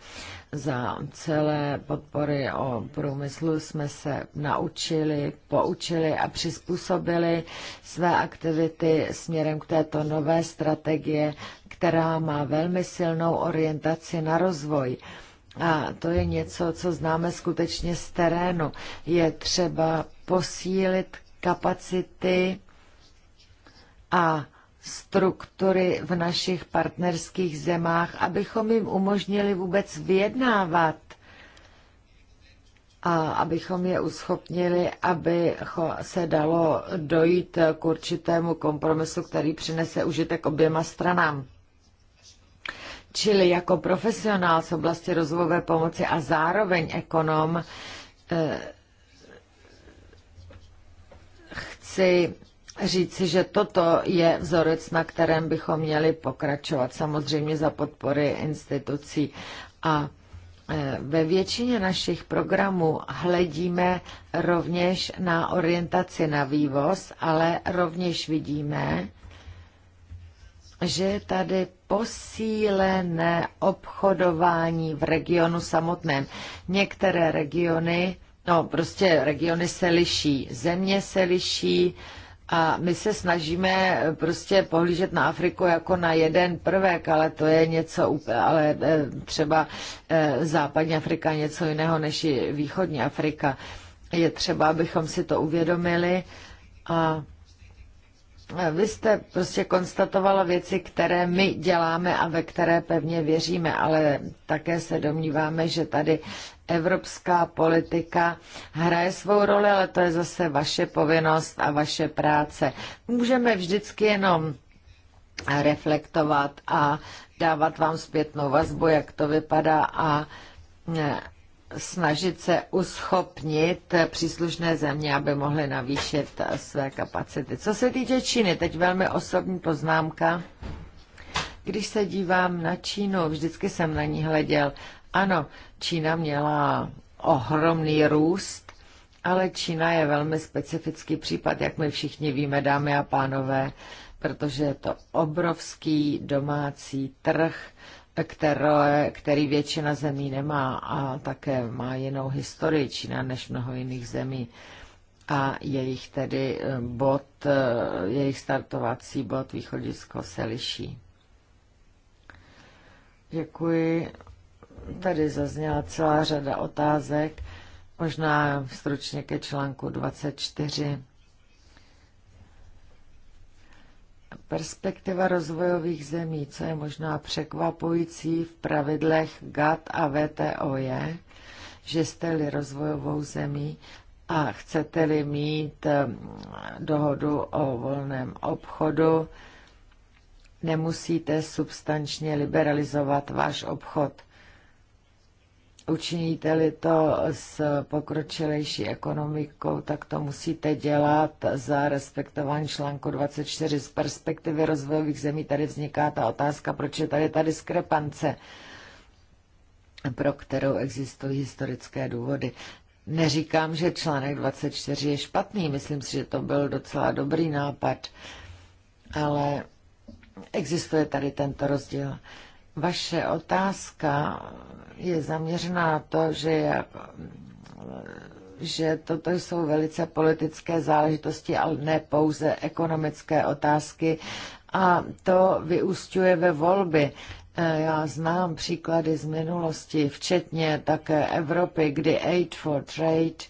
[SPEAKER 2] za celé podpory o průmyslu jsme se naučili, poučili a přizpůsobili své aktivity směrem k této nové strategie, která má velmi silnou orientaci na rozvoj. A to je něco, co známe skutečně z terénu. Je třeba posílit kapacity a struktury v našich partnerských zemách, abychom jim umožnili vůbec vyjednávat a abychom je uschopnili, aby se dalo dojít k určitému kompromisu, který přinese užitek oběma stranám. Čili jako profesionál z oblasti rozvojové pomoci a zároveň ekonom eh, chci říci, že toto je vzorec, na kterém bychom měli pokračovat, samozřejmě za podpory institucí. A e, ve většině našich programů hledíme rovněž na orientaci na vývoz, ale rovněž vidíme, že je tady posílené obchodování v regionu samotném. Některé regiony, no prostě regiony se liší, země se liší, a my se snažíme eh, prostě pohlížet na Afriku jako na jeden prvek, ale to je něco, úplně, ale eh, třeba eh, západní Afrika něco jiného než i východní Afrika. Je třeba, abychom si to uvědomili a vy jste prostě konstatovala věci, které my děláme a ve které pevně věříme, ale také se domníváme, že tady evropská politika hraje svou roli, ale to je zase vaše povinnost a vaše práce. Můžeme vždycky jenom reflektovat a dávat vám zpětnou vazbu, jak to vypadá a e, snažit se uschopnit příslušné země, aby mohly navýšit své kapacity. Co se týče Číny, teď velmi osobní poznámka. Když se dívám na Čínu, vždycky jsem na ní hleděl ano, Čína měla ohromný růst, ale Čína je velmi specifický případ, jak my všichni víme, dámy a pánové, protože je to obrovský domácí trh, které, který většina zemí nemá a také má jinou historii Čína než mnoho jiných zemí. A jejich tedy eh, bod, eh, jejich startovací bod východisko se liší. Děkuji. Tady zazněla celá řada otázek, možná stručně ke článku 24. Perspektiva rozvojových zemí, co je možná překvapující v pravidlech GATT a VTO je, že jste-li rozvojovou zemí a chcete-li mít eh, dohodu o volném obchodu, nemusíte substančně liberalizovat váš obchod učiníte-li to s pokročilejší ekonomikou, tak to musíte dělat za respektování článku 24. Z perspektivy rozvojových zemí tady vzniká ta otázka, proč je tady ta diskrepance, pro kterou existují historické důvody. Neříkám, že článek 24 je špatný, myslím si, že to byl docela dobrý nápad, ale existuje tady tento rozdíl. Vaše otázka je zaměřena na to, že je že toto jsou velice politické záležitosti, ale ne pouze ekonomické otázky. A to vyústňuje ve volby. Eh, já znám příklady z minulosti, včetně také Evropy, kdy Aid for Trade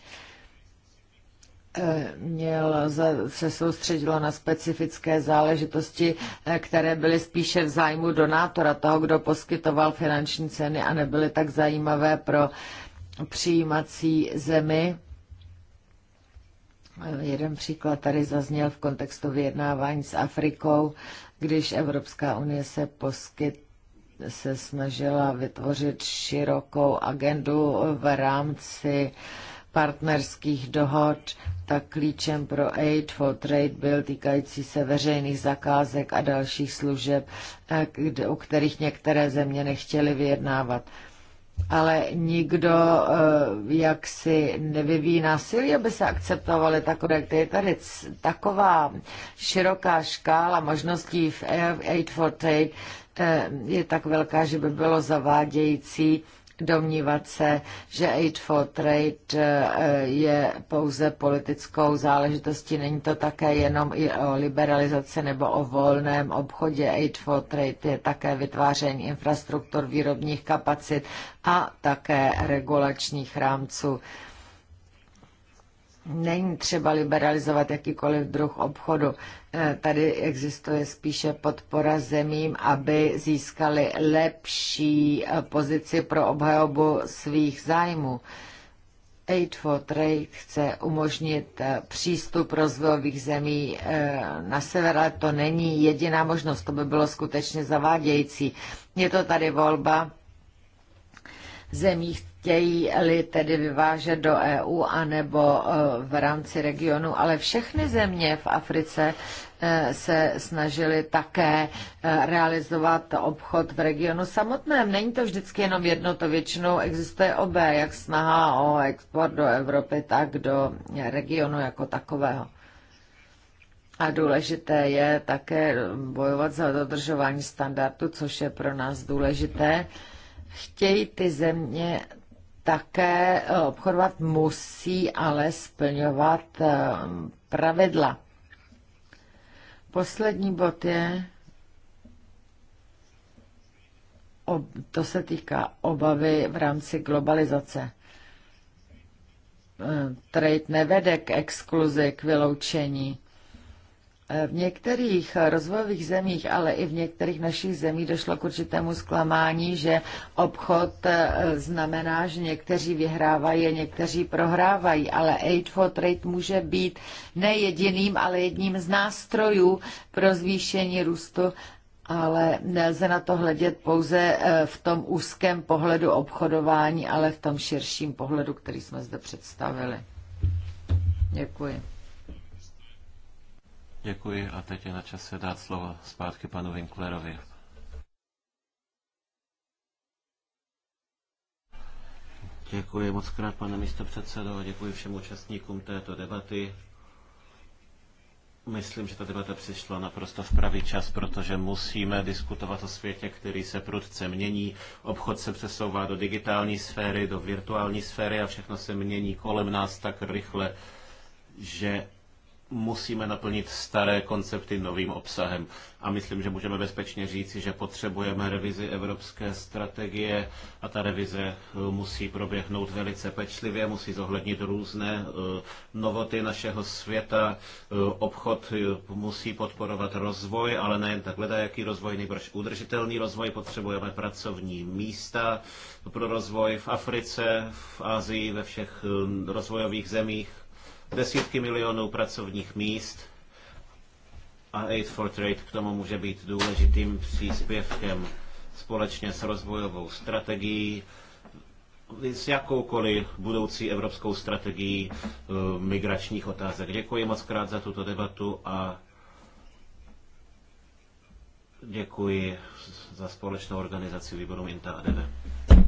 [SPEAKER 2] měl, se soustředilo na specifické záležitosti, eh, které byly spíše v zájmu donátora, toho, kdo poskytoval finanční ceny a nebyly tak zajímavé pro přijímací zemi. Eh, jeden příklad tady zazněl v kontextu vyjednávání s Afrikou, když Evropská unie se poskyt se snažila vytvořit širokou agendu v rámci partnerských dohod tak klíčem pro Aid for Trade byl týkající se veřejných zakázek a dalších služeb, kde u kterých některé země nechtěly vyjednávat. Ale nikdo eh, jak si nevyvíjí násilí, aby se akceptovaly takové, kde je tady taková široká škála možností v Aid for Trade, eh, je tak velká, že by bylo zavádějící domnívat se, že Aid for Trade eh, je pouze politickou záležitostí. Není to také jenom i o liberalizaci nebo o volném obchodě. Aid for Trade je také vytváření infrastruktur výrobních kapacit a také regulačních rámců není třeba liberalizovat jakýkoliv druh obchodu. Eh, tady existuje spíše podpora zemím, aby získali lepší eh, pozici pro obhajobu svých zájmů. Aid for Trade chce umožnit eh, přístup rozvojových zemí na sever, ale to není jediná možnost, to by bylo skutečně zavádějící. Je to tady volba zemích chtějí-li tedy vyvážet do EU anebo eh, v rámci regionu, ale všechny země v Africe eh, se snažili také eh, realizovat obchod v regionu samotném. Není to vždycky jenom jedno, to většinou existuje obé, jak snaha o export do Evropy, tak do regionu jako takového. A důležité je také bojovat za dodržování standardu, což je pro nás důležité chtějí ty země také eh, obchodovat, musí ale splňovat eh, pravidla. Poslední bod je, to se týká obavy v rámci globalizace. Eh, trade nevede k exkluzi, k vyloučení v některých rozvojových zemích, ale i v některých našich zemích došlo k určitému zklamání, že obchod eh, znamená, že někteří vyhrávají a někteří prohrávají, ale Aid for Trade může být ne jediným, ale jedním z nástrojů pro zvýšení růstu ale nelze na to hledět pouze eh, v tom úzkém pohledu obchodování, ale v tom širším pohledu, který jsme zde představili. Děkuji.
[SPEAKER 1] Děkuji a teď je na čase dát slovo zpátky panu Winklerovi. Děkuji moc krát, pane místopředsedo, a děkuji všem účastníkům této debaty. Myslím, že ta debata přišla naprosto v pravý čas, protože musíme diskutovat o světě, který se prudce mění. Obchod se přesouvá do digitální sféry, do virtuální sféry a všechno se mění kolem nás tak rychle, že musíme naplnit staré koncepty novým obsahem. A myslím, že můžeme bezpečně říci, že potřebujeme revizi evropské strategie a ta revize eh, musí proběhnout velice pečlivě, musí zohlednit různé eh, novoty našeho světa. Eh, obchod musí podporovat rozvoj, ale nejen takhle, jaký rozvoj, nejbrž udržitelný rozvoj. Potřebujeme pracovní místa pro rozvoj v Africe, v Asii, ve všech rozvojových zemích desítky milionů pracovních míst a Aid for Trade k tomu může být důležitým příspěvkem společně s rozvojovou strategií, s jakoukoliv budoucí evropskou strategií eh, migračních otázek. Děkuji moc krát za tuto debatu a děkuji za společnou organizaci výboru Minta a